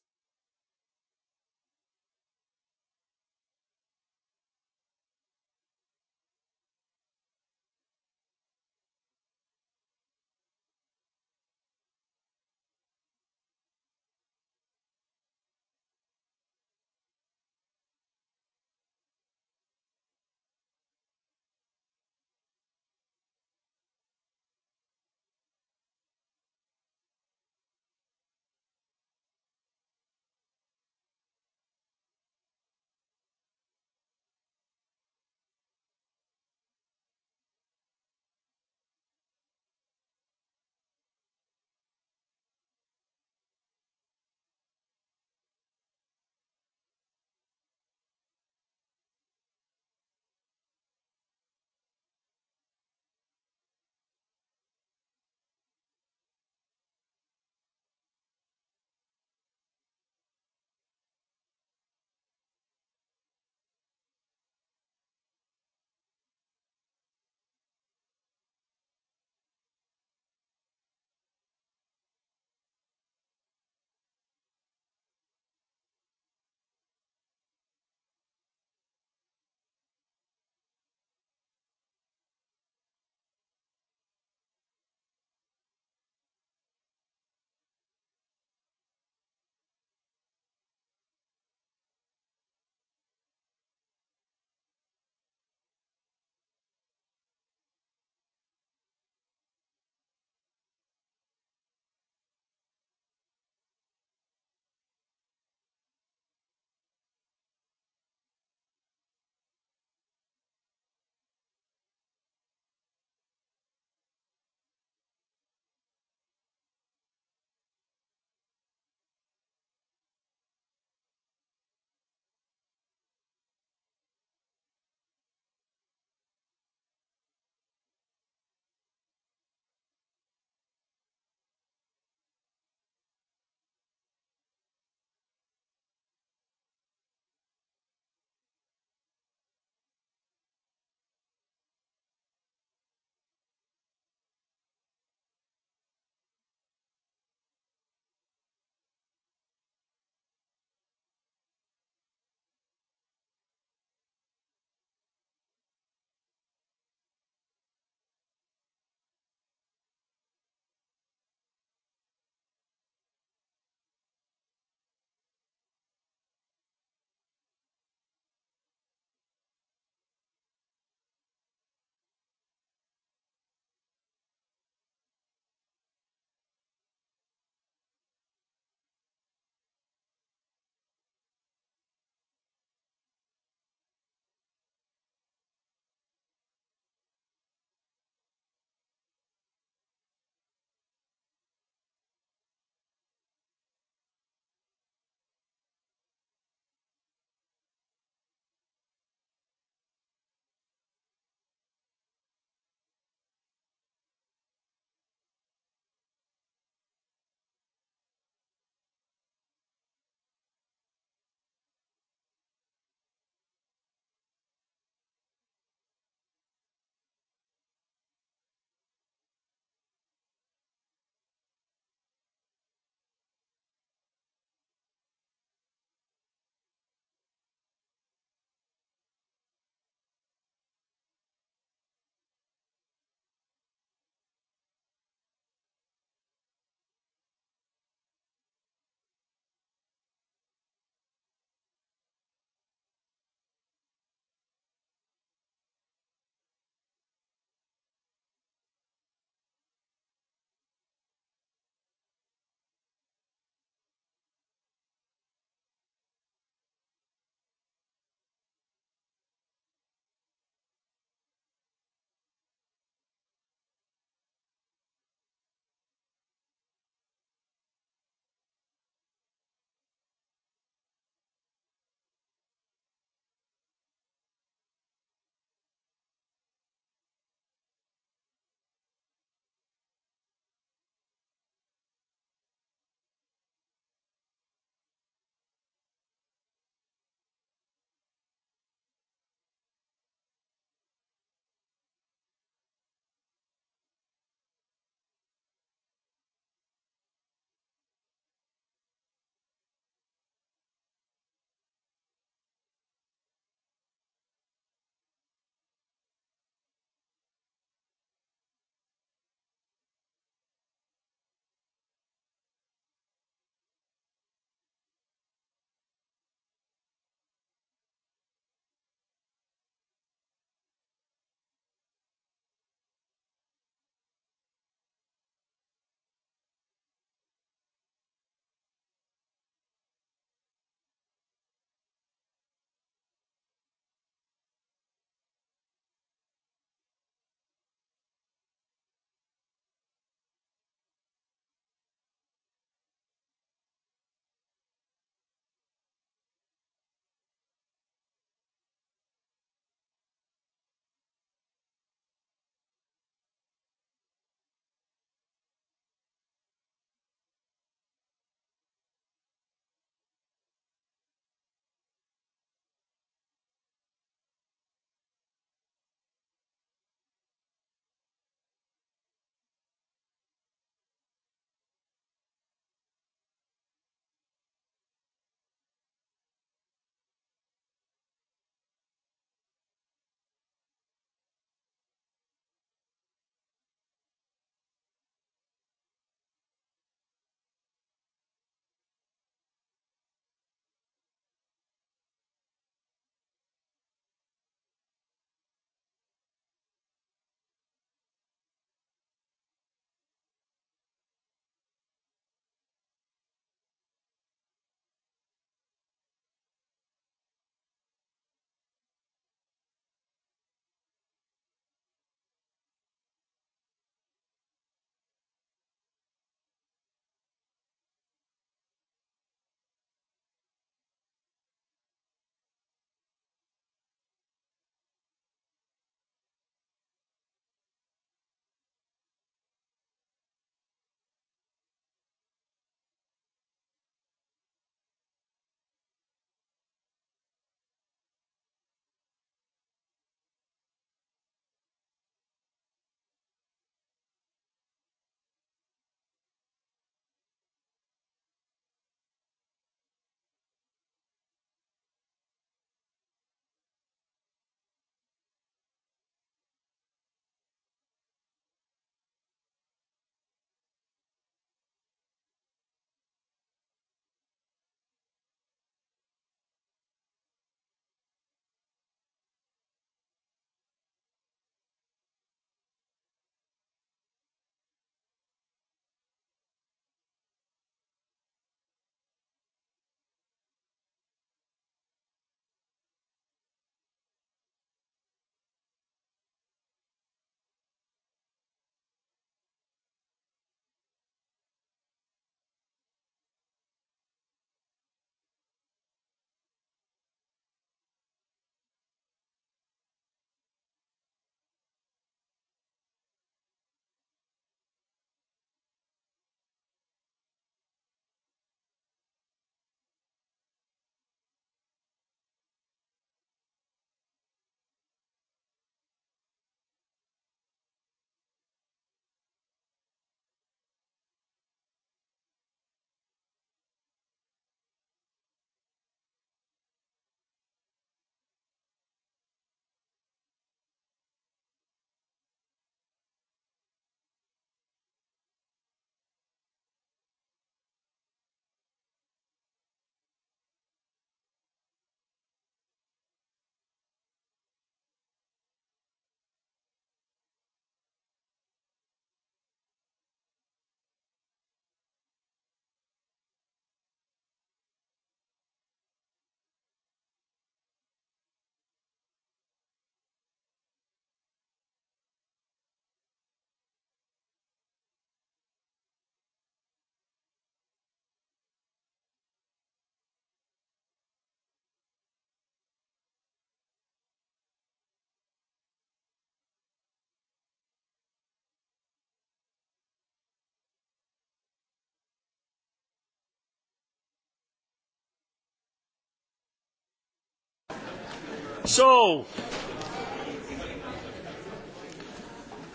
So,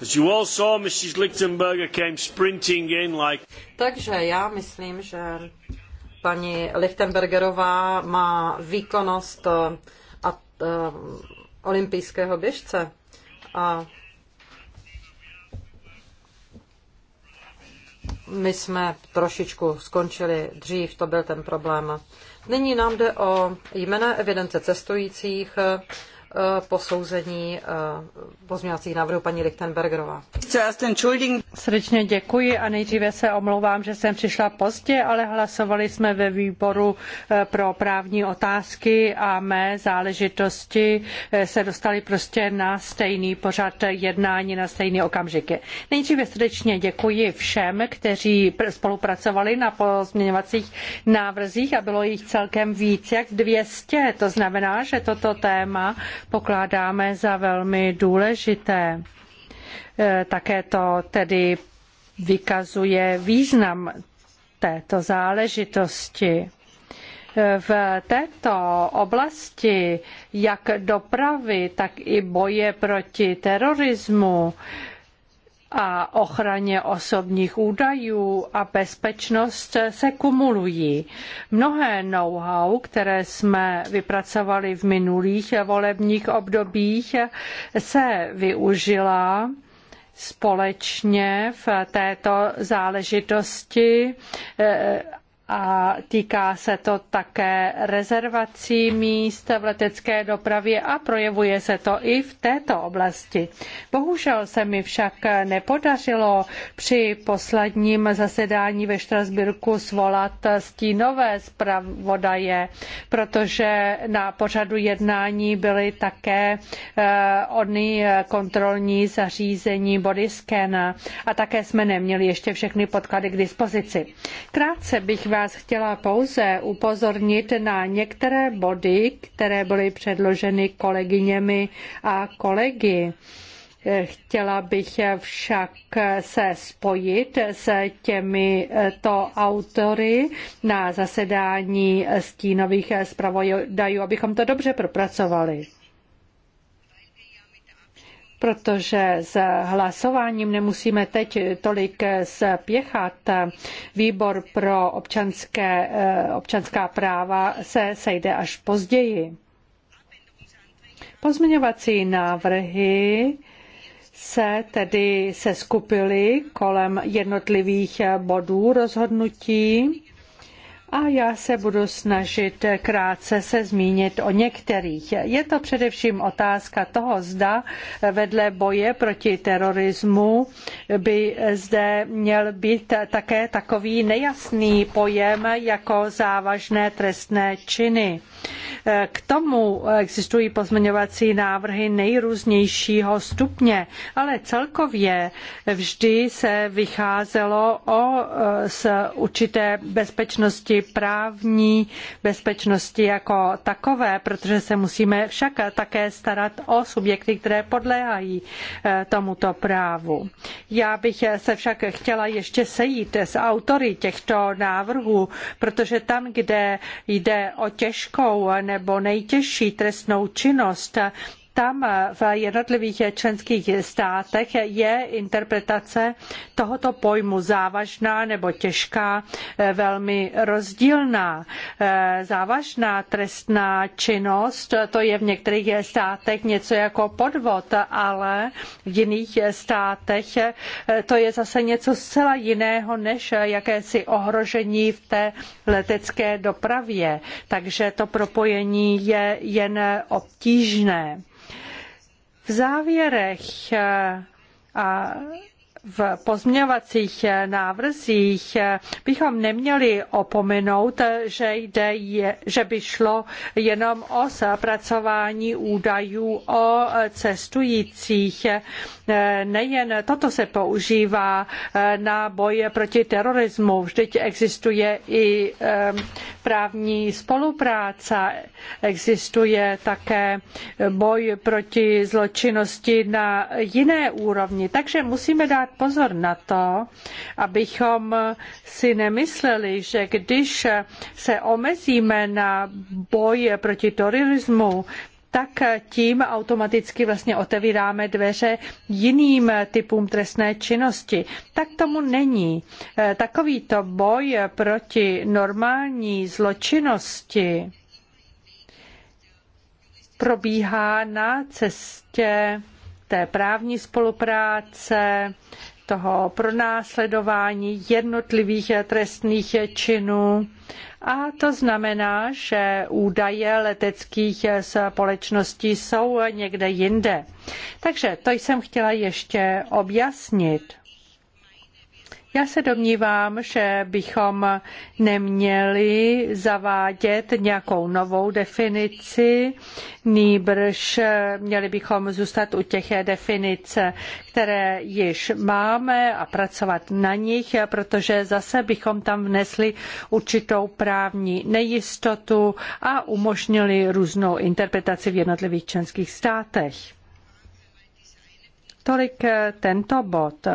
as you all saw, Mrs. Lichtenberger came sprinting in like... Takže já myslím, že paní Lichtenbergerová má výkonnost eh, a, a, eh, olympijského běžce a My jsme trošičku skončili dřív, to byl ten problém. Nyní nám jde o jména evidence cestujících, eh, posouzení eh, pozměňovacích návrhů paní Lichtenbergerová. Srdečně děkuji a nejdříve se omlouvám, že jsem přišla pozdě, ale hlasovali jsme ve výboru eh, pro právní otázky a mé záležitosti eh, se dostaly prostě na stejný pořad jednání, na stejný okamžik. Nejdříve srdečně děkuji všem, kteří spolupracovali na pozměňovacích návrzích a bylo jich celkem víc jak 200. To znamená, že toto téma pokládáme za velmi důležité. Eh, také to tedy vykazuje význam této záležitosti. Eh, v této oblasti jak dopravy, tak i boje proti terorismu a ochraně osobních údajů a bezpečnost se kumulují. Mnohé know-how, které jsme vypracovali v minulých volebních obdobích, se využila společně v této záležitosti a týká se to také rezervací míst v letecké dopravě a projevuje se to i v této oblasti. Bohužel se mi však nepodařilo při posledním zasedání ve Štrasburku svolat stínové zpravodaje, protože na pořadu jednání byly také eh, ony eh, kontrolní zařízení scan a také jsme neměli ještě všechny podklady k dispozici. Krátce bych vám vás chtěla pouze upozornit na některé body, které byly předloženy kolegyněmi a kolegy. Chtěla bych však se spojit s těmito autory na zasedání stínových zpravodajů, abychom to dobře propracovali protože s hlasováním nemusíme teď tolik spěchat. Výbor pro občanské, eh, občanská práva se sejde až později. Pozměňovací návrhy se tedy seskupily kolem jednotlivých bodů rozhodnutí a já se budu snažit krátce se zmínit o některých. Je to především otázka toho, zda vedle boje proti terorismu by zde měl být také takový nejasný pojem jako závažné trestné činy. K tomu existují pozměňovací návrhy nejrůznějšího stupně, ale celkově vždy se vycházelo o, z určité bezpečnosti právní bezpečnosti jako takové, protože se musíme však také starat o subjekty, které podléhají eh, tomuto právu. Já bych se však chtěla ještě sejít s autory těchto návrhů, protože tam, kde jde o těžkou nebo nejtěžší trestnou činnost, tam v jednotlivých členských státech je interpretace tohoto pojmu závažná nebo těžká eh, velmi rozdílná. Eh, závažná trestná činnost, to je v některých státech něco jako podvod, ale v jiných státech eh, to je zase něco zcela jiného než jakési ohrožení v té letecké dopravě, takže to propojení je jen obtížné. V závěrech eh, a v pozměňovacích návrzích bychom neměli opomenout, že, jde, že by šlo jenom o zpracování údajů o cestujících. Nejen toto se používá na boj proti terorismu. Vždyť existuje i právní spolupráce, existuje také boj proti zločinnosti na jiné úrovni. Takže musíme dát dávat pozor na to, abychom si nemysleli, že když se omezíme na boj proti terorismu, tak tím automaticky vlastně otevíráme dveře jiným typům trestné činnosti. Tak tomu není. E, takovýto boj proti normální zločinnosti probíhá na cestě té právní spolupráce, toho pronásledování jednotlivých trestných činů. A to znamená, že údaje leteckých společností jsou někde jinde. Takže to jsem chtěla ještě objasnit. Já se domnívám, že bychom neměli zavádět nějakou novou definici, nýbrž měli bychom zůstat u těch definic, které již máme a pracovat na nich, protože zase bychom tam vnesli určitou právní nejistotu a umožnili různou interpretaci v jednotlivých členských státech. Tolik eh, tento bod.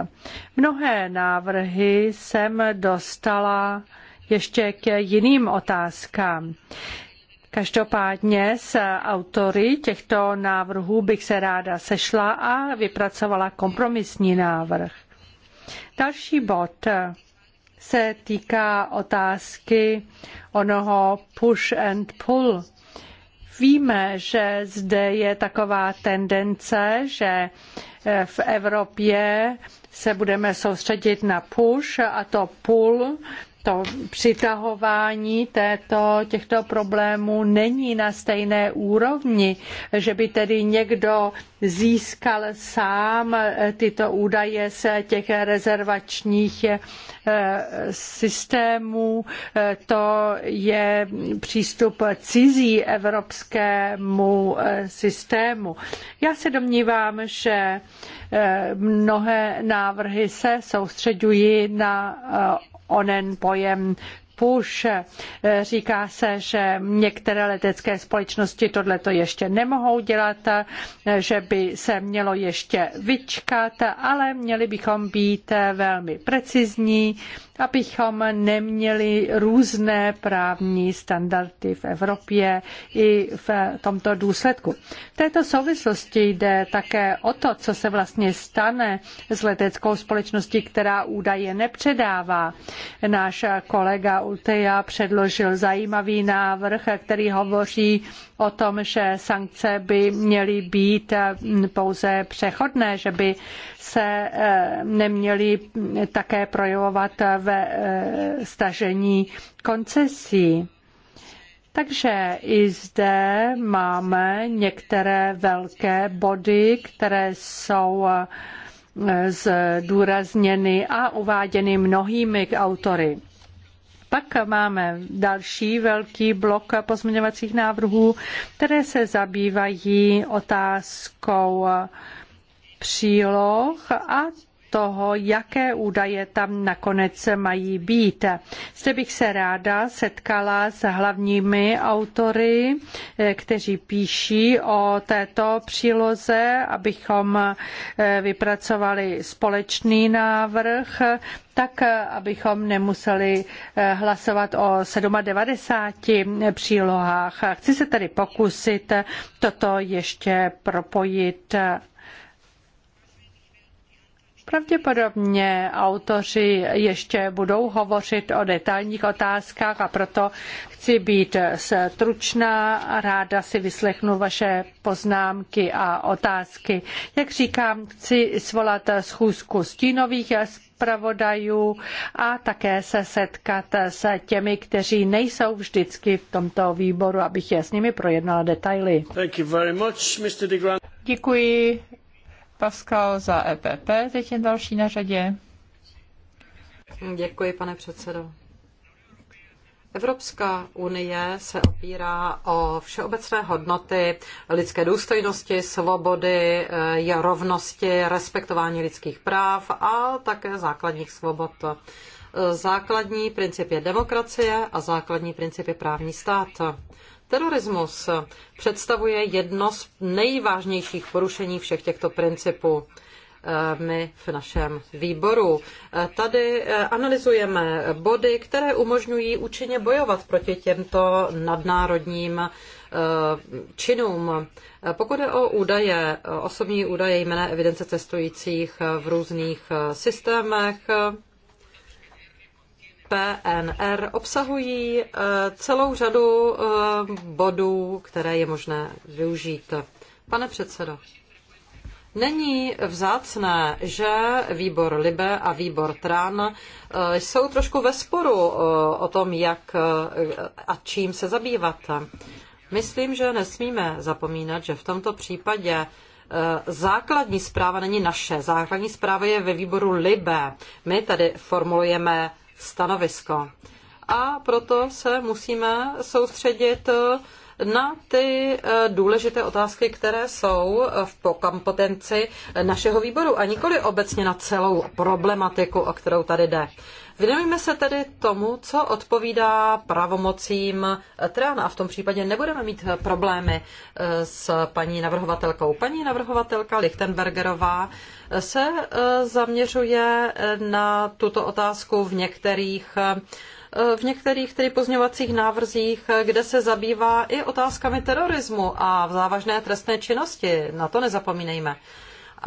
Mnohé návrhy jsem dostala ještě k jiným otázkám. Každopádně s autory těchto návrhů bych se ráda sešla a vypracovala kompromisní návrh. Další bod se týká otázky onoho push and pull. Víme, že zde je taková tendence, že v Evropě se budeme soustředit na push a to pull to přitahování této, těchto problémů není na stejné úrovni, že by tedy někdo získal sám tyto údaje z těch rezervačních eh, systémů. Eh, to je přístup cizí evropskému eh, systému. Já se domnívám, že mnohé návrhy se soustředují na onen pojem push. Eh, říká se, že některé letecké společnosti tohle to ještě nemohou dělat, eh, že by se mělo ještě vyčkat, ale měli bychom být eh, velmi precizní abychom neměli různé právní standardy v Evropě i v tomto důsledku. V této souvislosti jde také o to, co se vlastně stane s leteckou společností, která údaje nepředává. Náš kolega Ulteja předložil zajímavý návrh, který hovoří o tom, že sankce by měly být pouze přechodné, že by se eh, neměly také projevovat ve eh, stažení koncesí. Takže i zde máme některé velké body, které jsou eh, zdůrazněny a uváděny mnohými autory. Pak máme další velký blok pozměňovacích návrhů, které se zabývají otázkou příloh a toho, jaké údaje tam nakonec mají být. Zde bych se ráda setkala s hlavními autory, eh, kteří píší o této příloze, abychom eh, vypracovali společný návrh, tak eh, abychom nemuseli hlasovat o 97 přílohách. Chci se tedy pokusit toto ještě propojit Pravděpodobně autoři ještě budou hovořit o detailních otázkách a proto chci být stručná a ráda si vyslechnu vaše poznámky a otázky. Jak říkám, chci svolat schůzku stínových zpravodajů a také se setkat s těmi, kteří nejsou vždycky v tomto výboru, abych je s nimi projednala detaily. Děkuji Pascal za EPP, teď je další na řadě. Děkuji, pane předsedo. Evropská unie se opírá o všeobecné hodnoty lidské důstojnosti, svobody, eh, rovnosti, respektování lidských práv a také základních svobod. Základní princip je demokracie a základní princip je právní stát terorismus představuje jedno z nejvážnějších porušení všech těchto principů eh, my v našem výboru. Eh, tady eh, analyzujeme body, které umožňují účinně bojovat proti těmto nadnárodním činům. Pokud je o údaje, osobní údaje jména evidence cestujících v různých systémech, PNR obsahují eh, celou řadu eh, bodů, které je možné využít. Pane předsedo, není vzácné, že výbor Libe a výbor Tran eh, jsou trošku ve sporu o tom, jak a čím se zabývat. Myslím, že nesmíme zapomínat, že v tomto případě základní zpráva není naše. Základní zpráva je ve výboru Libe. My tady formulujeme stanovisko. A proto se musíme soustředit na ty eh, důležité otázky, které jsou eh, v kompetenci našeho výboru a nikoli obecně na celou problematiku, o kterou tady jde. Věnujeme se tedy tomu, co odpovídá pravomocím TRAN a v tom případě nebudeme mít problémy e, s paní navrhovatelkou. Paní navrhovatelka Lichtenbergerová se e, zaměřuje e, na tuto otázku v některých v některých tedy pozňovacích návrzích, kde se zabývá i otázkami terorismu a závažné trestné činnosti. Na to nezapomínejme.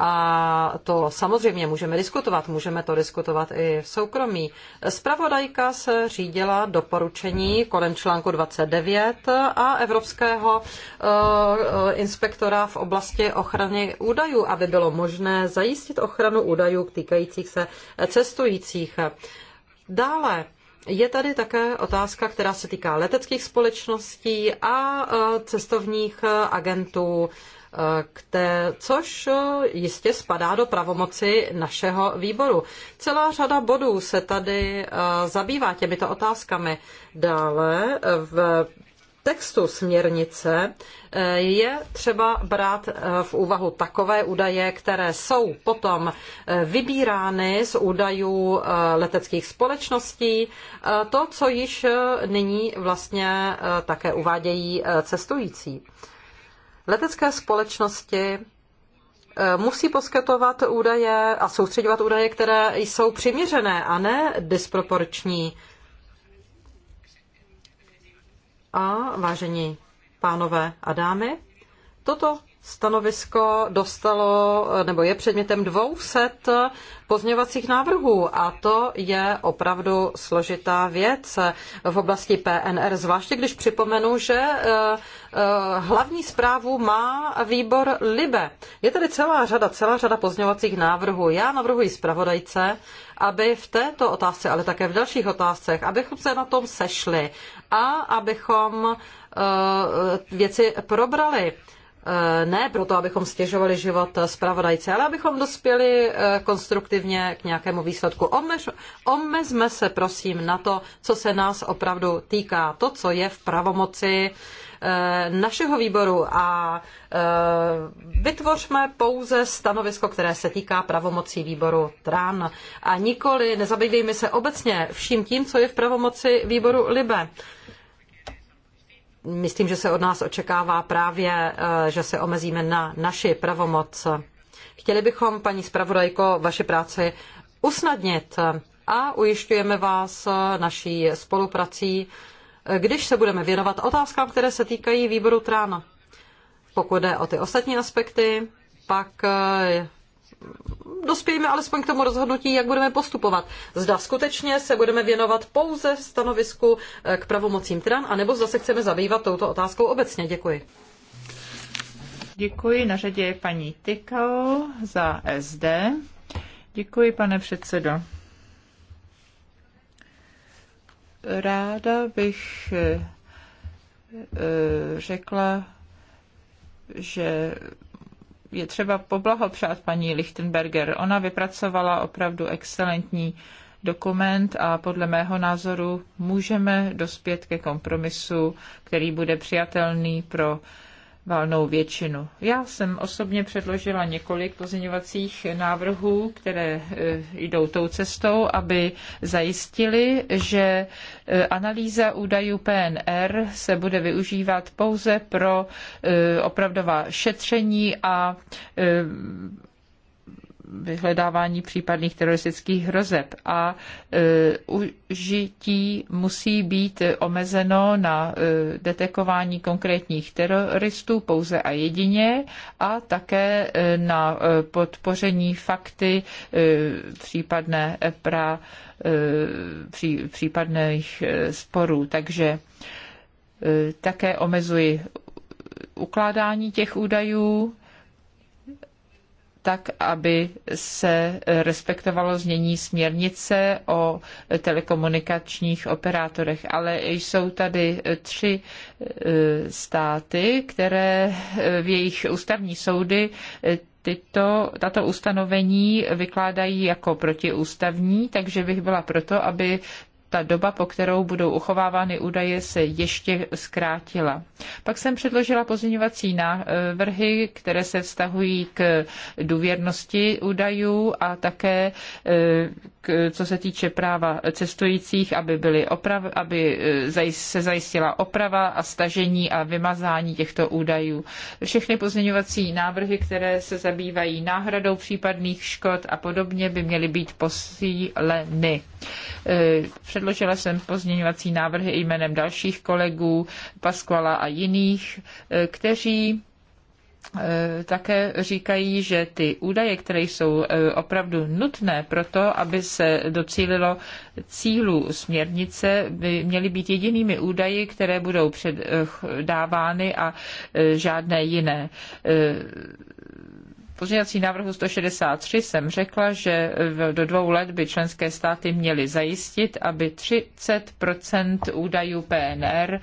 A to samozřejmě můžeme diskutovat, můžeme to diskutovat i v soukromí. Spravodajka se řídila doporučení kolem článku 29 a Evropského eh, inspektora v oblasti ochrany údajů, aby bylo možné zajistit ochranu údajů týkajících se cestujících. Dále je tady také otázka, která se týká leteckých společností a eh, cestovních eh, agentů. Eh, což eh, jistě spadá do pravomoci našeho výboru. Celá řada bodů se tady eh, zabývá těmito otázkami. Dále v textu směrnice je třeba brát v úvahu takové údaje, které jsou potom vybírány z údajů leteckých společností, to, co již nyní vlastně také uvádějí cestující. Letecké společnosti eh, musí poskytovat údaje a soustředovat údaje, které jsou přiměřené a ne disproporční. A vážení pánové a dámy, toto Stanovisko dostalo, nebo je předmětem 200 pozměňovacích návrhů a to je opravdu složitá věc v oblasti PNR, zvláště když připomenu, že eh, eh, hlavní zprávu má výbor LIBE. Je tady celá řada, celá řada pozměňovacích návrhů. Já navrhuji zpravodajce, aby v této otázce, ale také v dalších otázcech, abychom se na tom sešli a abychom eh, věci probrali. Eh, ne proto, abychom stěžovali život zpravodajce, ale abychom dospěli eh, konstruktivně k nějakému výsledku. Omež, omezme se prosím na to, co se nás opravdu týká, to, co je v pravomoci eh, našeho výboru a vytvořme pouze stanovisko, které se týká pravomocí výboru TRAN a nikoli nezabývejme se obecně vším tím, co je v pravomoci výboru LIBE myslím, že se od nás očekává právě, eh, že se omezíme na naši pravomoc. Chtěli bychom, paní zpravodajko, vaši práci usnadnit a ujišťujeme vás naší spoluprací, když se budeme věnovat otázkám, které se týkají výboru trána. Pokud jde o ty ostatní aspekty, pak eh, dospějeme alespoň k tomu rozhodnutí, jak budeme postupovat. Zda skutečně se budeme věnovat pouze stanovisku eh, k pravomocím TRAN, anebo zda se chceme zabývat touto otázkou obecně. Děkuji. Děkuji. Na řadě je paní Tykal za SD. Děkuji, pane předsedo. Ráda bych eh, eh, řekla, že je třeba poblahopřát paní Lichtenberger. Ona vypracovala opravdu excelentní dokument a podle mého názoru můžeme dospět ke kompromisu, který bude přijatelný pro valnou většinu. Já jsem osobně předložila několik pozměňovacích návrhů, které e, jdou tou cestou, aby zajistili, že e, analýza údajů PNR se bude využívat pouze pro e, opravdová šetření a vyhledávání případných teroristických hrozeb a e, užití musí být omezeno na e, detekování konkrétních teroristů pouze a jedině a také e, na podpoření fakty případné pra, pří, případných sporů. Takže také omezuji ukládání těch údajů tak, aby se respektovalo znění směrnice o telekomunikačních operátorech. Ale jsou tady tři e, státy, které e, v jejich ústavní soudy e, tyto, tato ustanovení vykládají jako protiústavní, takže bych byla proto, aby ta doba, po kterou budou uchovávány údaje, se ještě zkrátila. Pak jsem předložila pozměňovací návrhy, které se vztahují k důvěrnosti údajů a také e, k, co se týče práva cestujících, aby, byly oprav, aby e, se zajistila oprava a stažení a vymazání těchto údajů. Všechny pozměňovací návrhy, které se zabývají náhradou případných škod a podobně, by měly být posíleny. Před Předložila jsem pozměňovací návrhy jménem dalších kolegů, Paskvala a jiných, eh, kteří eh, také říkají, že ty údaje, které jsou eh, opravdu nutné pro to, aby se docílilo cílu směrnice, by měly být jedinými údaji, které budou předávány a žádné jiné pozměňovací návrhu 163 jsem řekla, že do dvou let by členské státy měly zajistit, aby 30 údajů PNR eh,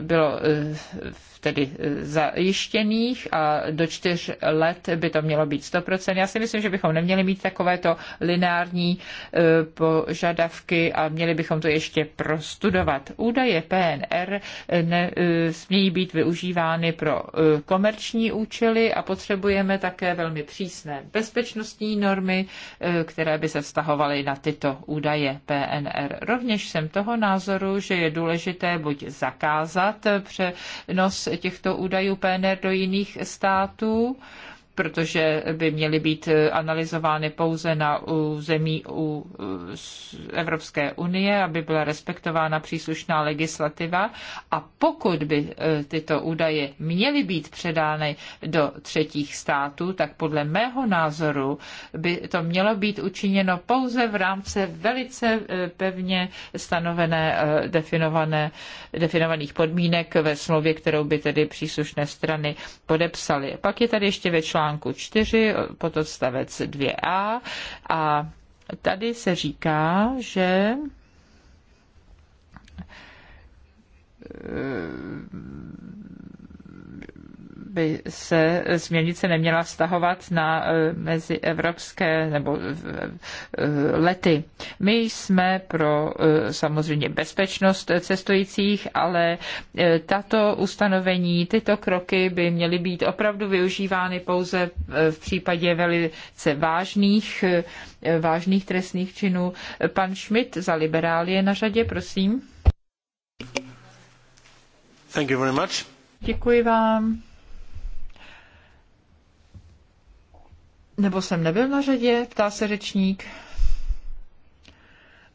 bylo v eh, tedy e, zajištěných a do čtyř let by to mělo být 100%. Já si myslím, že bychom neměli mít takovéto lineární e, požadavky a měli bychom to ještě prostudovat. Údaje PNR e, ne, smějí být využívány pro komerční účely a potřebujeme také velmi přísné bezpečnostní normy, které by se vztahovaly na tyto údaje PNR. Rovněž jsem toho názoru, že je důležité buď zakázat přenos těchto údajů PNR do jiných států protože by měly být eh, analyzovány pouze na území u eh, Evropské unie, aby byla respektována příslušná legislativa. A pokud by eh, tyto údaje měly být předány do třetích států, tak podle mého názoru by to mělo být učiněno pouze v rámci velice pevně stanovené, definované, definovaných podmínek ve smlouvě, kterou by tedy příslušné strany podepsaly. Pak je tady ještě ve článku článku 4 pod odstavec 2a a tady se říká, že by se směrnice neměla vztahovat na eh, mezi evropské nebo eh, eh, lety. My jsme pro samozřejmě bezpečnost cestujících, ale tato ustanovení, tyto kroky by měly být opravdu využívány pouze v případě velice vážných, vážných trestných činů. Pan Schmidt za liberálie na řadě, prosím. Thank you very much. Děkuji vám. Nebo jsem nebyl na řadě, ptá se řečník.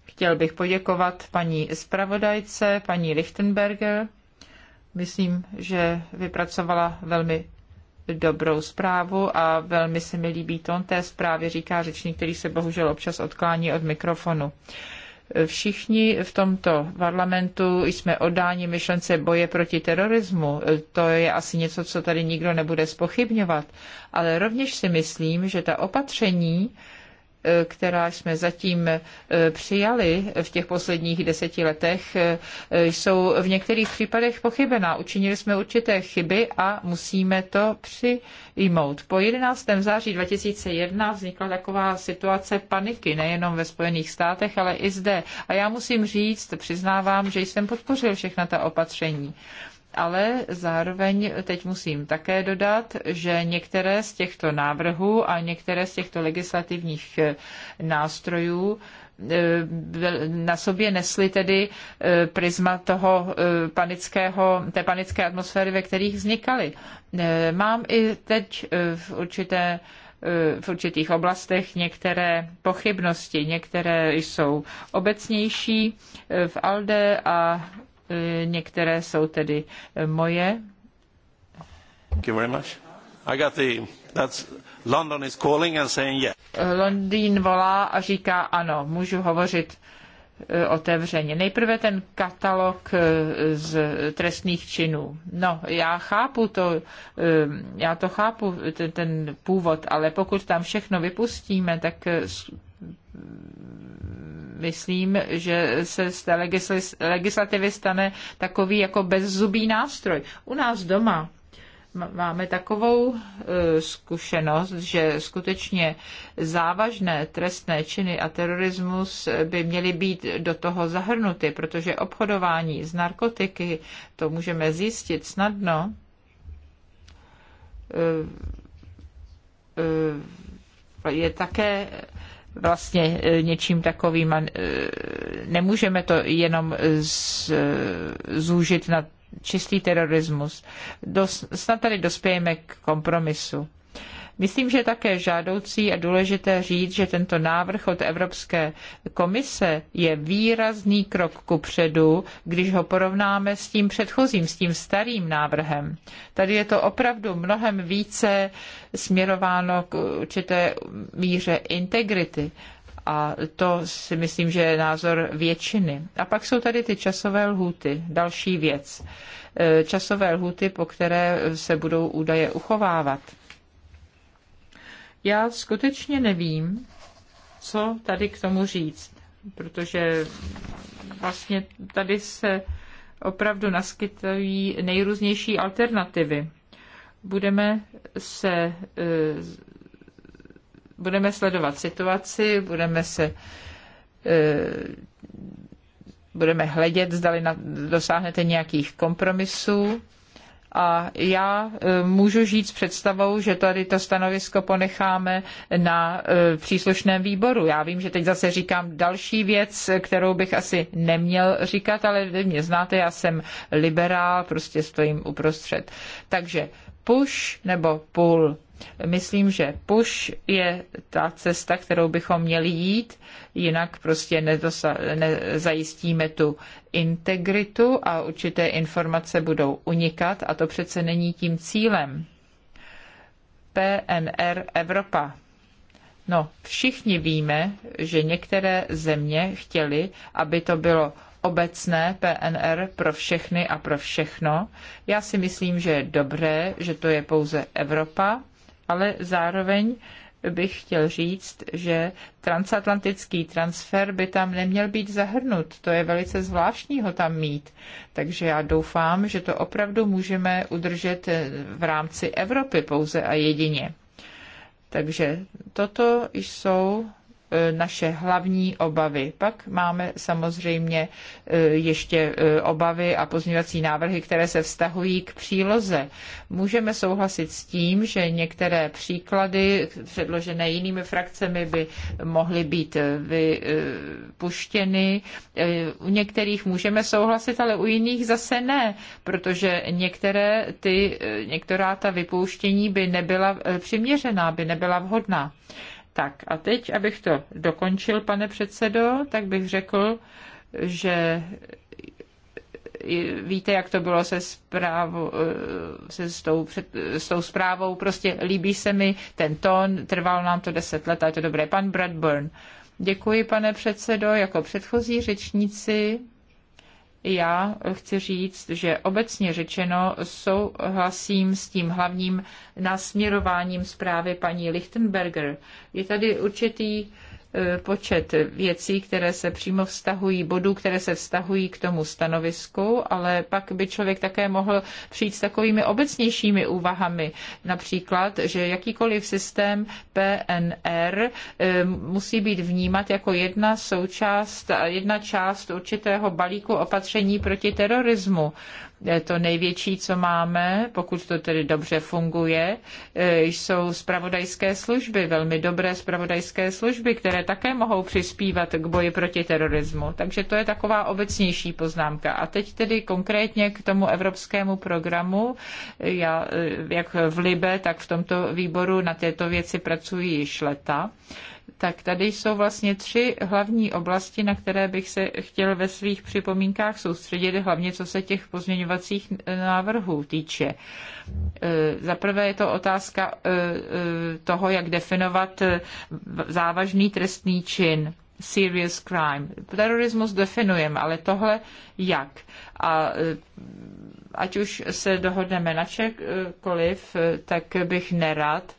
Chtěl bych poděkovat paní zpravodajce, paní Lichtenberger. Myslím, že vypracovala velmi dobrou zprávu a velmi se mi líbí tón té zprávy, říká řečník, který se bohužel občas odklání od mikrofonu. Uh, Všichni v tomto parlamentu jsme oddáni myšlence boje proti terorismu. To je asi něco, co tady nikdo nebude spochybňovat. Ale rovněž si myslím, že ta opatření, která jsme zatím e, přijali v těch posledních deseti letech, e, jsou v některých případech pochybená. Učinili jsme určité chyby a musíme to přijmout. Po 11. září 2001 vznikla taková situace paniky nejenom ve Spojených státech, ale i zde. A já musím říct, přiznávám, že jsem podpořil všechna ta opatření ale zároveň teď musím také dodat, že některé z těchto návrhů a některé z těchto legislativních eh, nástrojů eh, na sobě nesly tedy eh, prisma toho panického, té panické atmosféry, ve kterých vznikaly. Mám i teď v určité v určitých oblastech některé pochybnosti, některé jsou obecnější v ALDE a Eh, některé jsou tedy eh, moje. Thank you very much. I got the, that's, London is calling and saying yes. Eh, Londýn volá a říká ano, můžu hovořit otevřeně. Nejprve ten katalog z trestných činů. No, já chápu to, já to chápu, ten, ten původ, ale pokud tam všechno vypustíme, tak myslím, že se z té legislativy stane takový jako bezzubý nástroj. U nás doma máme takovou e, zkušenost, že skutečně závažné trestné činy a terorismus by měly být do toho zahrnuty, protože obchodování s narkotiky, to můžeme zjistit snadno, e, e, je také vlastně e, něčím takovým a e, nemůžeme to jenom z, e, zúžit na čistý terorismus. Dos, snad tady dospějeme k kompromisu. Myslím, že je také žádoucí a důležité říct, že tento návrh od Evropské komise je výrazný krok kupředu, když ho porovnáme s tím předchozím, s tím starým návrhem. Tady je to opravdu mnohem více směrováno k určité míře integrity a to si myslím, že je názor většiny. A pak jsou tady ty časové lhuty, další věc. E, časové lhuty, po které se budou údaje uchovávat. Já skutečně nevím, co tady k tomu říct, protože vlastně tady se opravdu naskytují nejrůznější alternativy. Budeme se eh, budeme sledovat situaci, budeme se eh, budeme hledět, zdali na, dosáhnete nějakých kompromisů a já e, můžu žít s představou, že tady to stanovisko ponecháme na e, příslušném výboru. Já vím, že teď zase říkám další věc, kterou bych asi neměl říkat, ale vy mě znáte, já jsem liberál, prostě stojím uprostřed. Takže push nebo pull Myslím, že push je ta cesta, kterou bychom měli jít, jinak prostě nedosa- nezajistíme tu integritu a určité informace budou unikat a to přece není tím cílem. PNR Evropa. No, všichni víme, že některé země chtěly, aby to bylo obecné PNR pro všechny a pro všechno. Já si myslím, že je dobré, že to je pouze Evropa ale zároveň bych chtěl říct, že transatlantický transfer by tam neměl být zahrnut. To je velice zvláštní ho tam mít. Takže já doufám, že to opravdu můžeme udržet v rámci Evropy pouze a jedině. Takže toto jsou E, naše hlavní obavy. Pak máme samozřejmě e, ještě e, obavy a pozměňovací návrhy, které se vztahují k příloze. Můžeme souhlasit s tím, že některé příklady předložené jinými frakcemi by mohly být vypuštěny. U některých můžeme souhlasit, ale u jiných zase ne, protože některé ty, některá ta vypouštění by nebyla přiměřená, by nebyla vhodná. Tak a teď, abych to dokončil, pane předsedo, tak bych řekl, že víte, jak to bylo se, zprávu, eh, se s, tou před, s tou zprávou, prostě líbí se mi ten tón, trval nám to deset let a je to dobré. Pan Bradburn, děkuji, pane předsedo, jako předchozí řečníci já chci říct, že obecně řečeno souhlasím s tím hlavním nasměrováním zprávy paní Lichtenberger. Je tady určitý E, počet věcí, které se přímo vztahují, bodů, které se vztahují k tomu stanovisku, ale pak by člověk také mohl přijít s takovými obecnějšími úvahami, například, že jakýkoliv systém PNR e, musí být vnímat jako jedna součást, jedna část určitého balíku opatření proti terorismu. To největší, co máme, pokud to tedy dobře funguje, e, jsou spravodajské služby, velmi dobré spravodajské služby, které také mohou přispívat k boji proti terorismu. Takže to je taková obecnější poznámka. A teď tedy konkrétně k tomu evropskému programu. Já, e, jak v Libe, tak v tomto výboru na této věci pracuji již leta tak tady jsou vlastně tři hlavní oblasti, na které bych se chtěl ve svých připomínkách soustředit, hlavně co se těch pozměňovacích návrhů týče. E, za prvé je to otázka e, e, toho, jak definovat závažný trestný čin serious crime. Terorismus definujeme, ale tohle jak? A ať už se dohodneme na čekoliv, tak bych nerad,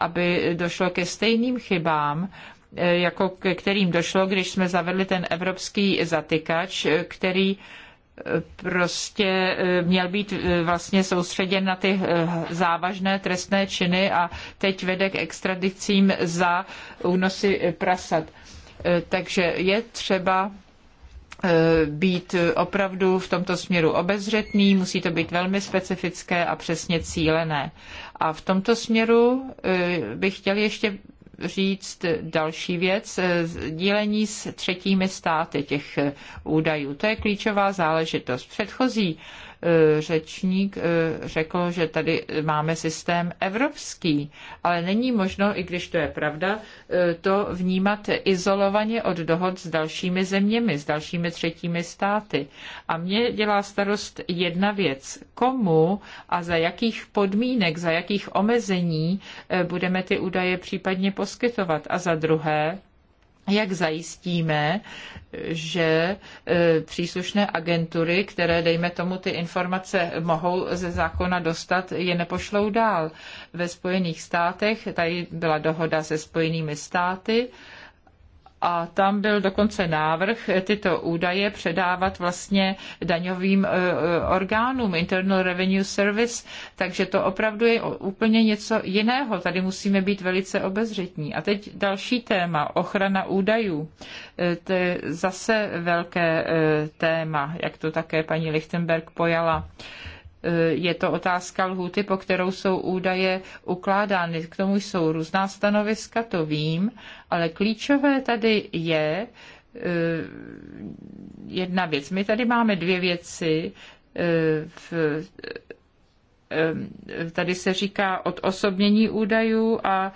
aby došlo ke stejným chybám, eh, jako ke kterým došlo, když jsme zavedli ten evropský zatykač, eh, který eh, prostě měl být vlastně soustředěn na ty závažné trestné činy a teď vede k extradicím za únosy prasat. Takže je třeba být opravdu v tomto směru obezřetný, musí to být velmi specifické a přesně cílené. A v tomto směru eh, bych chtěl ještě říct další věc, eh, dílení s třetími státy těch eh, údajů. To je klíčová záležitost. Předchozí Eh, řečník eh, řekl, že tady máme systém evropský, ale není možno, i když to je pravda, eh, to vnímat izolovaně od dohod s dalšími zeměmi, s dalšími třetími státy. A mě dělá starost jedna věc. Komu a za jakých podmínek, za jakých omezení budeme ty údaje případně poskytovat? A za druhé, jak zajistíme, že e, příslušné agentury, které, dejme tomu, ty informace mohou ze zákona dostat, je nepošlou dál. Ve Spojených státech, tady byla dohoda se Spojenými státy, a tam byl dokonce návrh tyto údaje předávat vlastně daňovým e, e, orgánům, Internal Revenue Service, takže to opravdu je úplně něco jiného. Tady musíme být velice obezřetní. A teď další téma, ochrana údajů. E, to je zase velké téma, jak to také paní Lichtenberg pojala. Eh, je to otázka lhůty, po kterou jsou údaje ukládány. K tomu jsou různá stanoviska, to vím, ale klíčové tady je eh, jedna věc. My tady máme dvě věci. Eh, v, tady se říká od osobnění údajů a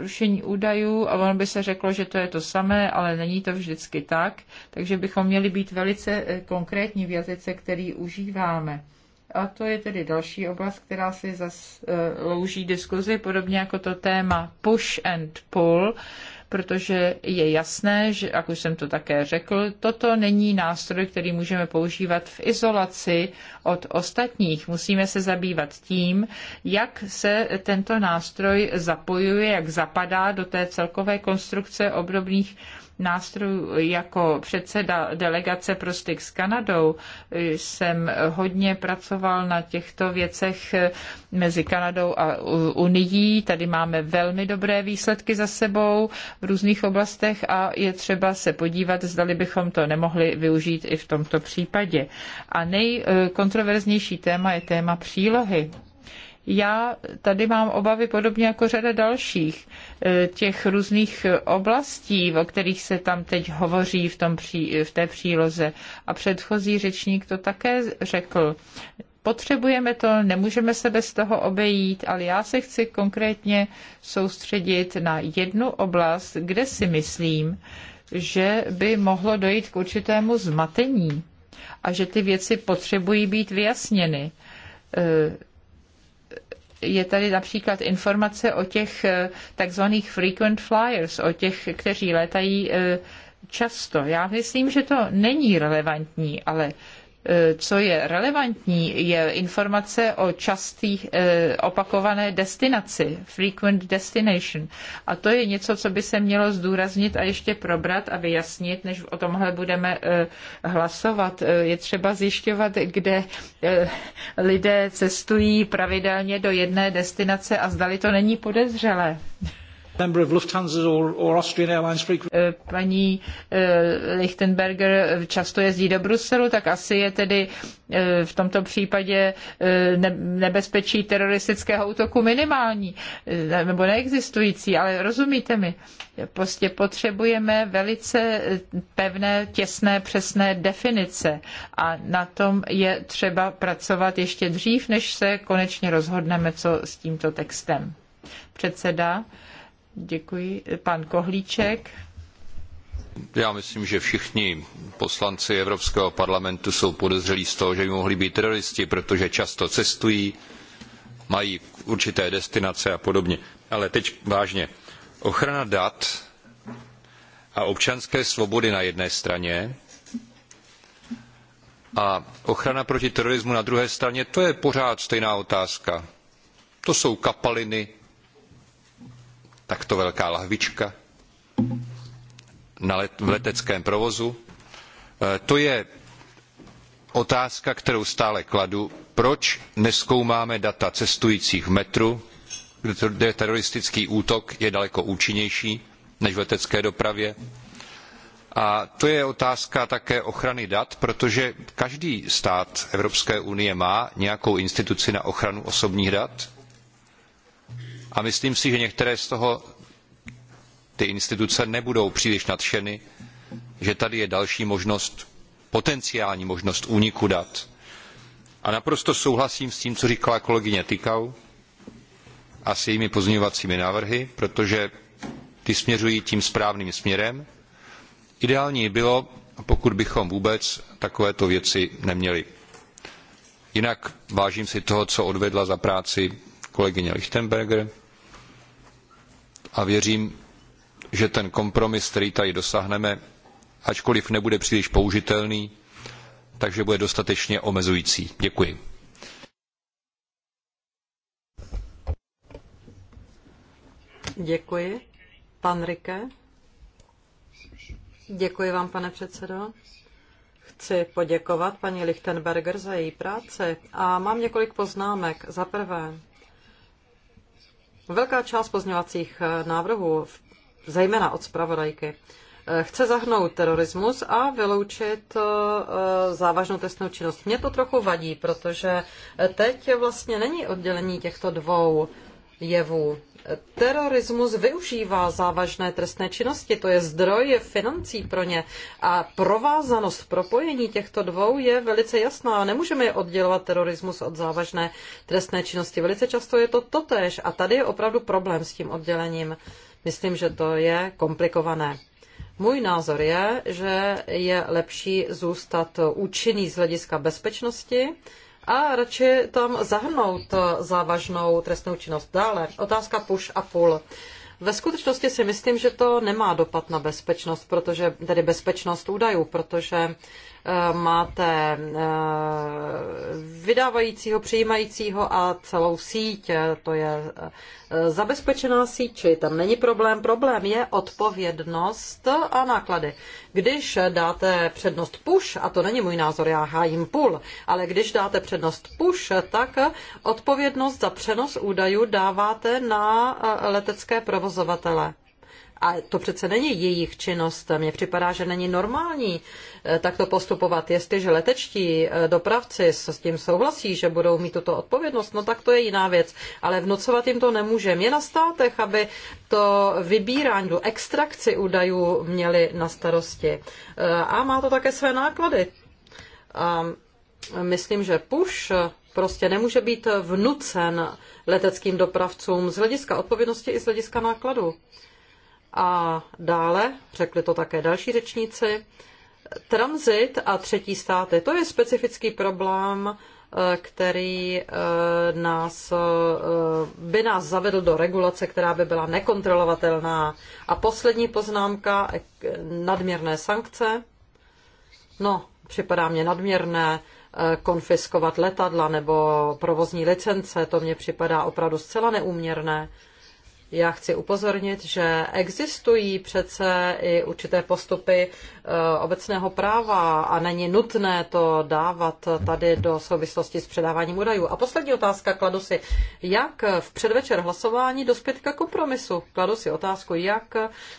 rušení údajů a ono by se řeklo, že to je to samé, ale není to vždycky tak, takže bychom měli být velice konkrétní v jazyce, který užíváme. A to je tedy další oblast, která si e, louží diskuzi, podobně jako to téma push and pull, protože je jasné, že, jak už jsem to také řekl, toto není nástroj, který můžeme používat v izolaci od ostatních. Musíme se zabývat tím, jak se tento nástroj zapojuje, jak zapadá do té celkové konstrukce obdobných nástrojů jako předseda delegace pro styk s Kanadou jsem hodně pracoval na těchto věcech mezi Kanadou a Unií. Tady máme velmi dobré výsledky za sebou v různých oblastech a je třeba se podívat, zdali bychom to nemohli využít i v tomto případě. A nejkontroverznější téma je téma přílohy. Já tady mám obavy podobně jako řada dalších eh, těch různých oblastí, o kterých se tam teď hovoří v, tom pří, v té příloze. A předchozí řečník to také řekl. Potřebujeme to, nemůžeme se bez toho obejít, ale já se chci konkrétně soustředit na jednu oblast, kde si myslím, že by mohlo dojít k určitému zmatení a že ty věci potřebují být vyjasněny eh, je tady například informace o těch eh, takzvaných frequent flyers, o těch, kteří létají eh, často. Já myslím, že to není relevantní, ale Eh, co je relevantní, je informace o častých eh, opakované destinaci, frequent destination. A to je něco, co by se mělo zdůraznit a ještě probrat a vyjasnit, než o tomhle budeme eh, hlasovat. Je třeba zjišťovat, kde lidé cestují pravidelně do jedné destinace a zdali to není podezřelé. Eh, paní eh, Lichtenberger často jezdí do Bruselu, tak asi je tedy eh, v tomto případě nebezpečí teroristického útoku minimální nebo neexistující, ale rozumíte mi, prostě potřebujeme velice pevné, těsné, přesné definice a na tom je třeba pracovat ještě dřív, než se konečně rozhodneme, co s tímto textem. Předseda, Děkuji. Pan Kohlíček. Já myslím, že všichni poslanci Evropského parlamentu jsou podezřelí z toho, že by mohli být teroristi, protože často cestují, mají určité destinace a podobně. Ale teď vážně. Ochrana dat a občanské svobody na jedné straně a ochrana proti terorismu na druhé straně, to je pořád stejná otázka. To jsou kapaliny takto velká lahvička na let, v leteckém provozu. E, to je otázka, kterou stále kladu. Proč neskoumáme data cestujících v metru, kde teroristický útok je daleko účinnější než v letecké dopravě? A to je otázka také ochrany dat, protože každý stát Evropské unie má nějakou instituci na ochranu osobních dat a myslím si, že některé z toho ty instituce nebudou příliš nadšeny, že tady je další možnost, potenciální možnost úniku dat. A naprosto souhlasím s tím, co říkala kolegyně Tykau a s jejími pozměňovacími návrhy, protože ty směřují tím správným směrem. Ideální bylo, pokud bychom vůbec takovéto věci neměli. Jinak vážím si toho, co odvedla za práci kolegyně Lichtenberger, a věřím, že ten kompromis, který tady dosáhneme, ačkoliv nebude příliš použitelný, takže bude dostatečně omezující. Děkuji. Děkuji. Pan Rike. Děkuji vám, pane předsedo. Chci poděkovat paní Lichtenberger za její práci a mám několik poznámek. Za prvé, Velká část pozněvacích eh, návrhů, zejména od zpravodajky, eh, chce zahnout terorismus a vyloučit eh, závažnou trestnou činnost. Mě to trochu vadí, protože teď vlastně není oddělení těchto dvou jevů. Terorismus využívá závažné trestné činnosti, to je zdroj financí pro ně. A provázanost, propojení těchto dvou je velice jasná. Nemůžeme je oddělovat terorismus od závažné trestné činnosti. Velice často je to totéž a tady je opravdu problém s tím oddělením. Myslím, že to je komplikované. Můj názor je, že je lepší zůstat účinný z hlediska bezpečnosti a radši tam zahrnout eh, závažnou trestnou činnost. Dále, otázka push a pull. Ve skutečnosti si myslím, že to nemá dopad na bezpečnost, protože tedy bezpečnost údajů, protože máte eh, vydávajícího, přijímajícího a celou síť. To je eh, zabezpečená síť, čili tam není problém. Problém je odpovědnost a náklady. Když dáte přednost push, a to není můj názor, já hájím pull, ale když dáte přednost push, tak odpovědnost za přenos údajů dáváte na eh, letecké provozovatele a to přece není jejich činnost. Mně připadá, že není normální eh, takto postupovat. Jestliže letečtí eh, dopravci s tím souhlasí, že budou mít tuto odpovědnost, no tak to je jiná věc. Ale vnucovat jim to nemůžeme. Je na státech, aby to vybírání, tu extrakci údajů měli na starosti. Eh, a má to také své náklady. A myslím, že push prostě nemůže být vnucen leteckým dopravcům z hlediska odpovědnosti i z hlediska nákladu. A dále, řekli to také další řečníci, tranzit a třetí státy. To je specifický problém, eh, který eh, nás, eh, by nás zavedl do regulace, která by byla nekontrolovatelná. A poslední poznámka, nadměrné sankce. No, připadá mě nadměrné konfiskovat letadla nebo provozní licence, to mně připadá opravdu zcela neúměrné. Já chci upozornit, že existují přece i určité postupy eh, obecného práva a není nutné to dávat tady do souvislosti s předáváním údajů. A poslední otázka, kladu si, jak v předvečer hlasování dospět ke kompromisu? Kladu si otázku, jak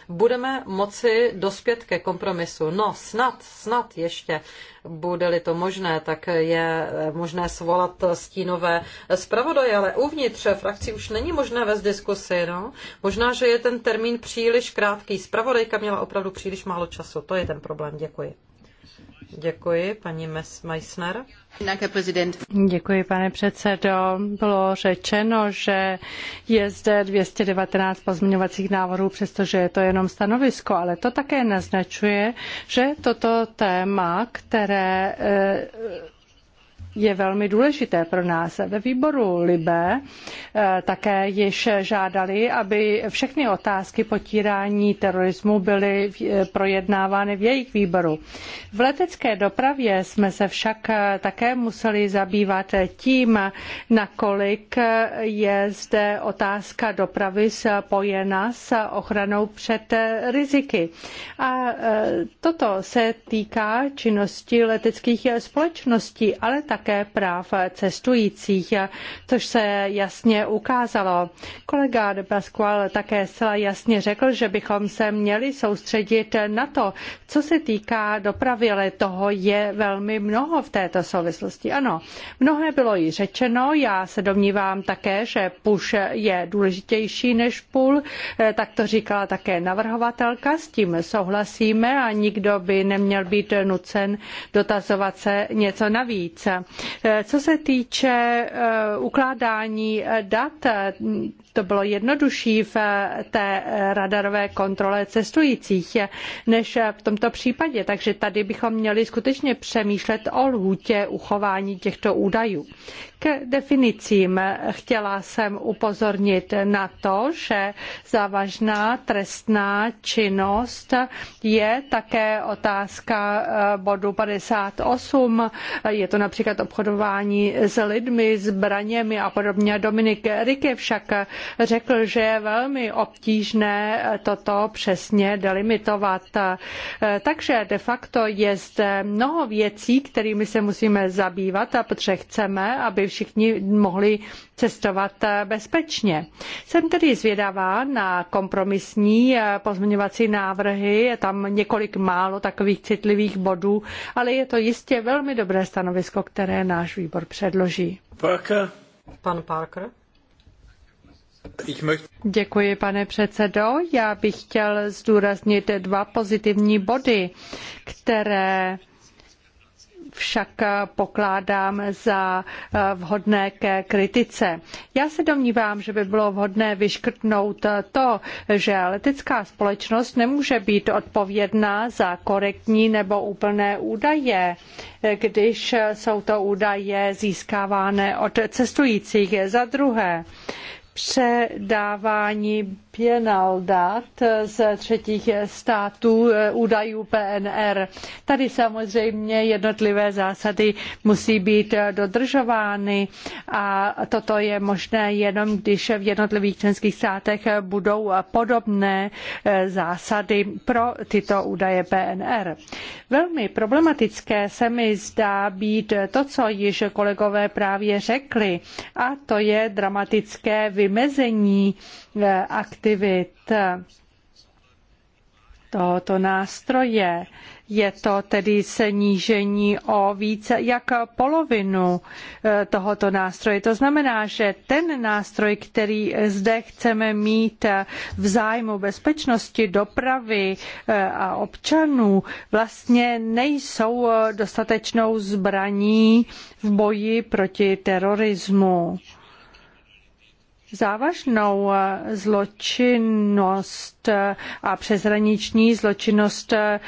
budeme moci dospět ke kompromisu? No, snad, snad ještě bude-li to možné, tak je možné svolat stínové zpravodaje, ale uvnitř frakcí už není možné vést diskusy. No? Možná, že je ten termín příliš krátký. Zpravodajka měla opravdu příliš málo času. To je ten problém. Děkuji. Děkuji, paní Meissner. Děkuji, pane předsedo. Bylo řečeno, že je zde 219 pozměňovacích návrhů, přestože je to jenom stanovisko, ale to také naznačuje, že toto téma, které eh, je velmi důležité pro nás. Ve výboru Libe eh, také již žádali, aby všechny otázky potírání terorismu byly eh, projednávány v jejich výboru. V letecké dopravě jsme se však eh, také museli zabývat tím, nakolik je zde otázka dopravy spojena s ochranou před riziky. A toto se týká činnosti leteckých společností, ale také také práv cestujících, což se jasně ukázalo. Kolega de Pasquale také zcela jasně řekl, že bychom se měli soustředit na to, co se týká dopravy, ale toho je velmi mnoho v této souvislosti. Ano, mnohé bylo již řečeno, já se domnívám také, že push je důležitější než pull, eh, tak to říkala také navrhovatelka, s tím souhlasíme a nikdo by neměl být nucen dotazovat se něco navíc. Eh, co se týče eh, ukládání eh, dat, to bylo jednodušší v té radarové kontrole cestujících než v tomto případě, takže tady bychom měli skutečně přemýšlet o lhůtě uchování těchto údajů. K definicím chtěla jsem upozornit na to, že závažná trestná činnost je také otázka bodu 58. Je to například obchodování s lidmi, zbraněmi a podobně. Dominik Riky však řekl, že je velmi obtížné toto přesně delimitovat. Takže de facto je zde mnoho věcí, kterými se musíme zabývat, a protože chceme, aby všichni mohli cestovat bezpečně. Jsem tedy zvědavá na kompromisní pozměňovací návrhy. Je tam několik málo takových citlivých bodů, ale je to jistě velmi dobré stanovisko, které které náš výbor předloží. Parker. Pan Parker. Děkuji, pane předsedo. Já bych chtěl zdůraznit dva pozitivní body, které však eh, pokládám za eh, vhodné ke kritice. Já se domnívám, že by bylo vhodné vyškrtnout eh, to, že letecká společnost nemůže být odpovědná za korektní nebo úplné údaje, když jsou to údaje získávány od cestujících. Za druhé, předávání pěnal dat z třetích států eh, údajů PNR. Tady samozřejmě jednotlivé zásady musí být eh, dodržovány a toto je možné jenom, když v jednotlivých členských státech budou podobné eh, zásady pro tyto údaje PNR. Velmi problematické se mi zdá být to, co již kolegové právě řekli, a to je dramatické vy vymezení eh, aktivit eh, tohoto nástroje. Je to tedy snížení o více jak polovinu eh, tohoto nástroje. To znamená, že ten nástroj, který zde chceme mít v zájmu bezpečnosti, dopravy a občanů, vlastně nejsou dostatečnou zbraní v boji proti terorismu závažnou eh, zločinnost eh, a přeshraniční zločinnost eh,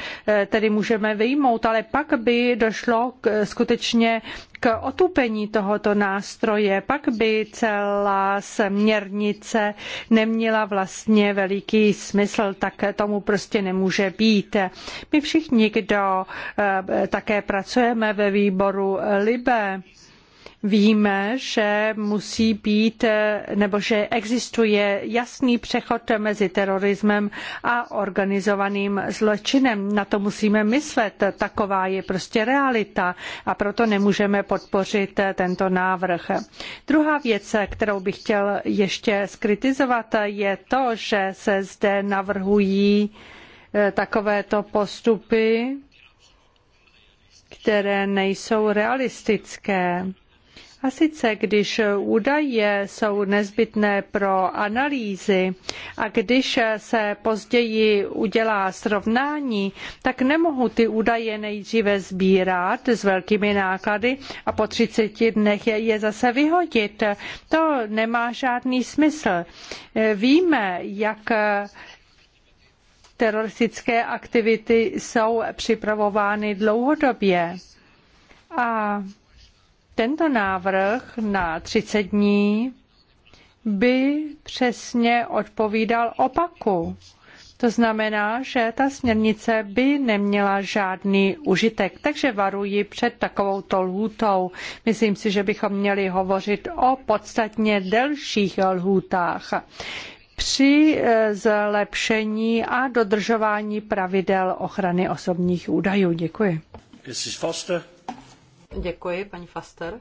tedy můžeme vyjmout, ale pak by došlo k, skutečně k otupení tohoto nástroje. Pak by celá směrnice neměla vlastně veliký smysl, tak tomu prostě nemůže být. My všichni, kdo také pracujeme ve výboru LIBE, Víme, že musí být nebo že existuje jasný přechod mezi terorismem a organizovaným zločinem. Na to musíme myslet. Taková je prostě realita a proto nemůžeme podpořit tento návrh. Druhá věc, kterou bych chtěl ještě skritizovat, je to, že se zde navrhují eh, takovéto postupy, které nejsou realistické a sice, když údaje jsou nezbytné pro analýzy a když se později udělá srovnání, tak nemohu ty údaje nejdříve sbírat s velkými náklady a po 30 dnech je zase vyhodit. To nemá žádný smysl. Víme, jak teroristické aktivity jsou připravovány dlouhodobě. A tento návrh na 30 dní by přesně odpovídal opaku. To znamená, že ta směrnice by neměla žádný užitek, takže varuji před takovouto lhůtou. Myslím si, že bychom měli hovořit o podstatně delších lhůtách při e, zlepšení a dodržování pravidel ochrany osobních údajů. Děkuji. Mrs. Foster. Děkuji, paní Faster.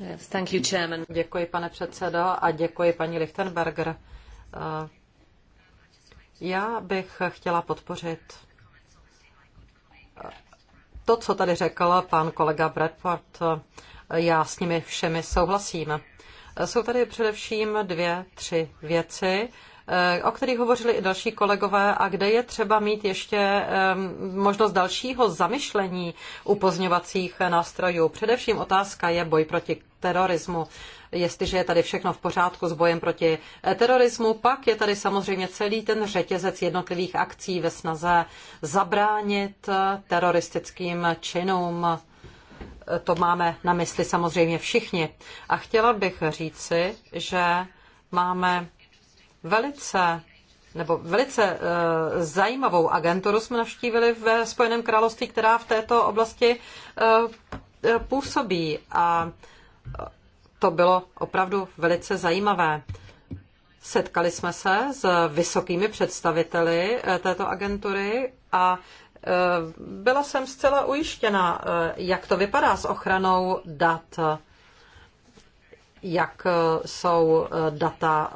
Yes, thank you, chairman. Děkuji, pane předsedo, a děkuji, paní Lichtenberger. Eh, já bych chtěla podpořit eh, to, co tady řekl pan kolega Bradford. Eh, já s nimi všemi souhlasím. Jsou tady především dvě, tři věci, Eh, o kterých hovořili i další kolegové a kde je třeba mít ještě možnost dalšího zamyšlení u pozňovacích nástrojů. Především otázka je boj proti terorismu. Jestliže je tady všechno v pořádku s bojem proti eh, terorismu, pak je tady samozřejmě celý ten řetězec jednotlivých akcí ve snaze zabránit eh, teroristickým činům. To máme na mysli samozřejmě všichni. A chtěla bych říci, že máme velice nebo velice e, zajímavou agenturu jsme navštívili ve Spojeném království, která v této oblasti e, působí. A to bylo opravdu velice zajímavé. Setkali jsme se s vysokými představiteli této agentury a byla jsem zcela ujištěna, jak to vypadá s ochranou dat, jak jsou data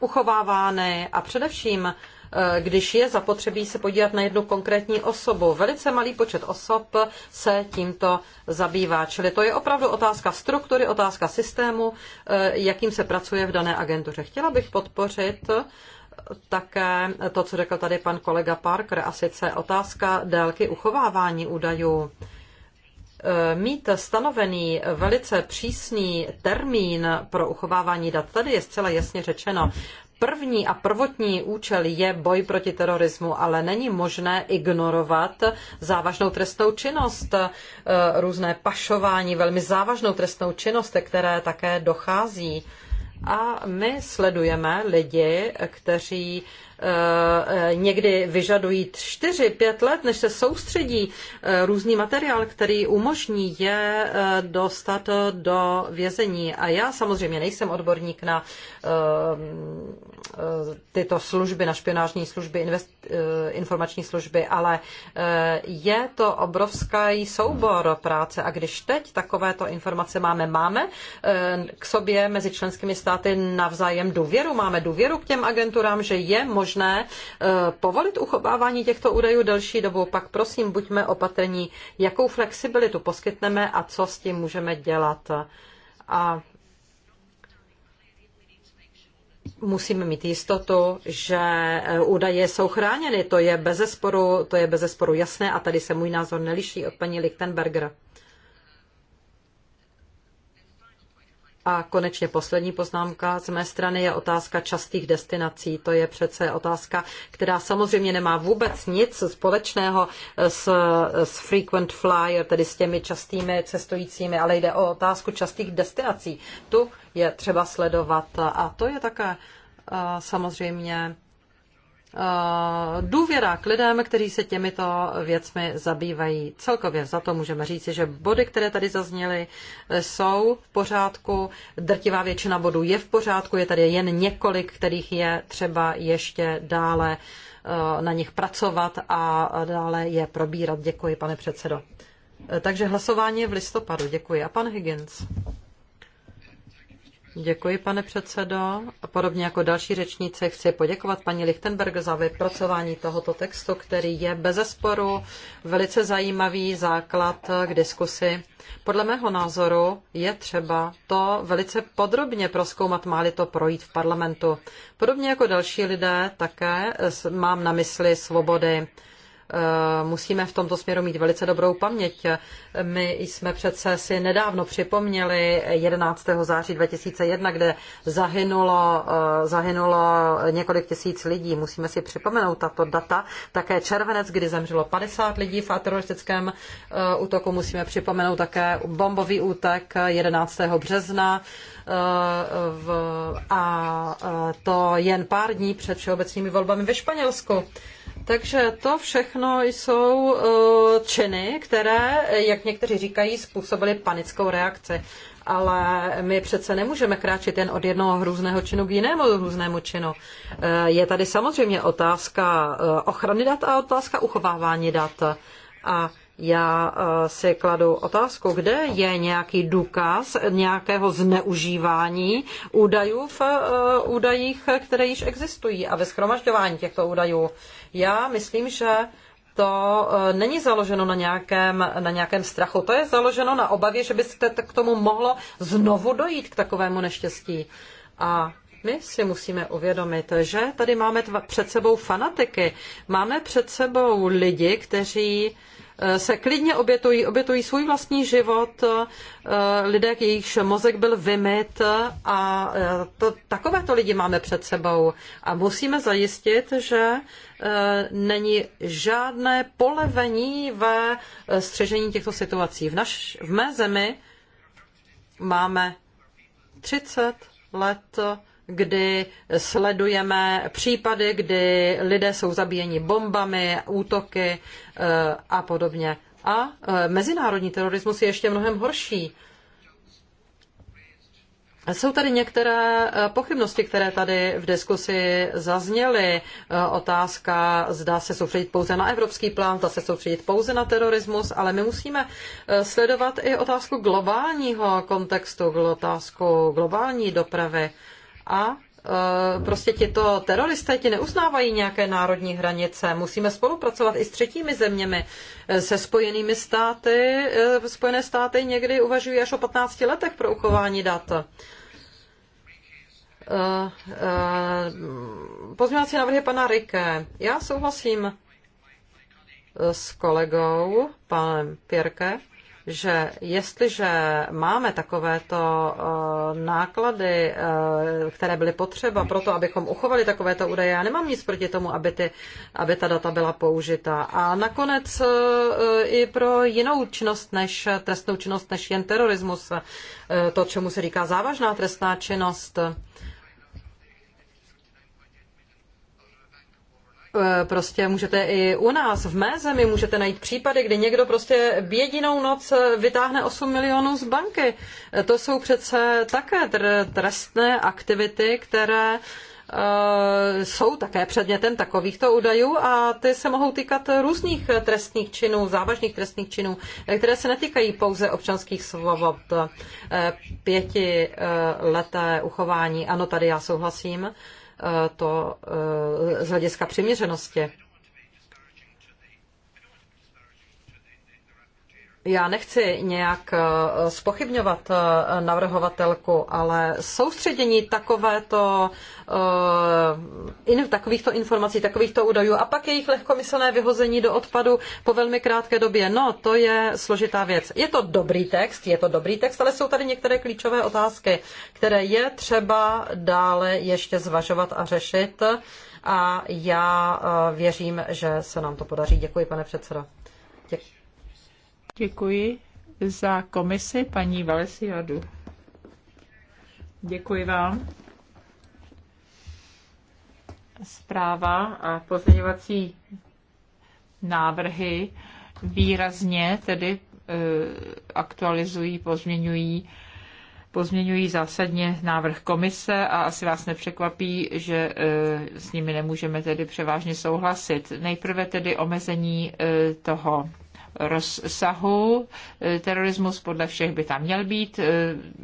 uchovávány a především, eh, když je zapotřebí se podívat na jednu konkrétní osobu. Velice malý počet osob se tímto zabývá. Čili to je opravdu otázka struktury, otázka systému, eh, jakým se pracuje v dané agentuře. Chtěla bych podpořit eh, také to, co řekl tady pan kolega Parker, a sice otázka délky uchovávání údajů. Eh, mít stanovený velice přísný termín pro uchovávání dat, tady je zcela jasně řečeno, první a prvotní účel je boj proti terorismu, ale není možné ignorovat závažnou trestnou činnost, eh, různé pašování, velmi závažnou trestnou činnost, které také dochází. A my sledujeme lidi, kteří Eh, někdy vyžadují 4-5 let, než se soustředí eh, různý materiál, který umožní je eh, dostat do vězení. A já samozřejmě nejsem odborník na tyto služby, na špionážní služby, informační služby, ale je to obrovský soubor práce. A když teď takovéto informace máme, máme k sobě mezi členskými státy navzájem důvěru, máme důvěru k těm agenturám, že je možné možné eh, povolit uchovávání těchto údajů delší dobu, pak prosím, buďme opatrní, jakou flexibilitu poskytneme a co s tím můžeme dělat. A musíme mít jistotu, že eh, údaje jsou chráněny. To je bezesporu, to je bezesporu jasné a tady se můj názor neliší od paní Lichtenberger. A konečně poslední poznámka z mé strany je otázka častých destinací. To je přece otázka, která samozřejmě nemá vůbec nic společného s, s frequent flyer, tedy s těmi častými cestujícími, ale jde o otázku častých destinací. Tu je třeba sledovat a to je také eh, samozřejmě Eh, důvěra k lidem, kteří se těmito věcmi zabývají. Celkově za to můžeme říci, že body, které tady zazněly, eh, jsou v pořádku. Drtivá většina bodů je v pořádku, je tady jen několik, kterých je třeba ještě dále eh, na nich pracovat a dále je probírat. Děkuji, pane předsedo. Takže hlasování je v listopadu. Děkuji. A pan Higgins. Děkuji, pane předsedo. Podobně jako další řečníci chci poděkovat paní Lichtenberg za vypracování tohoto textu, který je bezesporu velice zajímavý základ k diskusi. Podle mého názoru je třeba to velice podrobně proskoumat, má-li to projít v parlamentu. Podobně jako další lidé také mám na mysli svobody Eh, musíme v tomto směru mít velice dobrou paměť. My jsme přece si nedávno připomněli 11. září 2001, kde zahynulo, eh, zahynulo několik tisíc lidí. Musíme si připomenout tato data. Také červenec, kdy zemřelo 50 lidí v teroristickém eh, útoku. Musíme připomenout také bombový útek 11. března a to jen pár dní před všeobecnými volbami ve Španělsku. Takže to všechno jsou eh, činy, které, jak někteří říkají, způsobily panickou reakci. Ale my přece nemůžeme kráčet jen od jednoho hrůzného činu k jinému hrůznému činu. Eh, je tady samozřejmě otázka eh, ochrany dat a otázka uchovávání dat. A já si kladu otázku, kde je nějaký důkaz nějakého zneužívání údajů v údajích, které již existují a ve schromažďování těchto údajů. Já myslím, že to e, není založeno na nějakém, na nějakém strachu. To je založeno na obavě, že byste k tomu mohlo znovu dojít k takovému neštěstí. A my si musíme uvědomit, že tady máme tva, před sebou fanatiky, máme před sebou lidi, kteří Eh, se klidně obětují, obětují svůj vlastní život, eh, lidé, jejichž mozek byl vymyt a eh, to, takovéto lidi máme před sebou a musíme zajistit, že není žádné polevení ve střežení těchto situací. V, naš, v mé zemi máme 30 let kdy sledujeme případy, kdy lidé jsou zabíjeni bombami, útoky eh, a podobně. A eh, mezinárodní terorismus je ještě mnohem horší. Jsou tady některé eh, pochybnosti, které tady v diskusi zazněly. Otázka, zda se soustředit pouze na evropský plán, zda se soustředit pouze na terorismus, ale my musíme sledovat i otázku globálního kontextu, otázku globální dopravy a e, prostě tito teroristé ti neuznávají nějaké národní hranice. Musíme spolupracovat i s třetími zeměmi, e, se spojenými státy. E, Spojené státy někdy uvažují až o 15 letech pro uchování dat. Pozměňovací návrhy pana Rike. Já souhlasím s kolegou, panem Pěrke, že jestliže máme takovéto eh, náklady, eh, které byly potřeba pro to, abychom uchovali takovéto údaje, já nemám nic proti tomu, aby, ty, aby ta data byla použita. A nakonec eh, i pro jinou činnost než trestnou činnost, než jen terorismus, to, čemu se říká závažná trestná činnost, Eh, prostě můžete i u nás, v mé zemi, můžete najít případy, kdy někdo prostě v jedinou noc eh, vytáhne 8 milionů z banky. Eh, to jsou přece také trestné aktivity, které jsou také předmětem takovýchto údajů a ty se mohou týkat různých trestných činů, závažných trestných činů, které se netýkají pouze občanských svobod. Pěti leté uchování, ano, tady já souhlasím Eh, to eh, z hlediska přiměřenosti. Já nechci nějak eh, spochybňovat eh, navrhovatelku, ale soustředění takovéto, eh, takovýchto informací, takovýchto údajů a pak jejich lehkomyslné vyhození do odpadu po velmi krátké době, no to je složitá věc. Je to dobrý text, je to dobrý text, ale jsou tady některé klíčové otázky, které je třeba dále ještě zvažovat a řešit a já věřím, že se nám to podaří. Děkuji, pane předsedo. Děkuji. Děkuji za komisi paní Valesiadu. Děkuji vám. Zpráva a pozměňovací návrhy výrazně tedy e, aktualizují, pozměňují pozměňují zásadně návrh komise a asi vás nepřekvapí, že e, s nimi nemůžeme tedy převážně souhlasit. Nejprve tedy omezení e, toho rozsahu. Eh, terorismus podle všech by tam měl být, eh,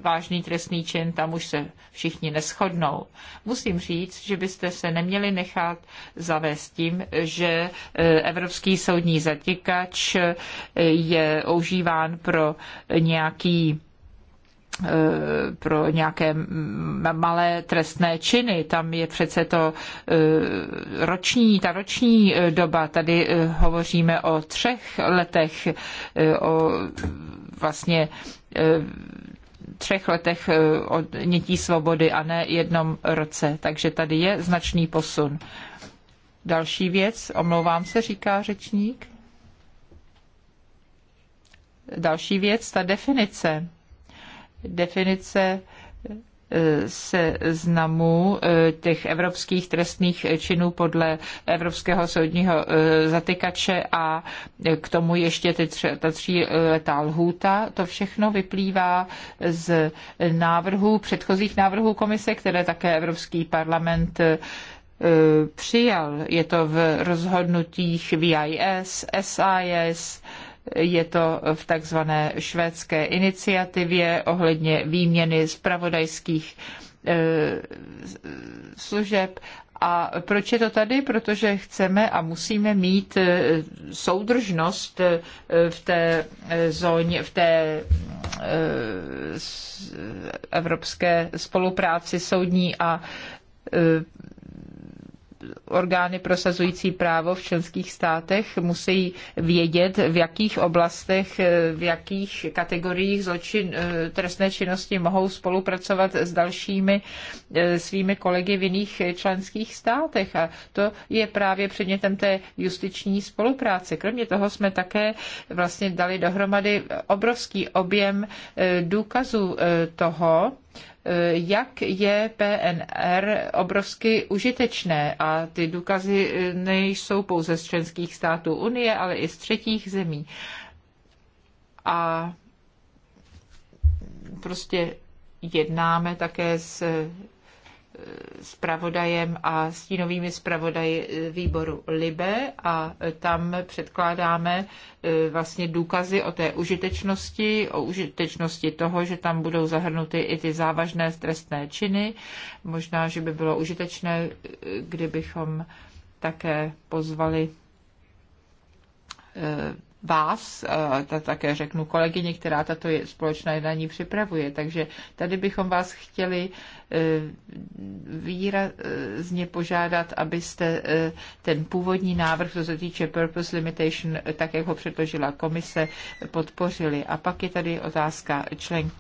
vážný trestný čin, tam už se všichni neschodnou. Musím říct, že byste se neměli nechat zavést tím, že eh, Evropský soudní zatěkač je užíván pro nějaký Eh, pro nějaké malé trestné činy. Tam je přece to eh, roční, ta roční eh, doba. Tady hovoříme o třech letech, o vlastně třech letech odnětí svobody a ne jednom roce. Takže tady je značný posun. Další věc, omlouvám se, říká řečník. Další věc, ta definice definice eh, se znamu eh, těch evropských trestných činů podle Evropského soudního eh, zatykače a k tomu ještě ty tři, ta tříletá lhůta. To všechno vyplývá z návrhů, předchozích návrhů komise, které také Evropský parlament přijal. Je to v rozhodnutích VIS, SIS, je to v takzvané švédské iniciativě ohledně výměny zpravodajských eh, služeb. A proč je to tady? Protože chceme a musíme mít eh, soudržnost eh, v té zóně, v té evropské spolupráci soudní a orgány prosazující právo v členských státech musí vědět, v jakých oblastech, eh, v jakých kategoriích zločin, eh, trestné činnosti mohou spolupracovat s dalšími eh, svými kolegy v jiných členských státech. A to je právě předmětem té justiční spolupráce. Kromě toho jsme také vlastně dali dohromady obrovský objem důkazů toho, Eh, jak je PNR obrovsky užitečné a ty důkazy eh, nejsou pouze z členských států Unie, ale i z třetích zemí. A prostě jednáme také s zpravodajem a stínovými zpravodaji výboru LIBE a tam předkládáme e, vlastně důkazy o té užitečnosti, o užitečnosti toho, že tam budou zahrnuty i ty závažné trestné činy. Možná, že by bylo užitečné, e, kdybychom také pozvali e, vás, eh, také řeknu kolegyně, která tato společná jednání připravuje. Takže tady bychom vás chtěli eh, výrazně požádat, abyste eh, ten původní návrh, co se týče Purpose Limitation, tak jak ho předložila komise, podpořili. A pak je tady otázka člen,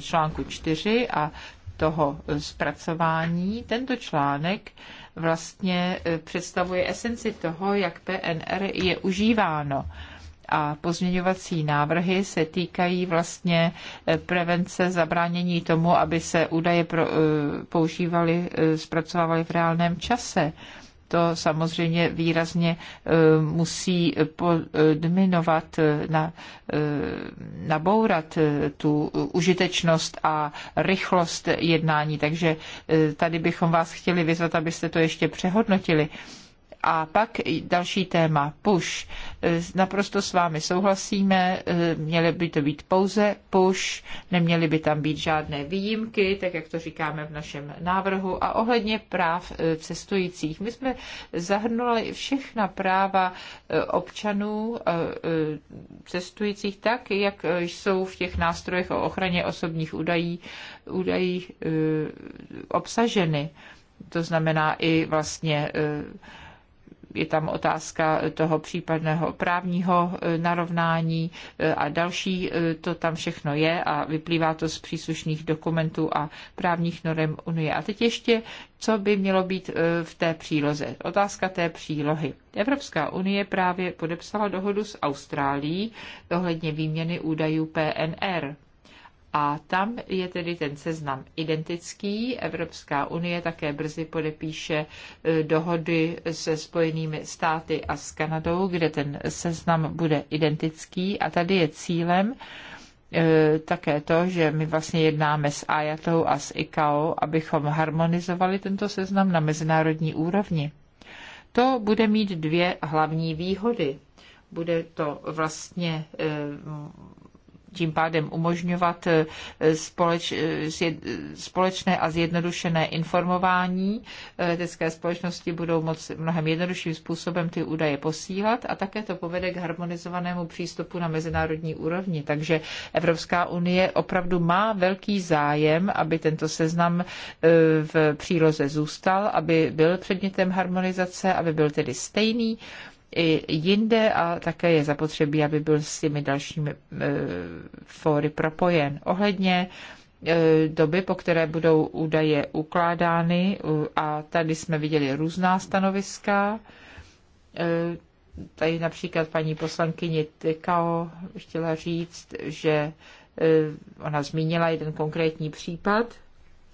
článku 4 a toho zpracování. Tento článek vlastně představuje esenci toho, jak PNR je užíváno a pozměňovací návrhy se týkají vlastně eh, prevence zabránění tomu, aby se údaje pro, eh, používaly, eh, zpracovávaly v reálném čase. To samozřejmě výrazně musí podminovat, na, nabourat tu užitečnost a rychlost jednání. Takže tady bychom vás chtěli vyzvat, abyste to ještě přehodnotili. A pak další téma, push. E, naprosto s vámi souhlasíme, e, měly by to být pouze push, neměly by tam být žádné výjimky, tak jak to říkáme v našem návrhu. A ohledně práv e, cestujících, my jsme zahrnuli všechna práva občanů cestujících tak, jak jsou v těch nástrojech o ochraně osobních údají, údají obsaženy. To znamená i vlastně je tam otázka toho případného právního e, narovnání e, a další, e, to tam všechno je a vyplývá to z příslušných dokumentů a právních norem Unie. A teď ještě, co by mělo být v té příloze. Otázka té přílohy. Evropská unie právě podepsala dohodu s Austrálií ohledně výměny údajů PNR. A tam je tedy ten seznam identický. Evropská unie také brzy podepíše e, dohody se Spojenými státy a s Kanadou, kde ten seznam bude identický. A tady je cílem e, také to, že my vlastně jednáme s Ajatou a s ICAO, abychom harmonizovali tento seznam na mezinárodní úrovni. To bude mít dvě hlavní výhody. Bude to vlastně e, tím pádem umožňovat eh, společ, eh, společné a zjednodušené informování. Eh, Letecké společnosti budou moci mnohem jednodušším způsobem ty údaje posílat a také to povede k harmonizovanému přístupu na mezinárodní úrovni. Takže Evropská unie opravdu má velký zájem, aby tento seznam v příloze zůstal, aby byl předmětem harmonizace, aby byl tedy stejný i jinde a také je zapotřebí, aby byl s těmi dalšími eh, fóry propojen. Ohledně eh, doby, po které budou údaje ukládány a tady jsme viděli různá stanoviska. Eh, tady například paní poslankyně Tykao chtěla říct, že ona zmínila jeden konkrétní případ,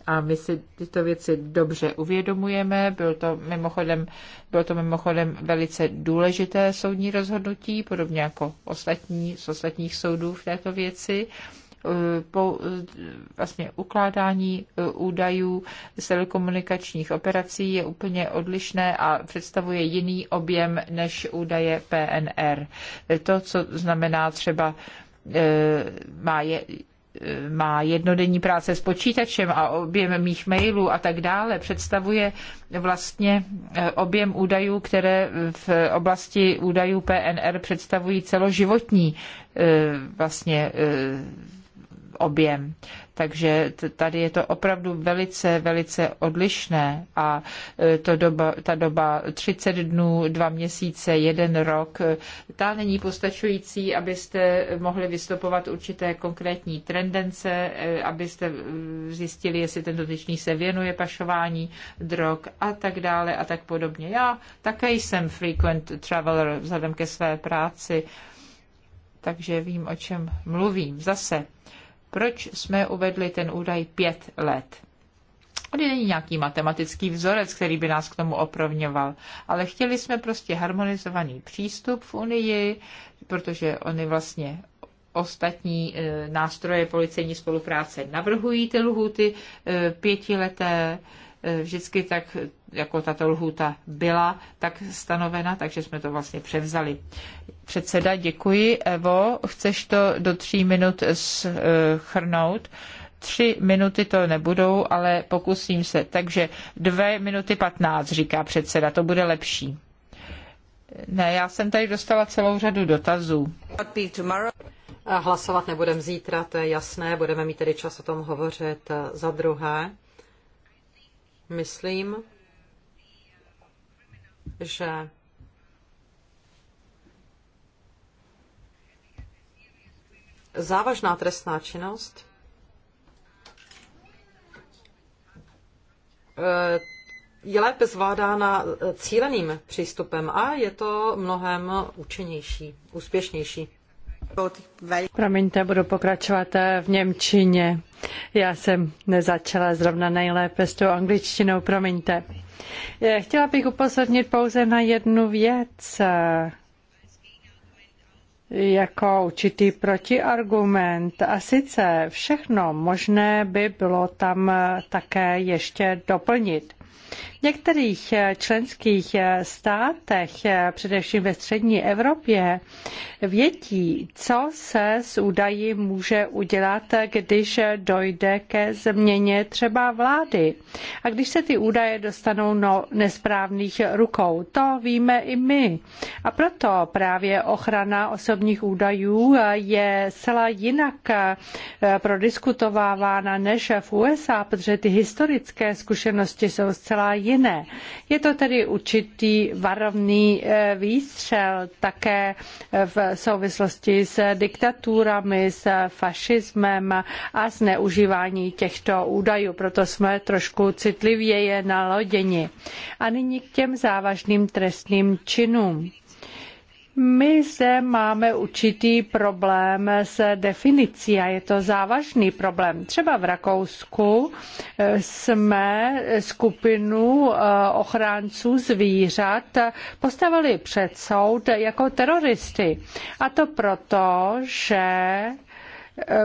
a my si tyto věci dobře uvědomujeme. Byl to mimochodem, bylo to mimochodem velice důležité soudní rozhodnutí, podobně jako ostatní z ostatních soudů v této věci po, vlastně ukládání e, údajů z telekomunikačních operací je úplně odlišné a představuje jiný objem než údaje PNR. To, co znamená třeba e, má je, E, má jednodenní práce s počítačem a objem mých mailů a tak dále představuje vlastně e, objem údajů, které v oblasti údajů PNR představují celoživotní e, vlastně objem. Takže tady je to opravdu velice, velice odlišné a e, to doba, ta doba 30 dnů, dva měsíce, jeden rok, e, ta není postačující, abyste mohli vystupovat určité konkrétní tendence, e, abyste zjistili, jestli ten dotyčný se věnuje pašování drog a tak dále a tak podobně. Já také jsem frequent traveler vzhledem ke své práci, takže vím, o čem mluvím. Zase proč jsme uvedli ten údaj pět let? Tady není nějaký matematický vzorec, který by nás k tomu oprovňoval, ale chtěli jsme prostě harmonizovaný přístup v Unii, protože oni vlastně ostatní e, nástroje policejní spolupráce navrhují ty lhuty e, pětileté, vždycky tak, jako tato lhůta byla tak stanovena, takže jsme to vlastně převzali. Předseda, děkuji. Evo, chceš to do tří minut schrnout? Tři minuty to nebudou, ale pokusím se. Takže dvě minuty patnáct, říká předseda, to bude lepší. Ne, já jsem tady dostala celou řadu dotazů. Hlasovat nebudeme zítra, to je jasné, budeme mít tedy čas o tom hovořit za druhé. Myslím, že závažná trestná činnost eh, je lépe zvládána eh, cíleným přístupem a je to mnohem účinnější, úspěšnější. Promiňte, budu pokračovat eh, v Němčině. Já jsem nezačala zrovna nejlépe s tou angličtinou, promiňte. Chtěla bych upozornit pouze na jednu věc eh, jako určitý protiargument. A sice všechno možné by bylo tam eh, také ještě doplnit některých eh, členských eh, státech, eh, především ve střední Evropě, vědí, co se s údaji může udělat, když dojde ke změně třeba vlády. A když se ty údaje dostanou no nesprávných rukou, to víme i my. A proto právě ochrana osobních údajů je zcela jinak prodiskutovávána než v USA, protože ty historické zkušenosti jsou zcela jiné jiné. Je to tedy určitý varovný eh, výstřel také eh, v souvislosti s diktaturami, s fašismem a zneužívání těchto údajů. Proto jsme trošku citlivěji naloděni. A nyní k těm závažným trestným činům. My zde máme určitý problém s definicí a je to závažný problém. Třeba v Rakousku eh, jsme skupinu eh, ochránců zvířat postavili před soud jako teroristy. A to proto, že eh,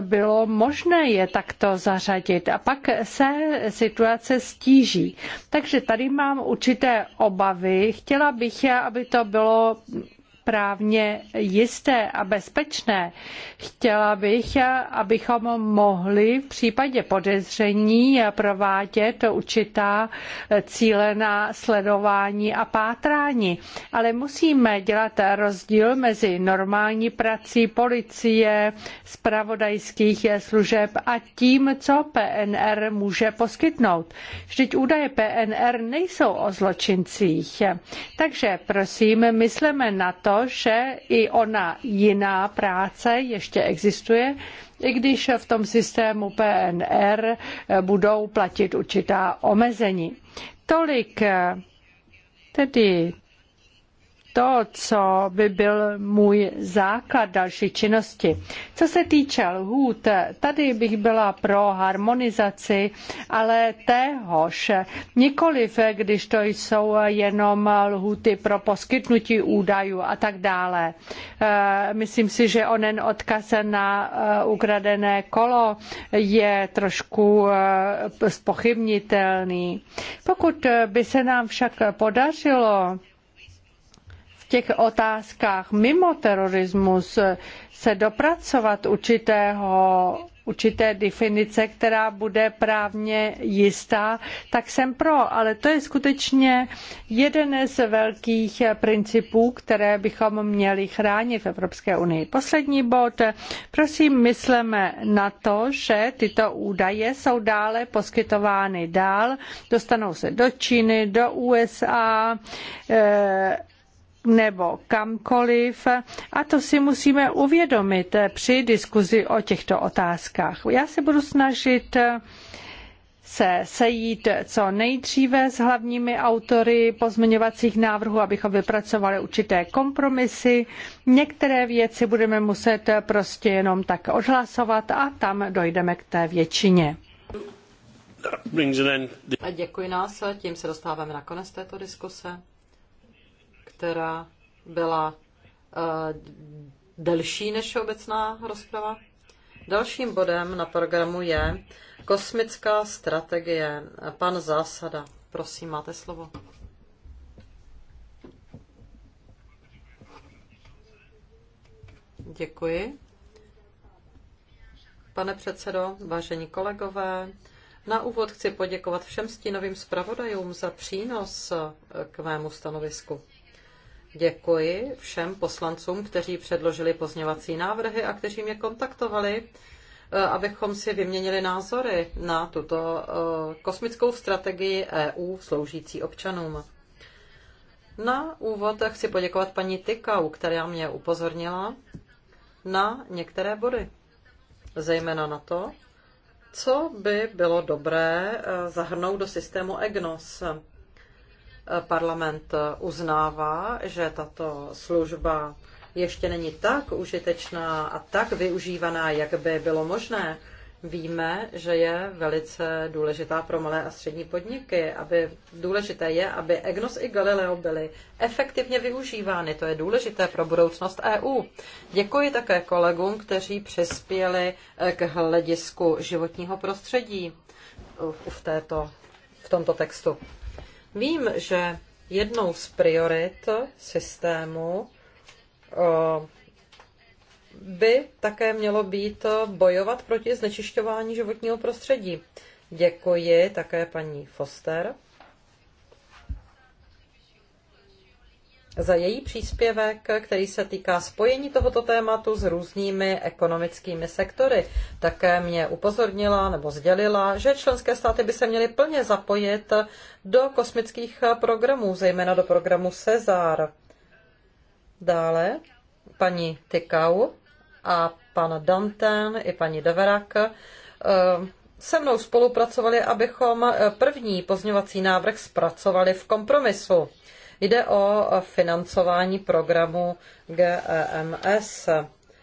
bylo možné je takto zařadit. A pak se situace stíží. Takže tady mám určité obavy. Chtěla bych, aby to bylo právně jisté a bezpečné. Chtěla bych, abychom mohli v případě podezření provádět určitá cílená sledování a pátrání. Ale musíme dělat rozdíl mezi normální prací policie, spravodajských služeb a tím, co PNR může poskytnout. Vždyť údaje PNR nejsou o zločincích. Takže prosím, mysleme na to, že i ona jiná práce ještě existuje, i když v tom systému PNR budou platit určitá omezení. Tolik tedy to, co by byl můj základ další činnosti. Co se týče lhůt, tady bych byla pro harmonizaci, ale téhož nikoliv, když to jsou jenom lhůty pro poskytnutí údajů a tak dále. E, myslím si, že onen odkaz na e, ukradené kolo je trošku e, spochybnitelný. Pokud by se nám však podařilo těch otázkách mimo terorismus se dopracovat určitého určité definice, která bude právně jistá, tak jsem pro. Ale to je skutečně jeden z velkých principů, které bychom měli chránit v Evropské unii. Poslední bod. Prosím, mysleme na to, že tyto údaje jsou dále poskytovány dál, dostanou se do Číny, do USA, eh, nebo kamkoliv a to si musíme uvědomit při diskuzi o těchto otázkách. Já se budu snažit se sejít co nejdříve s hlavními autory pozměňovacích návrhů, abychom vypracovali určité kompromisy. Některé věci budeme muset prostě jenom tak odhlasovat a tam dojdeme k té většině. A děkuji nás, tím se dostáváme na konec této diskuse která byla eh, delší než obecná rozprava. Dalším bodem na programu je kosmická strategie. Pan Zásada, prosím, máte slovo. Děkuji. Pane předsedo, vážení kolegové, na úvod chci poděkovat všem stínovým zpravodajům za přínos eh, k mému stanovisku. Děkuji všem poslancům, kteří předložili pozněvací návrhy a kteří mě kontaktovali, eh, abychom si vyměnili názory na tuto eh, kosmickou strategii EU sloužící občanům. Na úvod chci poděkovat paní Tykau, která mě upozornila na některé body, zejména na to, co by bylo dobré eh, zahrnout do systému EGNOS. Parlament uznává, že tato služba ještě není tak užitečná a tak využívaná, jak by bylo možné. Víme, že je velice důležitá pro malé a střední podniky. Aby, důležité je, aby EGNOS i Galileo byly efektivně využívány. To je důležité pro budoucnost EU. Děkuji také kolegům, kteří přispěli eh, k hledisku životního prostředí eh, v, této, v tomto textu. Vím, že jednou z priorit systému by také mělo být bojovat proti znečišťování životního prostředí. Děkuji také paní Foster. za její příspěvek, který se týká spojení tohoto tématu s různými ekonomickými sektory. Také mě upozornila nebo sdělila, že členské státy by se měly plně zapojit do kosmických programů, zejména do programu Cezar. Dále paní Tykau a pan Danten i paní Deverak eh, se mnou spolupracovali, abychom první pozňovací návrh zpracovali v kompromisu. Jde o financování programu GEMS.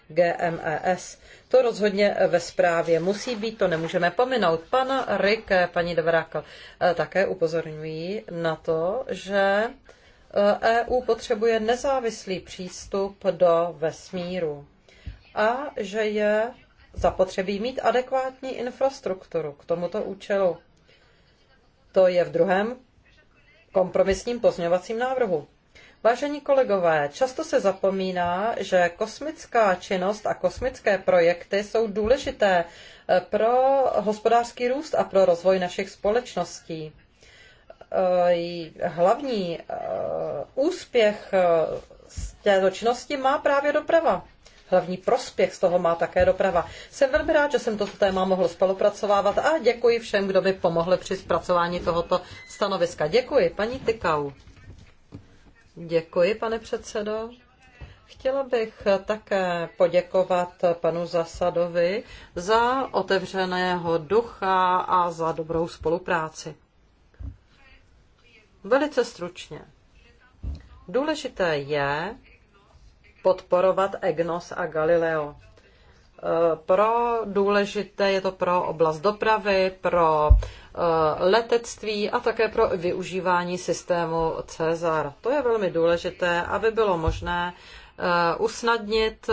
GMES. E to rozhodně ve zprávě musí být, to nemůžeme pominout. Pan Rik, paní Devráka, eh, také upozorňují na to, že EU eh, e potřebuje nezávislý přístup do vesmíru a že je zapotřebí mít adekvátní infrastrukturu k tomuto účelu. To je v druhém kompromisním pozměňovacím návrhu. Vážení kolegové, často se zapomíná, že kosmická činnost a kosmické projekty jsou důležité eh, pro hospodářský růst a pro rozvoj našich společností. Eh, hlavní eh, úspěch z této činnosti má právě doprava hlavní prospěch z toho má také doprava. Jsem velmi rád, že jsem toto téma mohl spolupracovávat a děkuji všem, kdo mi pomohli při zpracování tohoto stanoviska. Děkuji, paní Tykau. Děkuji, pane předsedo. Chtěla bych také poděkovat panu Zasadovi za otevřeného ducha a za dobrou spolupráci. Velice stručně. Důležité je, podporovat EGNOS a Galileo. E, pro důležité je to pro oblast dopravy, pro e, letectví a také pro využívání systému Cezar. To je velmi důležité, aby bylo možné e, usnadnit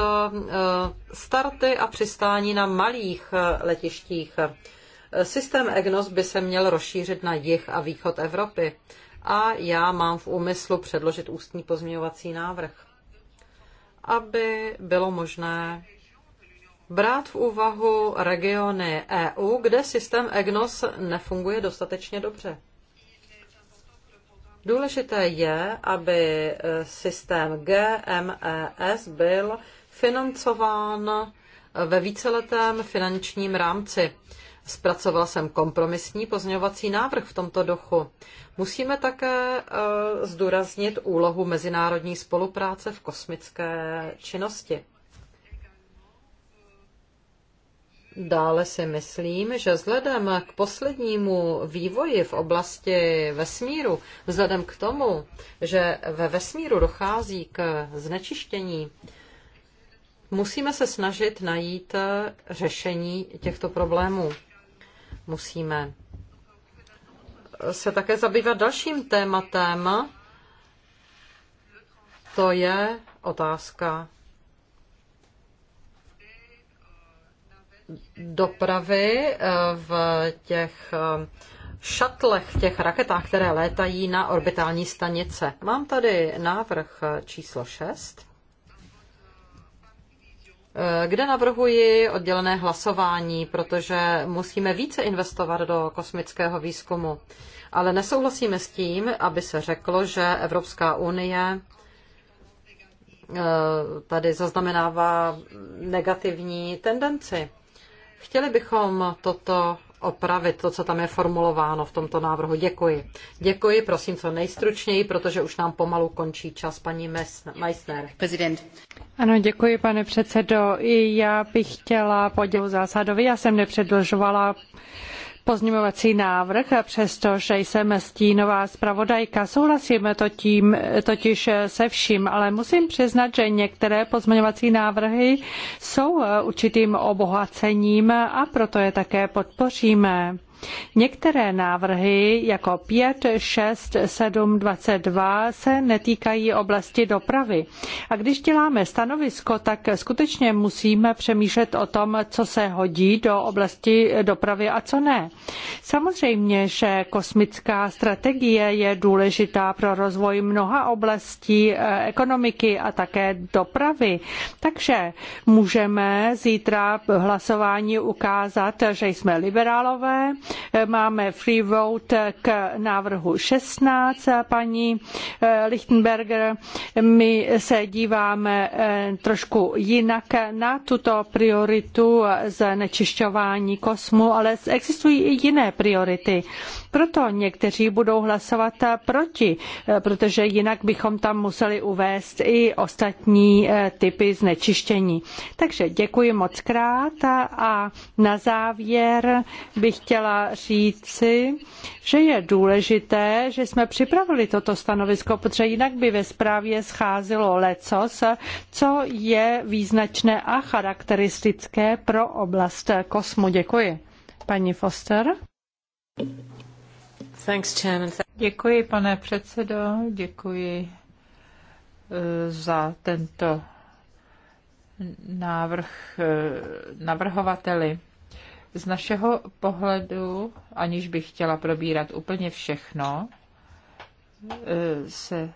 starty a přistání na malých letištích. Systém EGNOS by se měl rozšířit na jih a východ Evropy a já mám v úmyslu předložit ústní pozměňovací návrh aby bylo možné brát v úvahu regiony EU, kde systém EGNOS nefunguje dostatečně dobře. Důležité je, aby eh, systém GMES byl financován eh, ve víceletém finančním rámci. Zpracoval jsem kompromisní pozměňovací návrh v tomto duchu. Musíme také eh, zdůraznit úlohu mezinárodní spolupráce v kosmické činnosti. Dále si myslím, že vzhledem k poslednímu vývoji v oblasti vesmíru, vzhledem k tomu, že ve vesmíru dochází k znečištění, musíme se snažit najít eh, řešení těchto problémů. Musíme se také zabývat dalším tématem. To je otázka dopravy eh, v těch eh, šatlech, v těch raketách, které létají na orbitální stanice. Mám tady návrh číslo 6, eh, kde navrhuji oddělené hlasování, protože musíme více investovat do kosmického výzkumu ale nesouhlasíme s tím, aby se řeklo, že Evropská unie eh, tady zaznamenává negativní tendenci. Chtěli bychom toto opravit, to, co tam je formulováno v tomto návrhu. Děkuji. Děkuji, prosím, co nejstručněji, protože už nám pomalu končí čas, paní Meissner. Prezident. Ano, děkuji, pane předsedo. I já bych chtěla poděkovat zásadovi. Já jsem nepředlžovala pozměňovací návrh, přestože jsem stínová zpravodajka. Souhlasím to tím, totiž se vším, ale musím přiznat, že některé pozměňovací návrhy jsou určitým obohacením a proto je také podpoříme. Některé návrhy jako 5, 6, 7, 22 se netýkají oblasti dopravy. A když děláme stanovisko, tak skutečně musíme přemýšlet o tom, co se hodí do oblasti dopravy a co ne. Samozřejmě, že kosmická strategie je důležitá pro rozvoj mnoha oblastí eh, ekonomiky a také dopravy. Takže můžeme zítra hlasování ukázat, že jsme liberálové, Máme free vote k návrhu 16, paní eh, Lichtenberger. My se díváme eh, trošku jinak na tuto prioritu znečišťování kosmu, ale existují i jiné priority. Proto někteří budou hlasovat proti, eh, protože jinak bychom tam museli uvést i ostatní eh, typy znečištění. Takže děkuji moc krát a na závěr bych chtěla říci, že je důležité, že jsme připravili toto stanovisko, protože jinak by ve zprávě scházelo lecos, co je význačné a charakteristické pro oblast kosmu. Děkuji. Paní Foster. Děkuji, pane předsedo, děkuji eh, za tento návrh eh, navrhovateli. Z našeho pohledu, aniž bych chtěla probírat úplně všechno, eh, se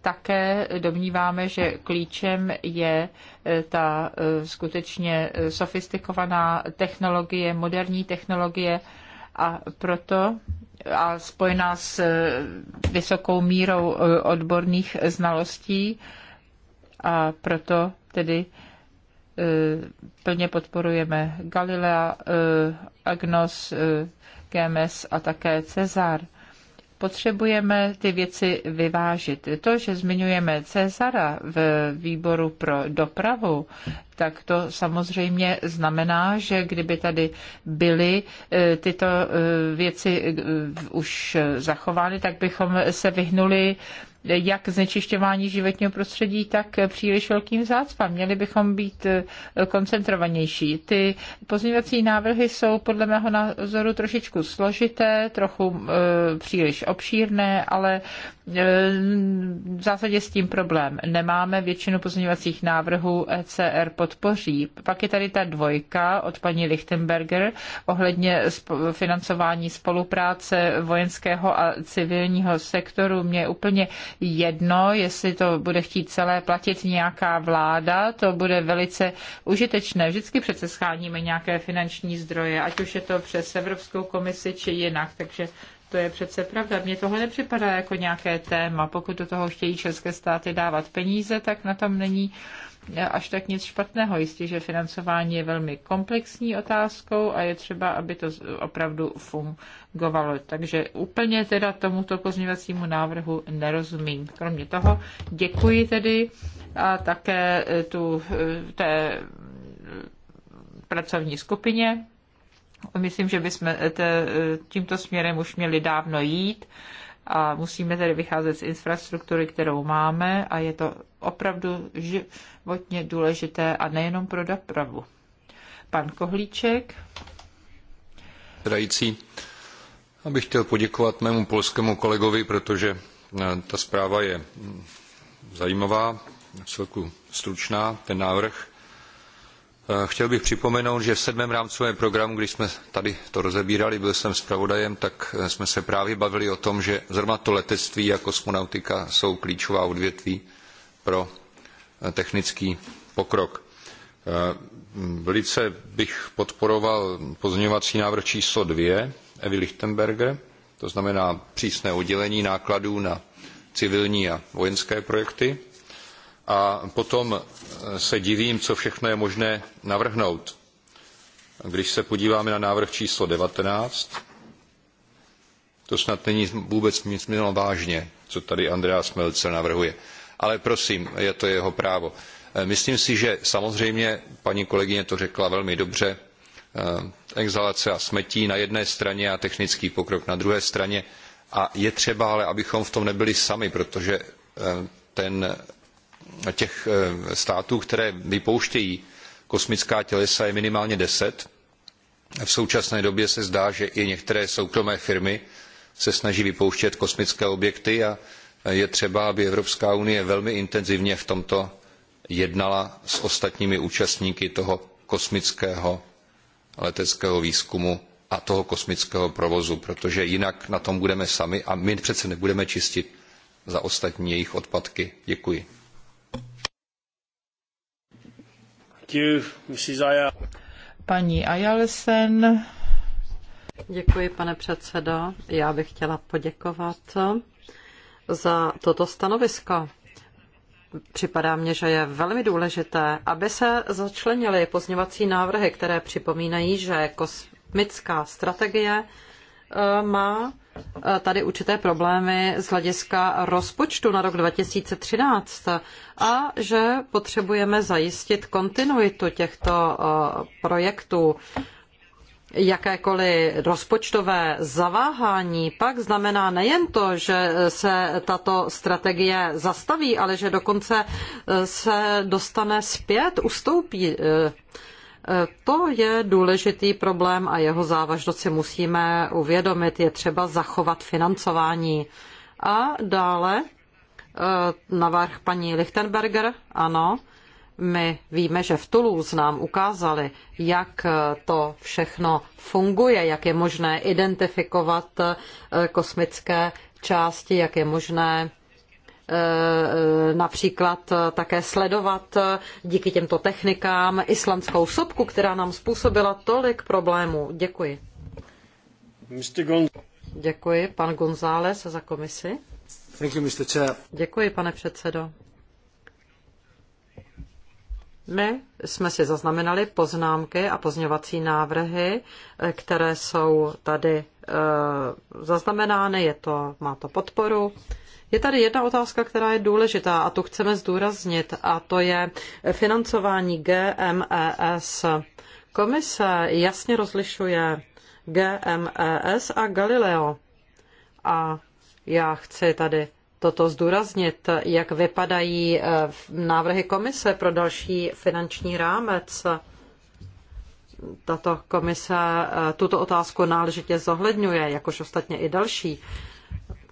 také domníváme, že klíčem je ta skutečně sofistikovaná technologie, moderní technologie a proto a spojená s eh, vysokou mírou eh, odborných znalostí a proto tedy eh, plně podporujeme Galilea, Agnos, GMS a také Cezar potřebujeme ty věci vyvážit. To, že zmiňujeme Cezara v výboru pro dopravu, tak to samozřejmě znamená, že kdyby tady byly e, tyto e, věci e, už zachovány, tak bychom se vyhnuli jak znečišťování životního prostředí, tak příliš velkým zácpám. Měli bychom být eh, koncentrovanější. Ty pozměňovací návrhy jsou podle mého názoru trošičku složité, trochu eh, příliš obšírné, ale E, v zásadě s tím problém nemáme. Většinu pozměňovacích návrhů ECR podpoří. Pak je tady ta dvojka od paní Lichtenberger ohledně financování spolupráce vojenského a civilního sektoru. Mně je úplně jedno, jestli to bude chtít celé platit nějaká vláda, to bude velice užitečné. Vždycky přece scháníme nějaké finanční zdroje, ať už je to přes Evropskou komisi či jinak, takže to je přece pravda. Mně tohle nepřipadá jako nějaké téma. Pokud do toho chtějí české státy dávat peníze, tak na tom není e, až tak nic špatného. Jistě, že financování je velmi komplexní otázkou a je třeba, aby to opravdu fungovalo. Takže úplně teda tomuto pozměvacímu návrhu nerozumím. Kromě toho děkuji tedy a také e, tu e, té pracovní skupině Myslím, že bychom eh, eh, tímto směrem už měli dávno jít a musíme tedy vycházet z infrastruktury, kterou máme a je to opravdu životně důležité a nejenom pro dopravu. Pan Kohlíček. Dající, abych chtěl poděkovat mému polskému kolegovi, protože eh, ta zpráva je hm, zajímavá, v celku stručná, ten návrh. Eh, chtěl bych připomenout, že v sedmém rámcovém programu, když jsme tady to rozebírali, byl jsem zpravodajem, tak eh, jsme se právě bavili o tom, že zrovna to letectví a kosmonautika jsou klíčová odvětví pro eh, technický pokrok. Velice bych podporoval pozměňovací návrh číslo 2 Evy Lichtenberger, to znamená přísné oddělení nákladů na civilní a vojenské projekty a potom eh, se divím, co všechno je možné navrhnout. Když se podíváme na návrh číslo 19, to snad není vůbec nic mělo vážně, co tady Andreas Melcer navrhuje. Ale prosím, je to jeho právo. Eh, myslím si, že samozřejmě, paní kolegyně to řekla velmi dobře, eh, exhalace a smetí na jedné straně a technický pokrok na druhé straně. A je třeba ale, abychom v tom nebyli sami, protože ten těch eh, států, které vypouštějí kosmická tělesa, je minimálně deset. V současné době se zdá, že i některé soukromé firmy se snaží vypouštět kosmické objekty a je třeba, aby Evropská unie velmi intenzivně v tomto jednala s ostatními účastníky toho kosmického leteckého výzkumu a toho kosmického provozu, protože jinak na tom budeme sami a my přece nebudeme čistit za ostatní jejich odpadky. Děkuji. Paní Ajalsen. Děkuji, pane předsedo. Já bych chtěla poděkovat za toto stanovisko. Připadá mně, že je velmi důležité, aby se začlenily pozněvací návrhy, které připomínají, že kosmická strategie eh, má Eh, tady určité problémy z hlediska rozpočtu na rok 2013 a že potřebujeme zajistit kontinuitu těchto eh, projektů. Jakékoliv rozpočtové zaváhání pak znamená nejen to, že se tato strategie zastaví, ale že dokonce eh, se dostane zpět, ustoupí to je důležitý problém a jeho závažnost si musíme uvědomit. Je třeba zachovat financování. A dále eh, navrh paní Lichtenberger, ano, my víme, že v Toulouse nám ukázali, jak eh, to všechno funguje, jak je možné identifikovat eh, kosmické části, jak je možné Eh, například také sledovat eh, díky těmto technikám islandskou sopku, která nám způsobila tolik problémů. Děkuji. Děkuji, pan González za komisi. You, Děkuji, pane předsedo. My jsme si zaznamenali poznámky a pozněvací návrhy, eh, které jsou tady zaznamenány, je to, má to podporu. Je tady jedna otázka, která je důležitá a tu chceme zdůraznit, a to je financování GMES. Komise jasně rozlišuje GMES a Galileo. A já chci tady toto zdůraznit, jak vypadají eh, návrhy komise pro další finanční rámec. Tato komise eh, tuto otázku náležitě zohledňuje, jakož ostatně i další.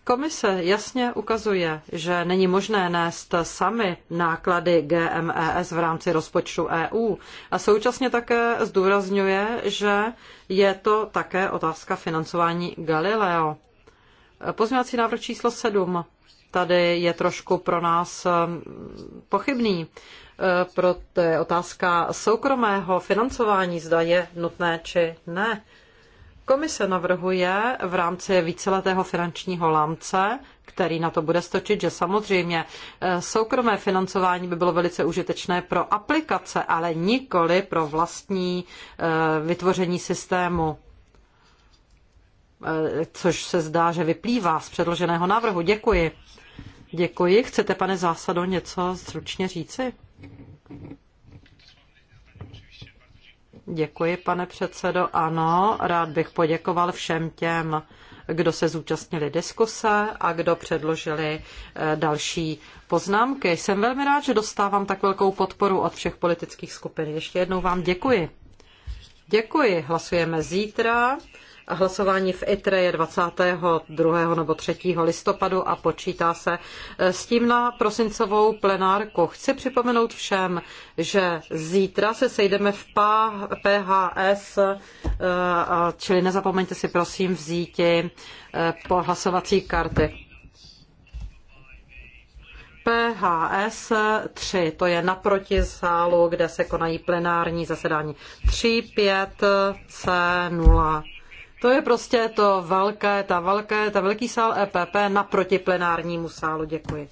Komise jasně ukazuje, že není možné nést sami náklady GMES v rámci rozpočtu EU a současně také zdůrazňuje, že je to také otázka financování Galileo. Pozměňovací návrh číslo 7 tady je trošku pro nás mm, pochybný, e, proto je otázka soukromého financování, zda je nutné či ne. Komise navrhuje v rámci víceletého finančního lámce, který na to bude stočit, že samozřejmě eh, soukromé financování by bylo velice užitečné pro aplikace, ale nikoli pro vlastní eh, vytvoření systému eh, což se zdá, že vyplývá z předloženého návrhu. Děkuji. Děkuji. Chcete, pane zásado, něco stručně říci? Děkuji, pane předsedo. Ano, rád bych poděkoval všem těm, kdo se zúčastnili diskuse a kdo předložili eh, další poznámky. Jsem velmi rád, že dostávám tak velkou podporu od všech politických skupin. Ještě jednou vám děkuji. Děkuji. Hlasujeme zítra a hlasování v ITRE je 22. nebo 3. listopadu a počítá se eh, s tím na prosincovou plenárku. Chci připomenout všem, že zítra se sejdeme v PHS, eh, čili nezapomeňte si prosím vzíti eh, po hlasovací karty. PHS 3, to je naproti sálu, kde se konají plenární zasedání 3, 5, C, 0. To je prostě to velké, ta velké, ta velký sál EPP naproti plenárnímu sálu. Děkuji.